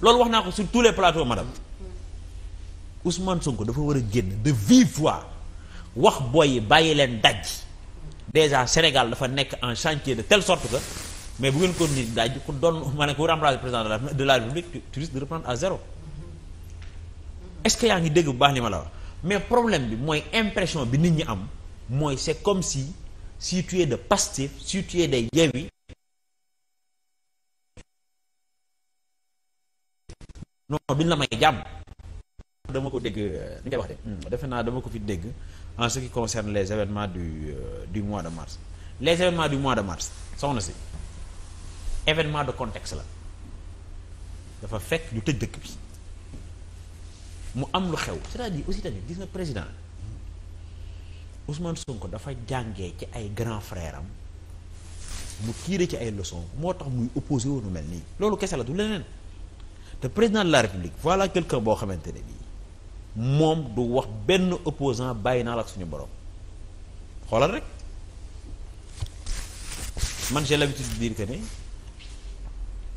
loolu wax naa ko sur tous les plateaux madame Ousmane Sonko dafa war a génn de vive voix wax booy yi bàyyi leen daj déjà Sénégal dafa nekk en chantier de telle sorte que mais bu ngeen ko nit daj ku doon ma ne ku remplacer président de la de la République tu risques de reprendre à zéro est-ce que yaa ngi dégg bu baax li ma la wax mais problème bi mooy impression bi nit ñi am mooy c'est comme si. si de Pastef si tu es de Yewwi non duñ la may jàmm dama ko dégg euh, ni ngay wax de hmm, defe naa dama ko fi dégg en ce qui concerne les événements du euh, du mois de mars les événements du mois de mars soxna si événement de contexte la dafa fekk ñu tëj dëkk bi mu am lu xew cest yi aussi tamit gis nga président Ousmane Sonko dafa jàngee ci ay grand frère am mu tiire ci ay leçons moo tax muy opposé wu nu mel nii loolu kese la du leneen te président la république voilà quelqu'un boo xamante ne bii moom du wax benn opposant bàyyi naa la suñu borom xoolal rek man j'ai l'habitude de dire que ne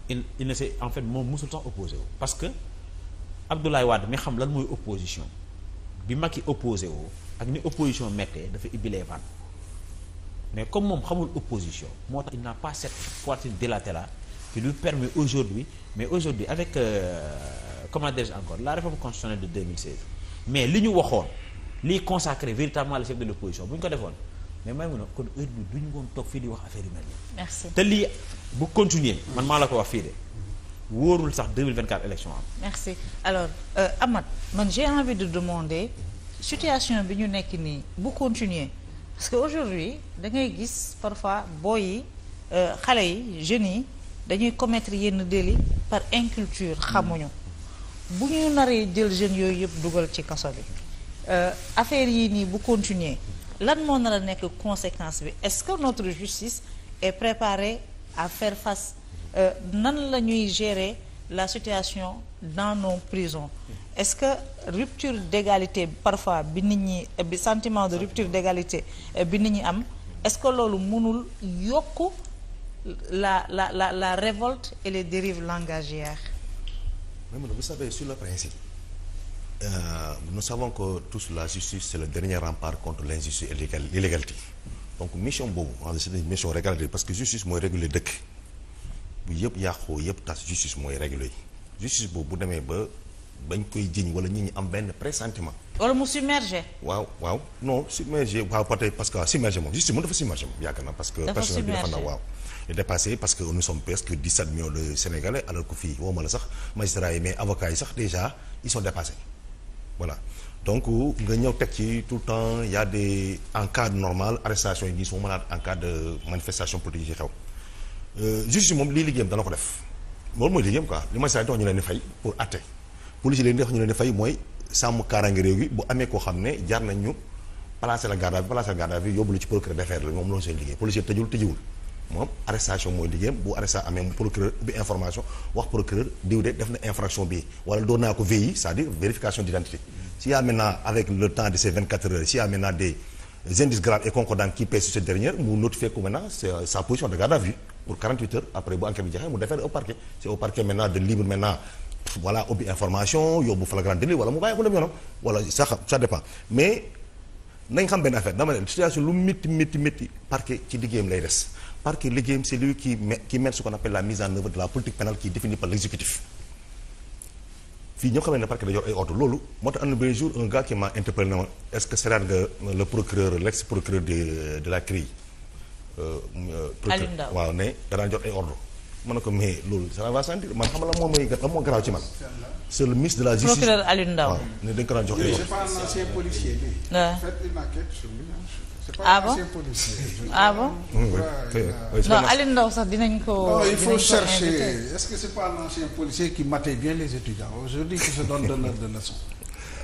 il il en fait moom musul sax opposé wu parce que Abdoulaye Wade mi xam lan mooy opposition bi Macky opposé woo ak ni opposition mettee dafa ibbi les mais comme moom xamul opposition moo tax il n'a pas cette poitrine dilatée là qui lui permet aujourd'hui mais aujourd'hui avec euh, comment de je encore la réforme constitutionnelle de mais li ñu waxoon liy consacré véritablement le chef de l'opposition bu ñu ko defoon mais may mun a kon heure bi du ñu woon toog fii di wax affaire mel nii. te lii bu continuer man maa la ko wax fii de. wóorul sax 2024 élection am. merci alors euh, Amath man j'ai envie de situation bi ñu nekk nii bu continuer parce que aujourd'hui da ngay gis parfois booy yi euh, xale yi jeunes yi dañuy commettre yenn délit par inculture xamuñu bu ñu naree jël jeunes yooyu yëpp dugal ci kaso bi euh, affaire yii nii bu continuer lan moo nar a nekk conséquence bi est-ce que notre justice est préparée à faire face euh, nan la ñuy gérer la situation dans nos prison est-ce que rupture d'égalité parfois bi nit ñi bi sentiment de rupture d'égalité bi nit ñi am est-ce que loolu mënul yokk la la la la révolte et les dérives langagières. mais vous savez sur le principe. Euh, nous savons tous la justice c'est le dernier rempart contre l'injustice et donc mission boobu parce que justice mooy réguler dëkk. bu yëpp yàqoo yëpp tas justice mooy réglé justice boobu bu demee ba bañ koy jiñ wala nit ñi am benn pressentiment. wala mu submergé. waaw waaw non submergé waaw peut parce que submergé moom justice moom dafa submergé moom yàgg na parce que. personnel bi dafa na waaw. dépassé parce de Sénégalais alors que fii woo ma la sax magistrats mais avocats yi sax déjà ils sont dépassés voilà donc nga ñëw teg ci tout le temps y en cas normal arrestation yi nii su ma mënaat en cas de manifestation Euh, juge moom lii liggéeyam dana ko def loolu mooy liggéeyam quoi li ma saa tax ñu leen di fay pour atte police yi leen di ñu leen fay mooy sàmm kaaraange réew bu amee koo xam ne jaar nañ ñu placer la garde à vue placer la garde à vue yóbbu la ci procureur d'affaire la moom loolu seen liggéey policier tëjul tëjiwul moom arrestation mooy liggéeyam bu arrestation amee procureur bi information wax procureur diw de def na infraction bii wala doon naa ko a maintenant de ces 24 heures s'il a maintenant des indices graves et concordants qui pèsent sur cette dernière mu notifier ko pour 48 heures après bu enquête bi jeexee mu defeere au parquet c'est au parquet maintenant de libre maintenant voilà ubbi information yóbbu flagrant délit wala mu bàyyi mu dem yoonam wala ça ça dépend mais nañ xam benn affaire dama ne situation lu métti métti métti parquet ci liggéeyam lay des parquet liggéeyam c'est lui qui met qui mène ce qu'on la mise en œuvre de la politique pénale qui est définie par l'exécutif fii ñoo xam ne parquet dañoo yor procureur waaw ne danaa jot ay ordre ma ne ko mais loolu ça va sentir man xam la moo garaaw ci man. c'est le de la justice procureur Alioune Ndao waaw ne dañ ko daan jox ay ordre. c'est un ancien policier. ah sax dinañ ko. il faut chercher est-ce que c'est pas un ancien policier qui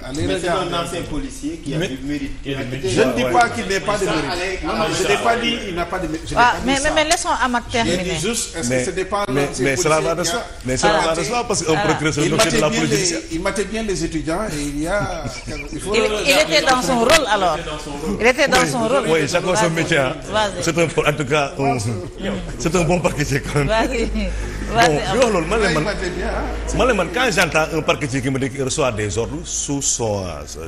Allez mais c'est un ancien policier qui a du mérite. Je ne dis pas qu'il n'ait pas de mérite. Non, non, je n'ai pas dit il n'a pas de mérite. Ah, mais, mais, mais laissons Amath terminer. Je dis juste, est-ce que ce n'est pas mais, mais cela va de soi. Mais cela va de soi parce qu'on ah. procureur se l'objet de la politique. Il matait bien les étudiants et il y a... [LAUGHS] Il, faut il, il était dans son rôle alors. Il était dans son rôle. Oui, chacun son métier. C'est un, en tout cas, c'est un bon paquet quand même. Vas-y. bon loolu man la man man la man quand j'entends un parquetier qui me dit qu'il reçoit des ordres sous son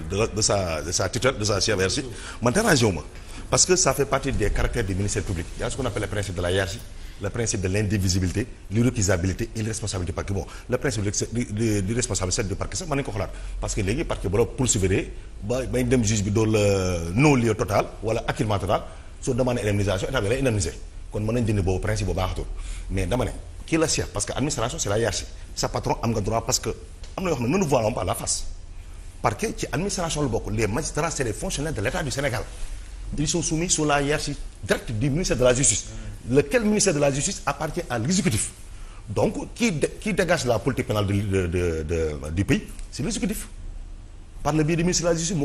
de, de sa de sa tutelle de man dérangé wu ma parce que ça fait partie des caractères du ministère public il y a ce qu'on appelle le principe de la principe de l'indivisibilité l'irrécusabilité et l'irresponsabilité parquet bon le principe de l'irresponsabilité du parquet sax mën nañu ko xalaat parce que léegi parquet bu la poursuivre ba bañ dem juge euh, wala acquittement total soo demandé indemnisation état bi lay kii la chef parce que administration c'est la hiérarchie sa patron am nga droit parce que am na yoo xam ne nous ne voilons pas la face parce que ci administration lu bokk les magistrats c'est les fonctionnaires de l'État du Sénégal ils sont soumis sous la hiérarchie directe du ministère de la justice lequel ministère de la justice appartient à l'exécutif donc qui qui dégage la politique pénale de de de, de du pays c'est l'exécutif par le biais du ministre de la justice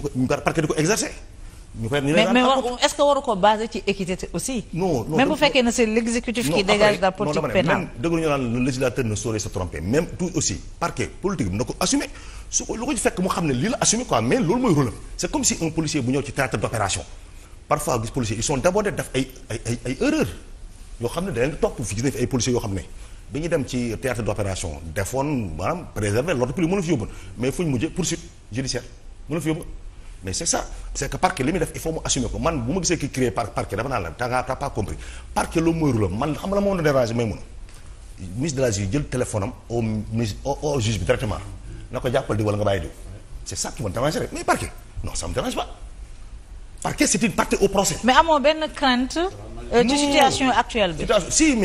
ñu koy ñu mais mais est-ce que waru ko basé ci équité aussi. non non même bu fekkee ne c'est l'exécutif qui dégage la politique pénale même dëgg ñu naan le législateur ne saurait se tromper même tout aussi parquet politique bi na ko assumer su ko lu ko ci fekk mu xam ne lii la assumer quoi mais loolu mooy rôle am c'est comme si un policier bu ñëw ci théâtre d'opération parfois gis policiers ils sont débordés def ay ay ay ay erreurs yoo xam ne da leen di topp fi gis nañ fi ay policiers yoo xam ne bi ñu dem ci théâtre d'opération defoon maanaam préserver l'ordre public mën na fi yóbbu mais fu ñu mujjee poursuite judiciaire mën na fi yóbbu mais c'est ça c'est que parquet li muy def il faut mu assumer ko man bu ma gisee ki créé par parquet dafa naan la t'as t'as pas compris parquet loolu mooy rôle man xam la moo doon déranger may mun ministre de la jël téléphone am au ministre au juge bi directement na ko jàppal di wala nga bàyyi diw c'est ça qui me dérange rek parquet non ça me parquet c'est une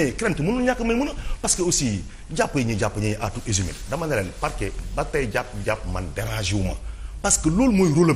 euh, parce que aussi jàpp yi ñuy jàpp ñuy à dama ne leen parquet ba tey jàpp jàpp man dérange loolu mooy rôle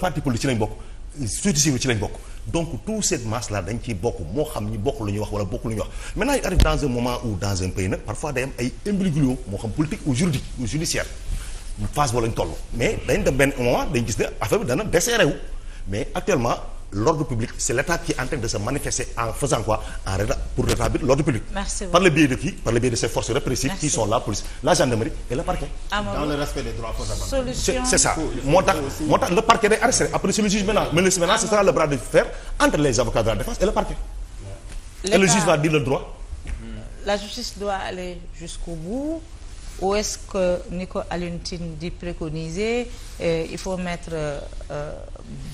parti politique ci lañ bokk société civile ci lañ bokk donc toute cette masse dañ ciy bokk moo xam ñi bokk lu ñu wax wala bokk lu ñuy wax maintenant il arrive dans moment où dans pays nag parfois day am ay imbroglio moo xam politique ou juridique ou judiciaire phase boobu lañ mais dañ dem benn moment dañ gis ne affaire bi dana desserré wu mais actuellement l'ordre public c'est l'État qui est en manifester en faisant quoi en réta pour rétablir l'ordre public. par le biais de qui par le biais de ces forces répressives. qui sont la police la gendarmerie et le parquet. Ah, solution c'est ça moo tax le parquet day après c'est le juge maintenant mais le juge maintenant ce sera le bras de fer entre les avocats de la défense et le parquet. et le juge le droit. la justice doit aller jusqu'au bout. ou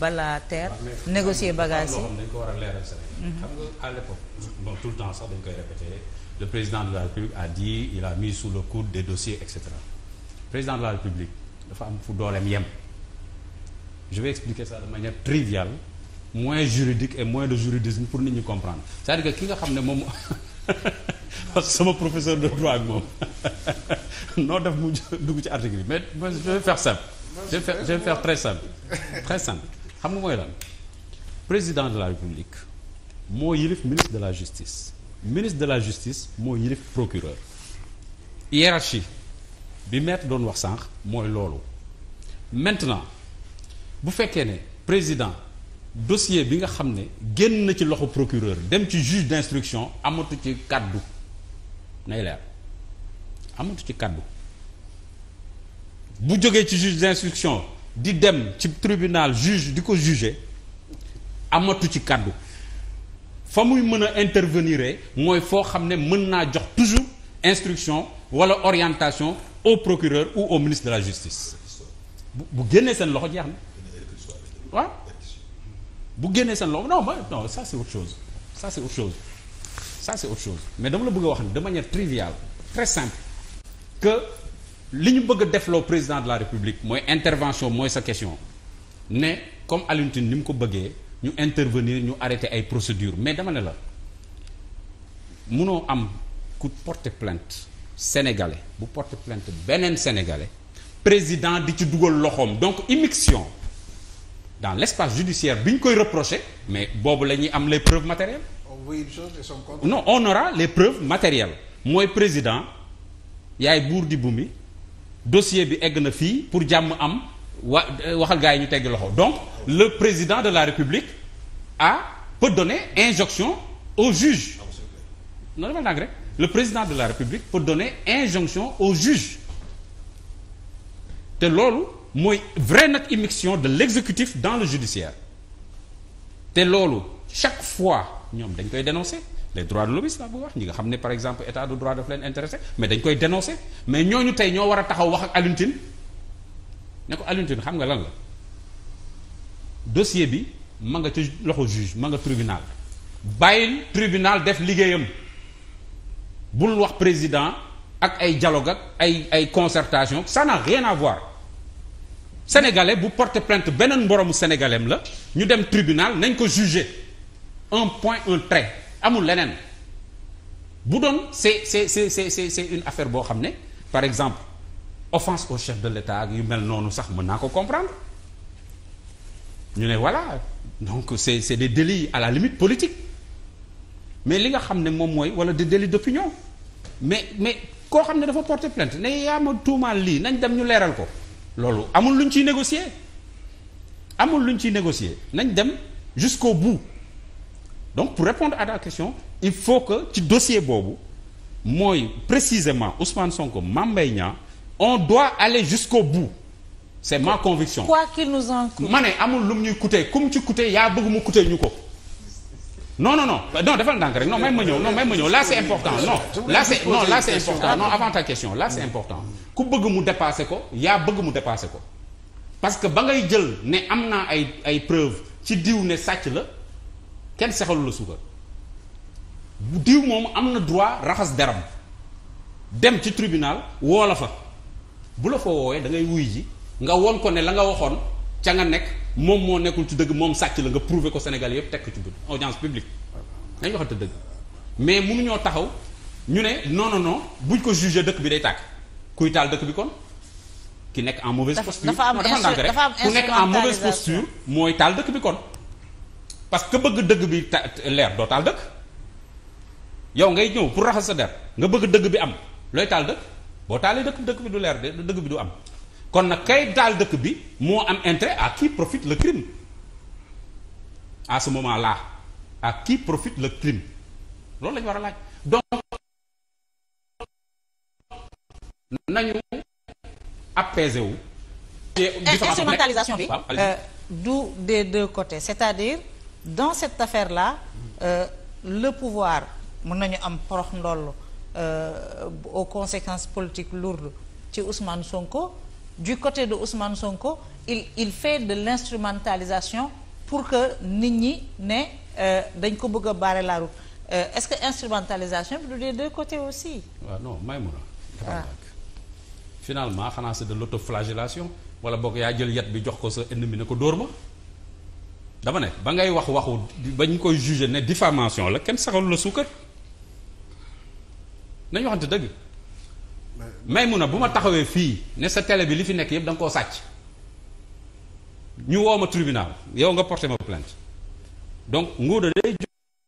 balaa terre. négocier bagage yi dañ ko war a leeral Sénégal. Mhm. xam nga le temps sax dañ koy répéter le président de la République a dit il a mis sous le coude des dossiers et cetera président de la République dafa am fu dooleem yem. je vais expliquer ça de manière triviale moins juridique et moins de juridisme pour nit ñi comprendre cest à ki nga xam ne moom [LAUGHS] parce que sama professeur de droit ak moom [LAUGHS] noo def mu dugg ci article bi mais je vais faire simple. je vais faire je xam nga mooy lan président de la république moo yilif ministre de la justice ministre de la justice moo yilif procureur hiérarchie bi maître doon wax sànq mooy loolu maintenant bu fekkee ne président dossier bi nga xam ne génn na ci loxo procureur dem ci juge d'instruction amatu ci kàddu nay leer amatu ci kàddu bu jógee ci juge d'instruction di dem ci tribunal juge di ko juger amatu ci kàddu fa muy mën a intervenir mooy foo xam ne mën naa jox toujours instruction wala orientation au procureur ou au ministre de la justice bu bu génnee seen loxo jeex na waaw bu génnee seen loxo non non ça c'est autre chose ça c'est autre chose ça c'est mais dama la bëgg a wax ne de manière triviale très simple que li ñu bëgg a defloo président de la république mooy intervention mooy sa question ne comme Alioune ni mu ko bëggee ñu intervenir ñu arrêté ay procédures mais dama ne la munoo am ku porter plainte sénégalais bu porter plainte beneen sénégalais président di ci dugal loxoom donc immixtion dans l'espace judiciaire bi ñu koy reproché mais boobu la ñuy am les preuves matérielles. on veut une chose et son les preuves matérielles mooy président yaay buur di bumi. dossier bi egg na fii pour jàmm am wa euh, waxal gars yi ñu tegg loxo donc le président de la république a peut donné injonction au juge non defal le président de la république peut donner injonction au juge te loolu mooy vrai nag immixtion de l'exécutif dans le judiciaire te loolu chaque fois ñoom dañ koy dénoncer les droits de l'homme la bu wax ñi nga xam ne par exemple état de droit daf leen intéressé mais dañ koy dénoncer mais ñooñu tey ñoo war a taxaw wax ak Alioune ne ko Alioune Tine xam nga lan la dossier bi ma nga ci loxo juge ma nga tribunal bàyyil tribunal def liggéeyam bul wax président ak ay dialogue ak ay ay concertation ça n'a rien à voir sénégalais bu porter plainte beneen mboroomu sénégalais la ñu dem tribunal nañ ko juger un point un trait amul leneen bu doon c'est c'est c'est c'est c'est une affaire boo xam ne par exemple offense au chef de ak yu mel noonu sax mën naa ko comprendre ñu ne voilà donc c'est c'est des délits à la limite politique mais li nga xam ne moom mooy wala des délits d'opinion mais mais koo xam ne dafa porter plainte ne yaa ma tuumaal lii nañ dem ñu leeral ko loolu amul lu ñu ciy négocier amul lu ñu ciy négocier nañ dem jusqu'au bout donc pour répondre à question il faut que ci dossier boobu mooy précisément Ousmane Sonko Mame Mbaye Niang on doit aller jusqu'au bout c'est ma conviction quoi qu'il nous en coûte ma ne amul lum ñuy coûter ci coûter yaa bëgg mu coûter ñu ko non non non non defal ndànk rek non may ma ñëw non may ma ñëw là c'est important non là c'est non là c'est important non avant ta question là c'est important ku bëgg mu dépasser ko yaa bëgg mu dépasser ko parce que ba ngay jël ne am naa ay ay preuves ci diw ne sàcc la kenn sexalu la suukar diw moom am na droit raxas deram dem ci tribunal woo la fa bu la foo woowee da ngay wuy ji nga won ko ne la nga waxoon ca nga nekk moom moo nekkul ci dëgg moom sàcc la nga prouver ko Sénégal yëpp teg ci bët audience publique dañ waxante dëgg mais ñoo taxaw ñu ne non non non buñ ko jugé dëkk bi day tàkk kuy taal dëkk bi kon ki nekk en mauvaise posture dafa am dafa am nekk en mauvaise posture mooy taal dëkk bi kon parce que bëgg dëgg bi leer doo taal dëkk yow ngay ñëw pour raxas sa der nga bëgg dëgg bi am looy taal dëkk boo taalee dëkk dëkk bi du leer de dëgg bi du am kon nag kay taal dëkk bi moo am intérêt à qui profite la crime à ce moment profite le crime loolu la war a laaj donc nañu apaiser wu. Euh, instrumentalisation bi euh, du des deux côtés c'est-à-dire. dans cette affaire là euh, le pouvoir mën nañu am porox ndoll euh, aux conséquences politiques lourdes ci Ousmane Sonko du côté de Ousmane Sonko il il fait de l'instrumentalisation pour que nit ñi ne euh, dañ ko bëgg a barrer la route euh, est-ce que instrumentalisation bi du des deux côtés aussi. waaw non may mun a. finalement xanaa c'est de l'autoflagellation wala boog yaa jël yat bi jox ko sa ennemi ne ko dóor ma. dama ne ba ngay wax waxu ba koy juger ne diffamation la kenn saxalu la suukar nañu waxante dëgg may mun a bu ma taxawee fii ne sa télé bi li fi nekk yëpp da nga koo sàcc ñu woo ma tribunal yow nga porté ma plainte donc nguur day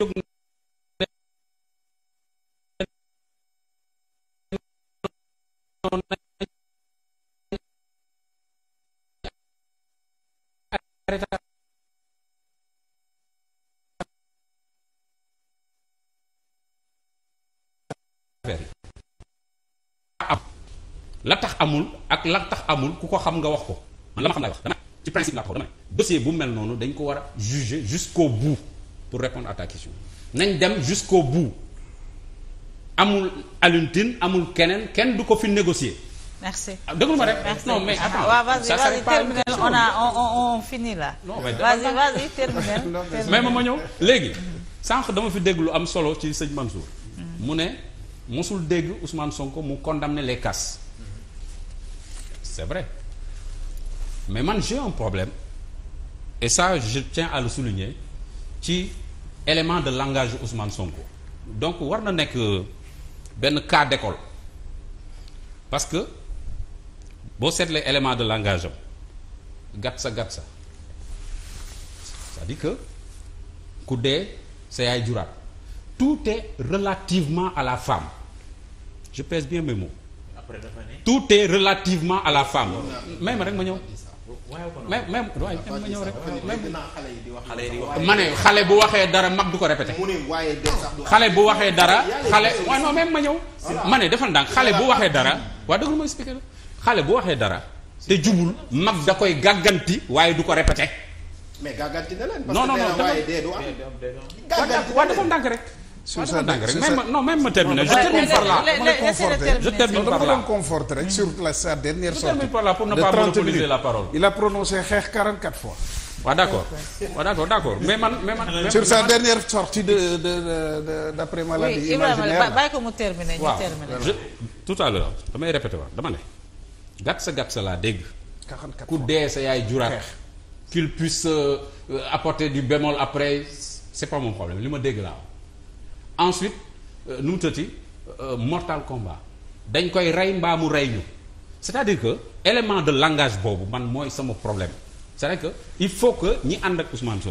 jóg arrêté la tax amul ak la tax amul ku ko xam nga wax ko man la xam laay wax dama ci principe laa taxaw dama ne dossier mel noonu dañ ko war a juger jusqu'au pour répondre à ta nañ dem jusqu'au bout amul aluntine amul keneen kenn du ko fi négocier. Ah, a on on finit là. mais vas-y vas-y [LAUGHS] mais ma ma ñëw léegi. sànq dama fi dégg lu am solo ci sëñ Mansour. Mm. mu ne mosul dégg Ousmane Sonko mu condamner les cas. c'est vrai mais man j'ai un problème et ça je tiens à le souligner ci élément de langage Ousmane Sonko donc war na nekk euh, benn cas d'école parce que boo seetlee élément de langage am gàtt sa gàtt sa c'est-à-dire que ku dee sa yaay juraat tout est relativement à la femme je pèse bien mes mots tout est relativement à la femme. may ma rek ma ñëw. may may waaye ma ñëw rek même. ma ne xale bu waxee dara mag du ko répété. xale bu waxee dara xale waaye non même ma ñëw. ma ne defal ndànk xale bu waxee dara waa dëgg lu ma expliqué xale bu waxee dara te jubul mag da koy gàgganti waaye du ko répété. mais gàgganti na leen. parce que non non non waaye dee defal ndànk rek. sur sa même non même ma terminer. je termine par là je termine a prononcé xeex 44 fois. waaw de de de bàyyi ko mu terminer ñu terminer. je tout damay répéter waat dama ne gàtt sa gàtt sa laa dégg. ku dee yaay juraat. qu'il puisse euh, euh, apporter du bémol après c'est pas mon problème li ma dégg laa. ensuite euh, nu mu tëti euh, mortal combat dañ koy rey mbaamu rey ñu c'est-à-dire que élément de langage boobu man mooy sama problème c'est vrai que il faut que ñi ànd ak Ousmane ko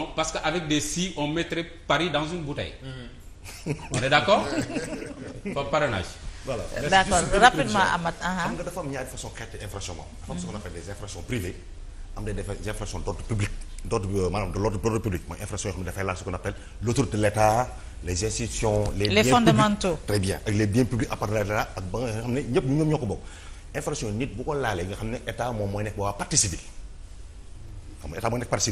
non parce que avec des si on mettrait Paris dans une bouteille. Mmh. on est d'accord comme [LAUGHS] parrainage. voilà nga dafa am ñaari façon xeeti infraction moom. dafa am ce qu'on appelle les infractions privées am des des infractions d'ordre public d'ordre euh, maanaam de l'ordre public mooy infraction yoo xam ne dafay laal ce qu'on appelle l'autorité l'État les institutions. les, les biens fondamentaux très bien ak les biens publics appartenant l'État ak ba nga xam ne ñëpp ñoom ñoo ko bokk. infraction nit bu ko nga xam ne état moom mooy nekk boobaa partie civile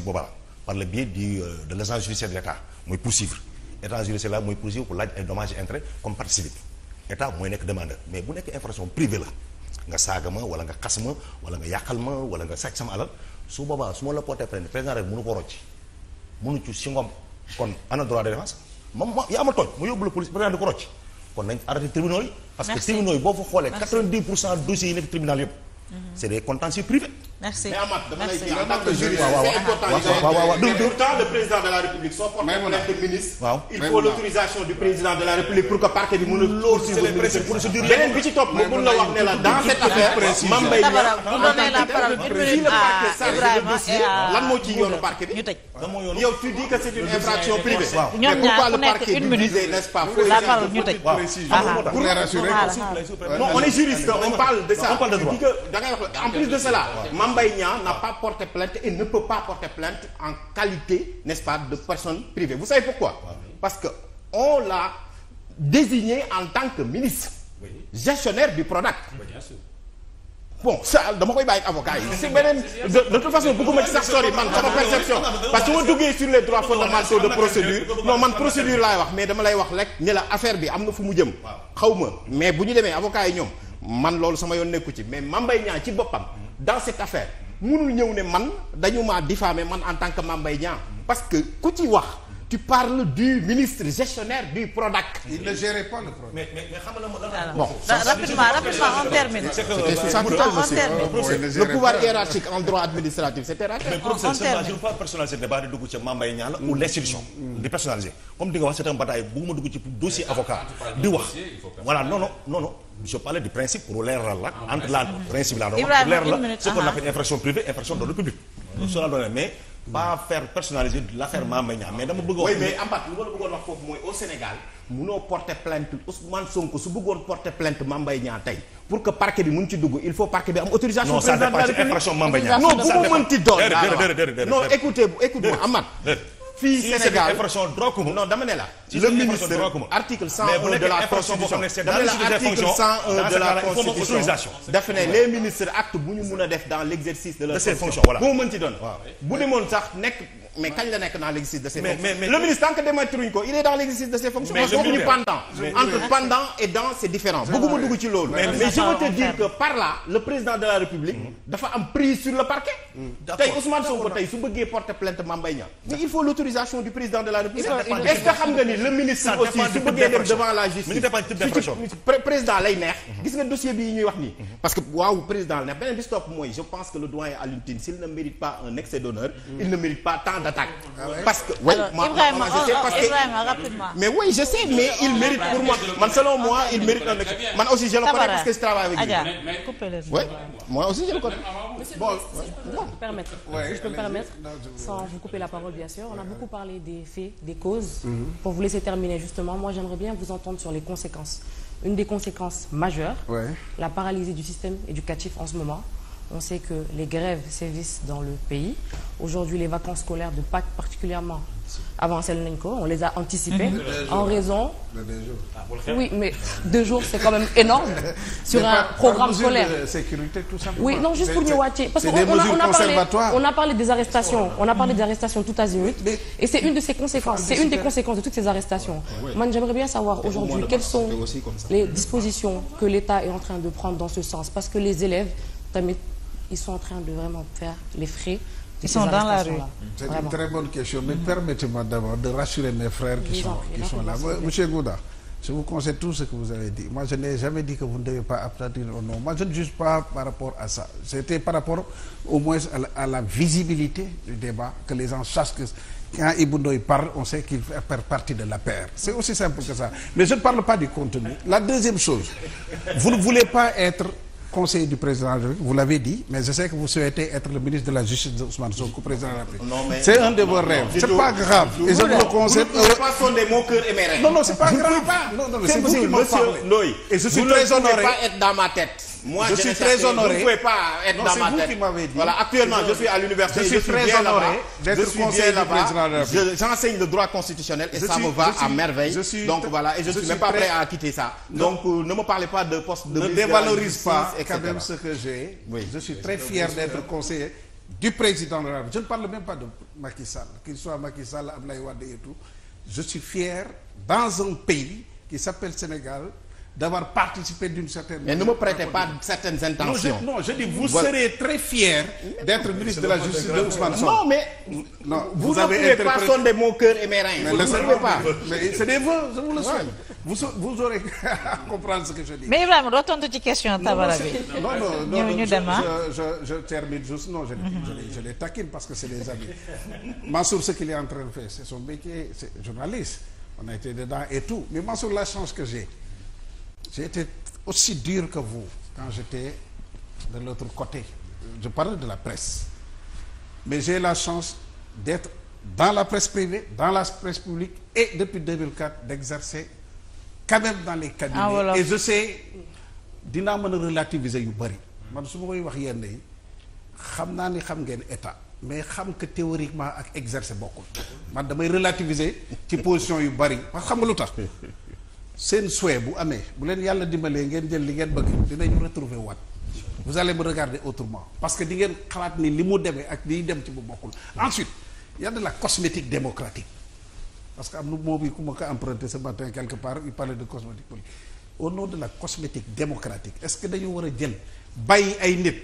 boobaa par le biais du euh, de l' agence judiciaire de l' mooy poursuivre état mooy poursuivre pour laaj ay dommages comme partie civile mooy nekk demandeur mais bu nekk infraction privée la nga saaga ma wala nga xas ma wala nga yàqal ma wala nga sàcc sama alal su boobaa su la porté président rek mënu ko rocc mënu ci ngom kon ana droit de défense moom moom yaa ma tooñ mu yóbbu la police président di ko rocc kon nañ arrêté tribunaux yi parce que tribunaux merci mais Amath dama lay kii en tant que juriste c'est important pourtant le président de la république soo porté plainte de ministre waaw il faut l'autorisation du président de la république pour que parquet bi mën a loolu procédure beneen bi ci topp ma mën la wax ne la dans cette affaire Mame Mbaye Niang le parquet chargé de dossier lan moo ciy yoonu parquet bi yow tu dis que c'est une infraction privée mais pourquoi le parquet du visé n'est-ce pas la parole ñu tëj pour les rassurer non on est juriste on parle de ça da ngay wax en plus de cela Mame Mbaye Niang n'a pas porté plainte et ne peut pas porter plainte en qualité n'est-ce pas de personne privée vous savez pourquoi ah parce que on l'a désigné en tant que ministre gestionnaire du Prodac bon ça dama koy bàyyi avocat yi si beneen de toute façon bëgguma ci sax sori man sama perception parce que ma duggee sur les droits fondamentaux de procédure non man procédure laay wax mais dama lay wax rek ni la affaire bi am na fu mu jëm xaw ma mais bu ñu demee sama yoon nekku ci mais Mame Mbaye Niang dans cette affaire mënul ñëw ne man dañu maa diffamer man en tant que Mame Mbaye Niang parce que ku ci wax tu parles du ministre gestionnaire du Prodac. il ne gérait pas le Prodac. mais mais mais xam nga bon rapidement rapidement on termine. c'est que le pouvoir hiérarchique en droit administratif c'est terrain. mais professeur je ne veux pas dugg ca Mame Mbaye Niang la ou mm. comme di wax c'est un bataille bu ma ci dossier avocat. di wax voilà non non je parlais du principe pour leeral la entre la principe la doon wax leeral la ce qu'on ah, appelle ah. infraction privée infraction d'ordre public mm. cela doon mais pas faire personnaliser l'affaire mm. Mame Mbaye Niang mais dama bëgg wax mais Amath lu ma la bëggoon wax foofu mooy au Sénégal munoo porter plainte Ousmane Sonko su bëggoon porter plainte Mame Mbaye Niang tey pour que parquet bi mun ci dugg il faut parquet bi am autorisation non ça dépasse infraction Mame Mbaye Niang non bu mu mënti doon non écoutez écoutez Amath fii Sénégal infraction la. le ministre article de la constitution dama ne la article de la constitution dafa ne les ministres acte bu ñu mun a def dans l' de leur fonction voilà boo mën ci doon bu demoon sax nekk. mais kañ la nekk dans l'exercice de ses fonctions le ministre tant que démettre ko il est dans l'exercice de ses fonctions mais waxuñu pendant entre pendant et dans c'est différent bëgguma dugg ci loolu mais je veux dire que par là le président de la République mmh. dafa am prise sur le parquet tey Ousmane Sonko tey su bëggee porter plainte Mame Mbaye mais il faut l'autorisation du président de la République est que xam nga ni le ministre aussi su bëggee champ ah parce que oui moi moi je sais oh, parce que mais oui je sais mais il mérite pour moi man selon moi il mérite un man aussi je le connais parce que je travaille avec lui. oui moi aussi je le connais. bon si je peux me permettre sans vous couper la parole bien sûr on a beaucoup parlé des faits des causes. Mhm. pour vous laisser terminer justement moi j'aimerais bien vous entendre sur les conséquences une des conséquences majeures. la paralysie du On sait que les grèves sévissent dans le pays. Aujourd'hui, les vacances scolaires de Pâques particulièrement avancé on les a anticipées en raison ah, oui mais deux jours c'est quand même énorme [LAUGHS] sur un programme scolaire oui non juste pour ñëwaat ci parce que on a parlé des arrestations tout azimut et c'est une des conséquences de toutes ces arrestations j'aimerais bien savoir aujourd'hui quelles sont les dispositions que l'État est en ils sont en train de vraiment faire les frais. Ils sont dans la rue. C'est une vraiment. très bonne question, mais mm -hmm. permettez-moi d'abord de rassurer mes frères qui sont, là. Monsieur Gouda, je vous conseille tout ce que vous avez dit. je n'ai jamais dit que vous ne devez pas applaudir au Moi, je ne juge pas par rapport à ça. à la, à la, visibilité du débat, que les gens sachent que on sait qu'il fait partie de la paire. C'est aussi simple que ça. Mais je ne parle pas du contenu. La deuxième chose, vous conseiller du président vous l'avez dit mais je sais que vous souhaitez être le ministre de la justice de Ousmane Sonko président de c'est un de vos rêves c'est pas grave et je vous qui m'en parlez et je suis très dans ma tête Moi, je, je suis très honoré. Vous ne pouvez pas être non, dans ma tête. Vous qui m'avez dit. Voilà, actuellement, je suis à l'université. Je suis, je suis très honoré d'être conseiller là-bas. J'enseigne le droit constitutionnel et je me va à merveille. Donc voilà, et je suis même à quitter ça. Donc, euh, ne me parlez pas de poste de Ne dévalorise pas quand ce que j'ai. Je suis très fier d'être conseiller du président de la République. Je ne parle même pas de Macky Sall, qu'il soit Macky Wade et tout. Je suis fier dans un pays qui s'appelle Sénégal d'avoir participé d'une certaine manière. Mais ne me prêtez pas certaines intentions. je, dis, vous serez très fier d'être ministre de la Justice de Ousmane Non, vous, vous ne pouvez pas mon cœur et mes ne pouvez pas. Mais c'est des vous le souhaite. Vous, aurez [LAUGHS] comprendre ce que je dis. Mais je, termine juste. Non, parce que c'est des amis. Mansour, ce qu'il est en c'est son métier, journaliste. On a été dedans et tout. Mais Mansour, la chance que j'ai j'ai été aussi dur que vous quand j'étais de l'autre côté je parle de la presse mais j'ai la chance d'être dans la presse privée dans la presse publique et depuis deux 2004 d'exercer quand même dans les cabinets ah, voilà. et dinaa mën a relativiser yu bëri man su ma koy wax yenn yi xam naa ni xam ngeen état mais xam que théoriquement ak exercer bokkul man damay relativiser ci position yu bëri wax xam nga lu tax seen souhait bu amee bu leen yàlla dimbalee ngeen jël li ngeen bëgg dinañu retrouver waat vous allez me regarder autrement parce que di ngeen xalaat ni li mu demee ak liy dem ci bu bokkul ensuite y la cosmétique démocratique parce que am na moo bi ku ma ko emprunté ce matin quelque part il parlait de cosmétique politique au nom la cosmétique démocratique est que dañu war a jël bàyyi ay nit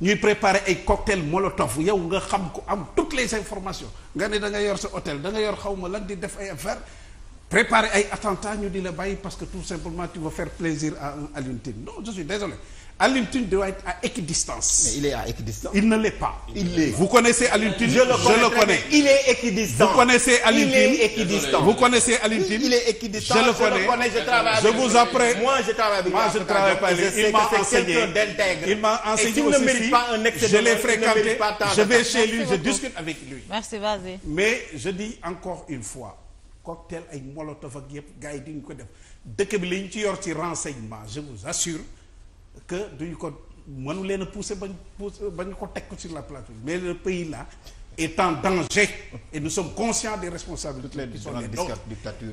ñuy préparer ay cocktail molotov yow nga xam ko am toutes les informations nga ne da nga yor sa hôtel da nga yor xaw ma lan di def ay préparer ay attentat ñu di la bàyyi parce que tout simplement tu veux faire plaisir à un Alioune non je suis désolé Alioune doit être à équidistance. il ne l'est pas. vous connaissez Alioune je le connais je vous connaissez je travaille avec lui je vous moi je travaille avec lui. moi je travaille je vais chez lui je discute avec lui. mais je dis encore une fois. cocktail ay molotov ak yëpp gars yi duñ ko def dëkk bi li ñu ci yor ci renseignement je vous assure que duñ ko mënu leen a pousser bañ ko teg ko sur la plateforme mais le pays là est en danger et nous sommes conscients des responsabilités qui sont les nôtres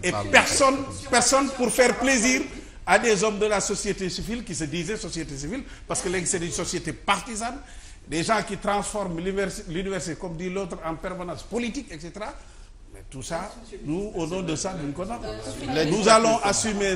et personne personne pour faire plaisir à des hommes de la société civile qui se disaient société civile parce que léegi c'est une société partisane des gens qui transforment l'université comme dit l'autre en permanence politique etc tout ça nous au nom de ça duñ ko nangu. nous allons assumer.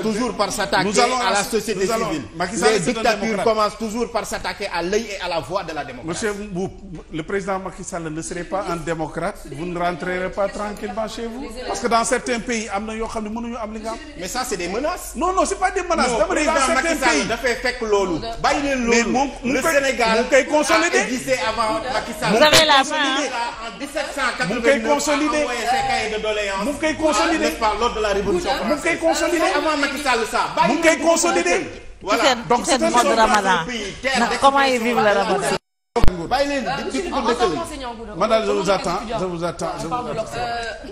toujours par s'attaquer à la société civile. les dictatures commencent toujours par s'attaquer à l'œil et à la voix de la démocratie. monsieur Mboup le président Macky Sall ne serait pas un démocrate vous ne rentrerez pas tranquillement chez vous dans certains pays am na yoo xam ne mënuñu am mais ça c'est des menaces. non non c'est pas des menaces. dans certains pays dafay fekk loolu. bàyyi leen loolu consolider ah mu ngi koy consolider lors de la révolution mu ngi koy ramadan ndax comment ils vivent le ramadan bàyyi leen di ko dëkkale man daal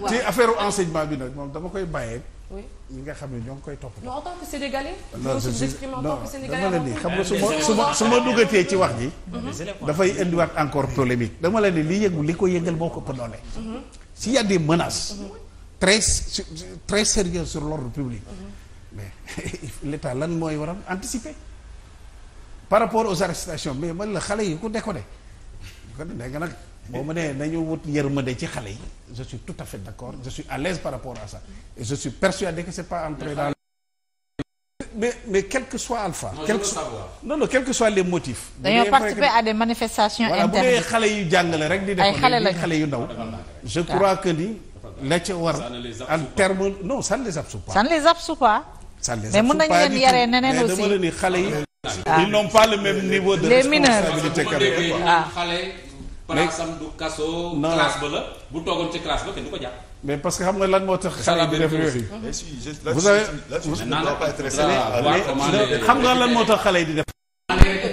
je euh, enseignement bi nag moom dama koy bàyyee oui yi nga xam ne ñoo ngi koy topp. non en tant que sénégalais. non je suis en tant que sénégalais dama leen ni xam nga su ma su ma su ma duggatee ci wax ji. Mhm. dafay indiwaat encore polémique. dama leen ni li yëngu li ko yëngal moo ko pëndoole. Mhm. s'il y a des menaces. Mhm. très très sérieuses sur l'ordre public. mais [LAUGHS] l'État lan mooy waral anticiper. par rapport aux arrestations mais man la xale yi ku déconné. déconné nga nag. boo ma nee nañu wut yërmande ci xale yi je suis tout à fait d'accord je suis à l'aise par rapport à ça je suis persuadé que c'est pas entré mais mais quelque que soit alpha. quel que non non quel que soit les motifs. dañoo participer à des manifestations internes. bu dee xale yu jàngale rek di. ay xale la xale yu ndaw. je que ni. la ca war en terme non san ne les absout pas. ça ne les absout pas. mais mën nañu leen yaree neneen aussi dama la ni xale yi. Ah. ils n'ont pas le même place mais parce que xam nga lan moo tax. xale bi lan moo tax xale yi di def.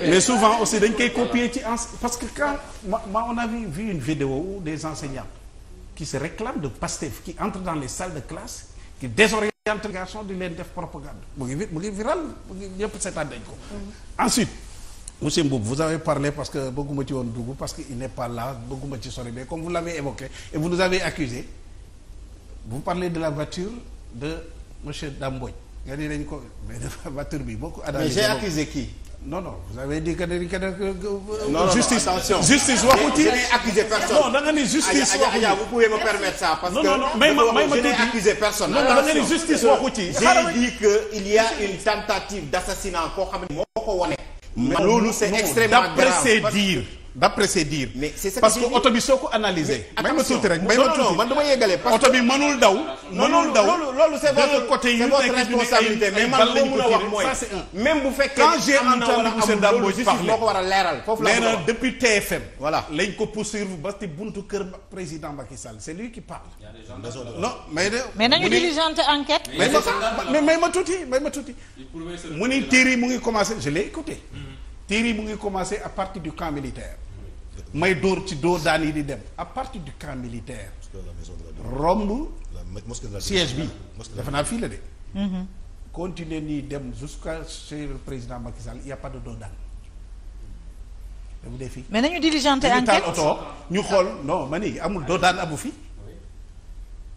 mais souvent aussi dañ koy copier ci ense parce que quand ma ma on a vu une vidéo des enseignants qui se réclament de Pastef qui entrent dans les salles de classe qui désorientent les garçons di leen def propagande mu ngi mu ngi viral mu ngi ñëpp seetaan dañ ko mm-hmm. ensuite. monsieur Mboub vous avez parlé parce que bëgguma ci woon dugg parce que il n'est pas là bëgguma ci sori comme vous l'avez évoqué et vous nous avez accusé vous parlez de la voiture de monsieur Damboj nga ni dañ ko mais dafa voiture bi boo ko. mais j'ai accusé qui. non non vous avez dit que dañu que non justice justice waxu ci. je n'ai accusé personne non da ni justice. waxu non non may ma may non da ni justice waxu ci. j'ai dit a une tentative d'assassinat koo xam ne moo ko wane. loolu c'est extrêmement grave d'après ses dires d'après ses dires. mais parce que oto bi soo ko analysé. may ma tuuti rek may ma tuuti non non man dama yégalee. parce bi mënul daw. mënul daw loolu loolu c'est côté yi nekk responsabilité mais a a leeral. foofu la leeral depuis TFM. voilà lañ ko ba ci buntu kër président Macky Sall c'est lui qui parle. non mais de. mais ma tuuti may ma tuuti. mu ni tiir mu ngi commencé je l'ai écouté. Mm-hmm. mu ngi commencé à partir du camp militaire. may dóor ci dóor daan yi di dem à parti du camp militaire romb siège bi dafa naa fii la de mhm. continuer nii dem jusqu'à chez le président Macky Sall il y a pas de dóor daan damu dee fii mais nañu diligenté enquête oto ñu xool non ma ni amul doo daan amu fi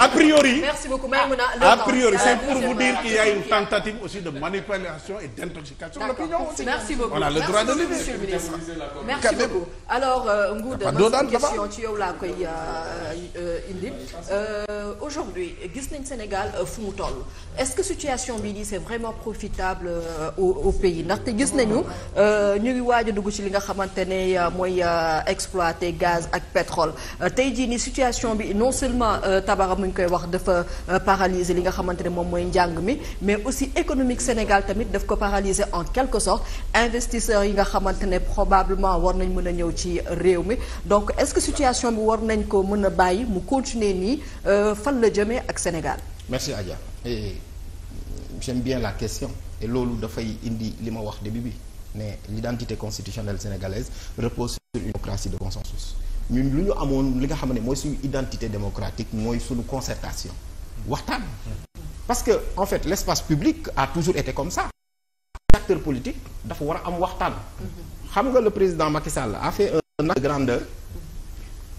a priori. merci beaucoup Maïmouna a priori euh, c'est pour vous dire qu'il y a une tentative aussi de manipulation et de l'opinion aussi. merci beaucoup on euh, a le de le ci yow laa koy euh, indi aujourd'hui gis nañ Sénégal fu mu toll est-ce que situation bii nii c'est vraiment profitable au au pays te gis nañu ñu ngi waaj a dugg ci li nga xamante ne mooy exploiter gaz ak pétrole tey jii nii situation bi non seulement tabara mu ngi koy wax dafa euh, paralyser li nga xamante ne moom mooy njàng mi mais aussi économique Sénégal tamit daf ko paralyser en quelque sorte investisseurs yi nga xamante ne probablement war nañ mën a ñëw ci réew mi donc est-ce que situation bi war nañ ko mën a bàyyi mu continuer nii euh, fan la jëmee ak Sénégal. merci Adja et euh, j'aime bien la question et loolu dafay indi li ma wax début bi ne l'identité constitutionnelle sénégalaise repose sur une démocratie de consensus. ñun lu ñu amoon li nga xam ne mooy suñu identité démocratique mooy suñu concertation waxtaan parce que en fait l'espace public a toujours été comme ça acteur politique dafa war a am waxtaan xam nga le président Macky Sall a fait un acte de grandeur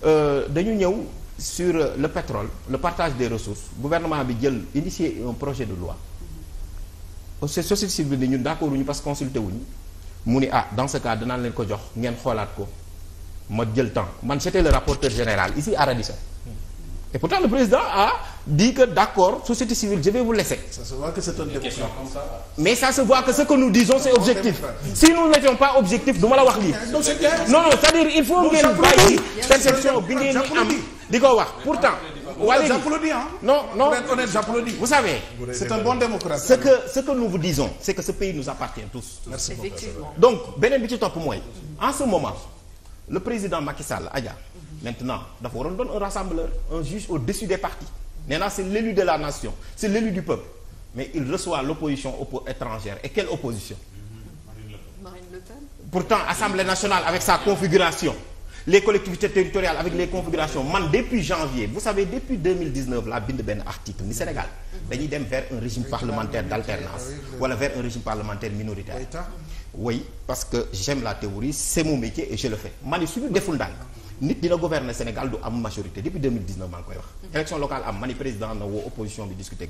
euh, dañu ñëw sur le pétrole le partage des ressources le bi jël initier un projet de loi société civile ni ñun d'accord wuñu parce que consulté wuñu mu ni ah dans ce cas danaan leen ko jox ngeen xoolaat ko ma jël temps man c'était le rapporteur général ici à Radisson et pourtant le président a dit que d'accord société civile je vais vous laisser. ça mais ça se voit que ce que nous disons c'est objectif si nous n'étions pas objectif du ma a wax lii. non non c'est-à-dire il faut ngeen bàyyi perception bi ngeen di am di ko wax pourtant. non non pour être honnête j'applaudis. vous savez. c'est un bon démocrate. ce que ce que nous vous disons c'est que ce pays nous appartient tous. donc beneen bi ci top mooy en ce moment. le président Macky Sall Adja. maintenant dafa waroon doon un rassembleur un juge au-dessus des partis. nee naa c'est l'élu de la nation c'est l'élu du peuple mais il reçoit l'opposition oppo étrangère et quelle opposition. pourtant Assemblée nationale avec sa configuration. les collectivités territoriales avec les configurations man depuis janvier vous savez depuis 2019 la bind benn article ni Sénégal dañuy dem vers un régime parlementaire d'alternance wala vers un oui parce que j'aime la théorie c'est mon et je le fais ma ne suñu deful ndànk nit dina gouverner Sénégal du am majorité depuis 2019 maa ngi koy wax élection locale am ma ne président na woo opposition bi discuter ak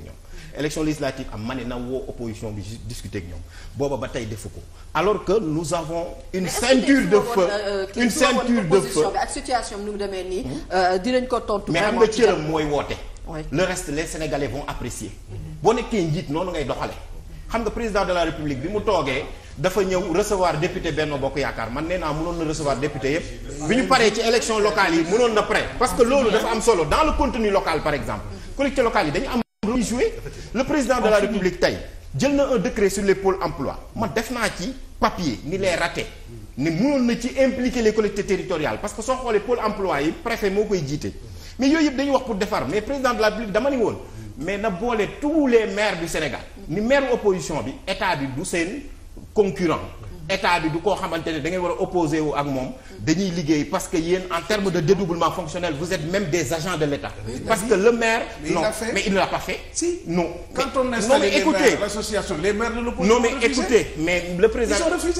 ñoom booba ba tey defu ko alors que nous avons une euh, euh, ceinture de feu une ceinture de feu ak situation bi nu mu demee nii hmm? euh, dinañ ko tontu mais am nga cëram mooy woote le reste les Sénégalais vont apprécier hmm. boo nekkee njiit noonu ngay doxale xam bi mu dafa ñëw recevoir député Benno Bokk Yaakaar man nee naa mënoon na recevoir député yëpp bi ñu paree ci élection locale yi mënoon na prêt parce que loolu dafa am solo dans le contenu local par exemple collectivité locale yi dañu am lu muy joué le président de la république tey jël na un décret sur les pôles emploi man def naa ci papier ni les raté mënoon na ci impliquer les collectivités territoriales parce que soo xoolee pôle emploi yi préfet moo koy jiite mais yooyu yëpp dañuy wax pour defar na boole tous les maires du Sénégal ni maire bi état bi du concurrent état bi du koo xamante ne da ngeen war a opposé wu ak moom dañuy liggéey parce que yéen en termes de dédoublement fonctionnel vous êtes même des agents de l'État parce que le maire non mais il ne l'a pas fait si non quand a installé écoutez l'association les maires de l'opposition mais écoutez mais le président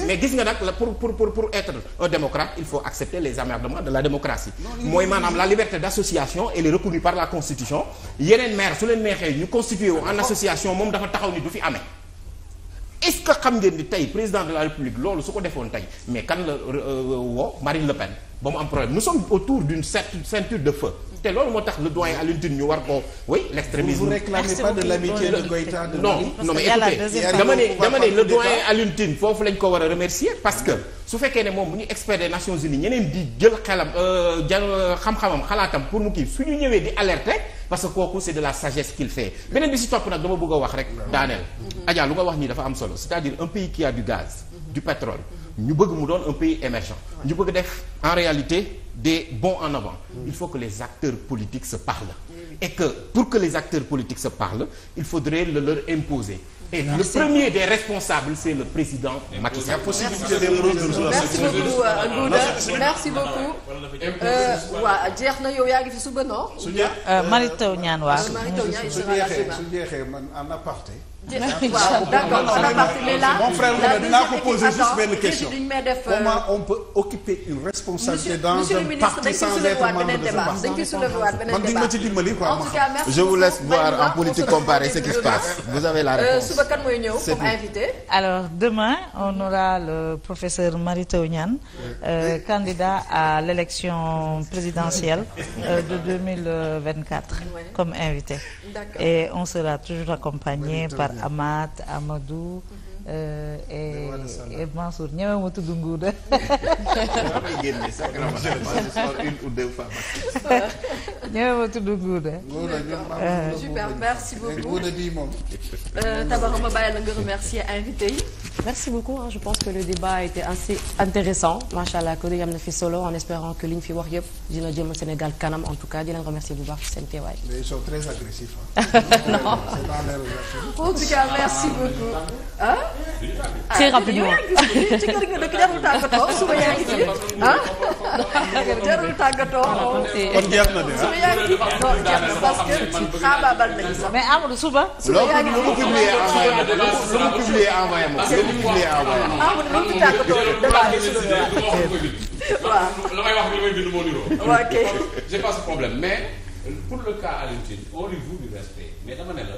mais gis nga nag pour pour pour être un démocrate il faut accepter les emmerdements de la démocratie mooy maanaam la liberté d'association elle est reconnue par la constitution yeneen maire moom dafa taxaw ni du fi amee est-ce que xam ngeen ni tey président de la république loolu su ko defoon tey mais kan la euh, euh, woo Marine Le Pen ba mu am problème nous sommes autour d'une ceinture de feu te loolu moo tax le doyen Alioune ñu war ko oui l'extrémisme vous réclamez pas de l'amitié de Goïta de non non mais dama ne dama ne le doyen Alioune foofu lañ ko war a remercier parce que su fekkee ne moom bu ñu expert des Nations Unies ñeneen di jël xelam euh, jël xam-xamam xalaatam pour mu kii su ñu ñëwee di alerte parce que kooku c'est de la sagesse qu'il fait beneen bi si topp nag dama bëgg a wax rek daaneel Adja lu nga wax nii dafa am solo c'est-à-dire un pays qui a du gaz du pétrole ñu bëgg mu doon un pays émergent ñu bëgg def en réalité de bons en avant il faut que les acteurs politiques se parlent et que pour que les acteurs politiques se parlent il faudrait la leur imposer Et le premier des responsables, c'est le président Macky Sall. merci beaucoup waaw jeex na yow yaa ngi fi suba noo. Euh, Mary Teuw Niane waaw. su jeexee man en aparté. waaw d'accord mais là mon frère mu ne dinaa ko poser juste benn question comment on peut occuper une responsabilité dans un parti sans débat je vous laisse voir en politique comparée ce qui se passe euh, vous avez la réponse suba demain on aura le professeur Mary Teuw euh, candidat à l'élection présidentielle euh, de comme invité et on sera toujours accompagné par Amath Amadou Euh, et et Mansour ñeme ma tudd nguur de. une ou deux fois. ñeme ma tudd nguur merci beaucoup. Tabara ma bàyyi la nga remercier invité yi. merci beaucoup je pense que le débat a été intéressant macha allah que yam na fi solo en espérant que li ñu fi wax yëpp dina jëmal Sénégal kanam en tout cas di leen remercier bu baax seen teewaay. mais [LAUGHS] non en tout cas merci beaucoup. très rapidement ci kër gi dëkk jarul tàggatoo suba yaa ngi ci ah jarul tàggatoo. Ah, kon jeex na de ah. suba yaa ngi ci non jeex na parce que xaabaabal nañu sax. mais Amadou suba. suba yaa ngi ci loo publier ah, envoyé ma ko loo publier envoyé ma ko loo publier envoyé ma ko. Amadou lu mu fi tàggatoo rek débat suba bi waaw. la may wax li may bind moo niroo. ok j'ai pas ce problème mais pour le cas Alioune Tine on lui voue du respect mais dama ne la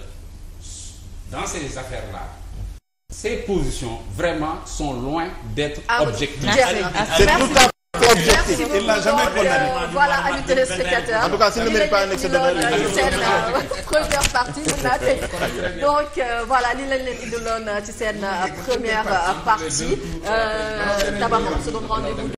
dans ces affaires là. ces positions vraiment sont loin d'être ah objectives. C'est tout à fait objectif. Il n'a Voilà, amis téléspectateurs. En tout cas, s'il ne mérite pas un excellent euh, première partie donc euh, voilà li lañ leen indiloon ci seen première euh, partie d'abord on se donne rendez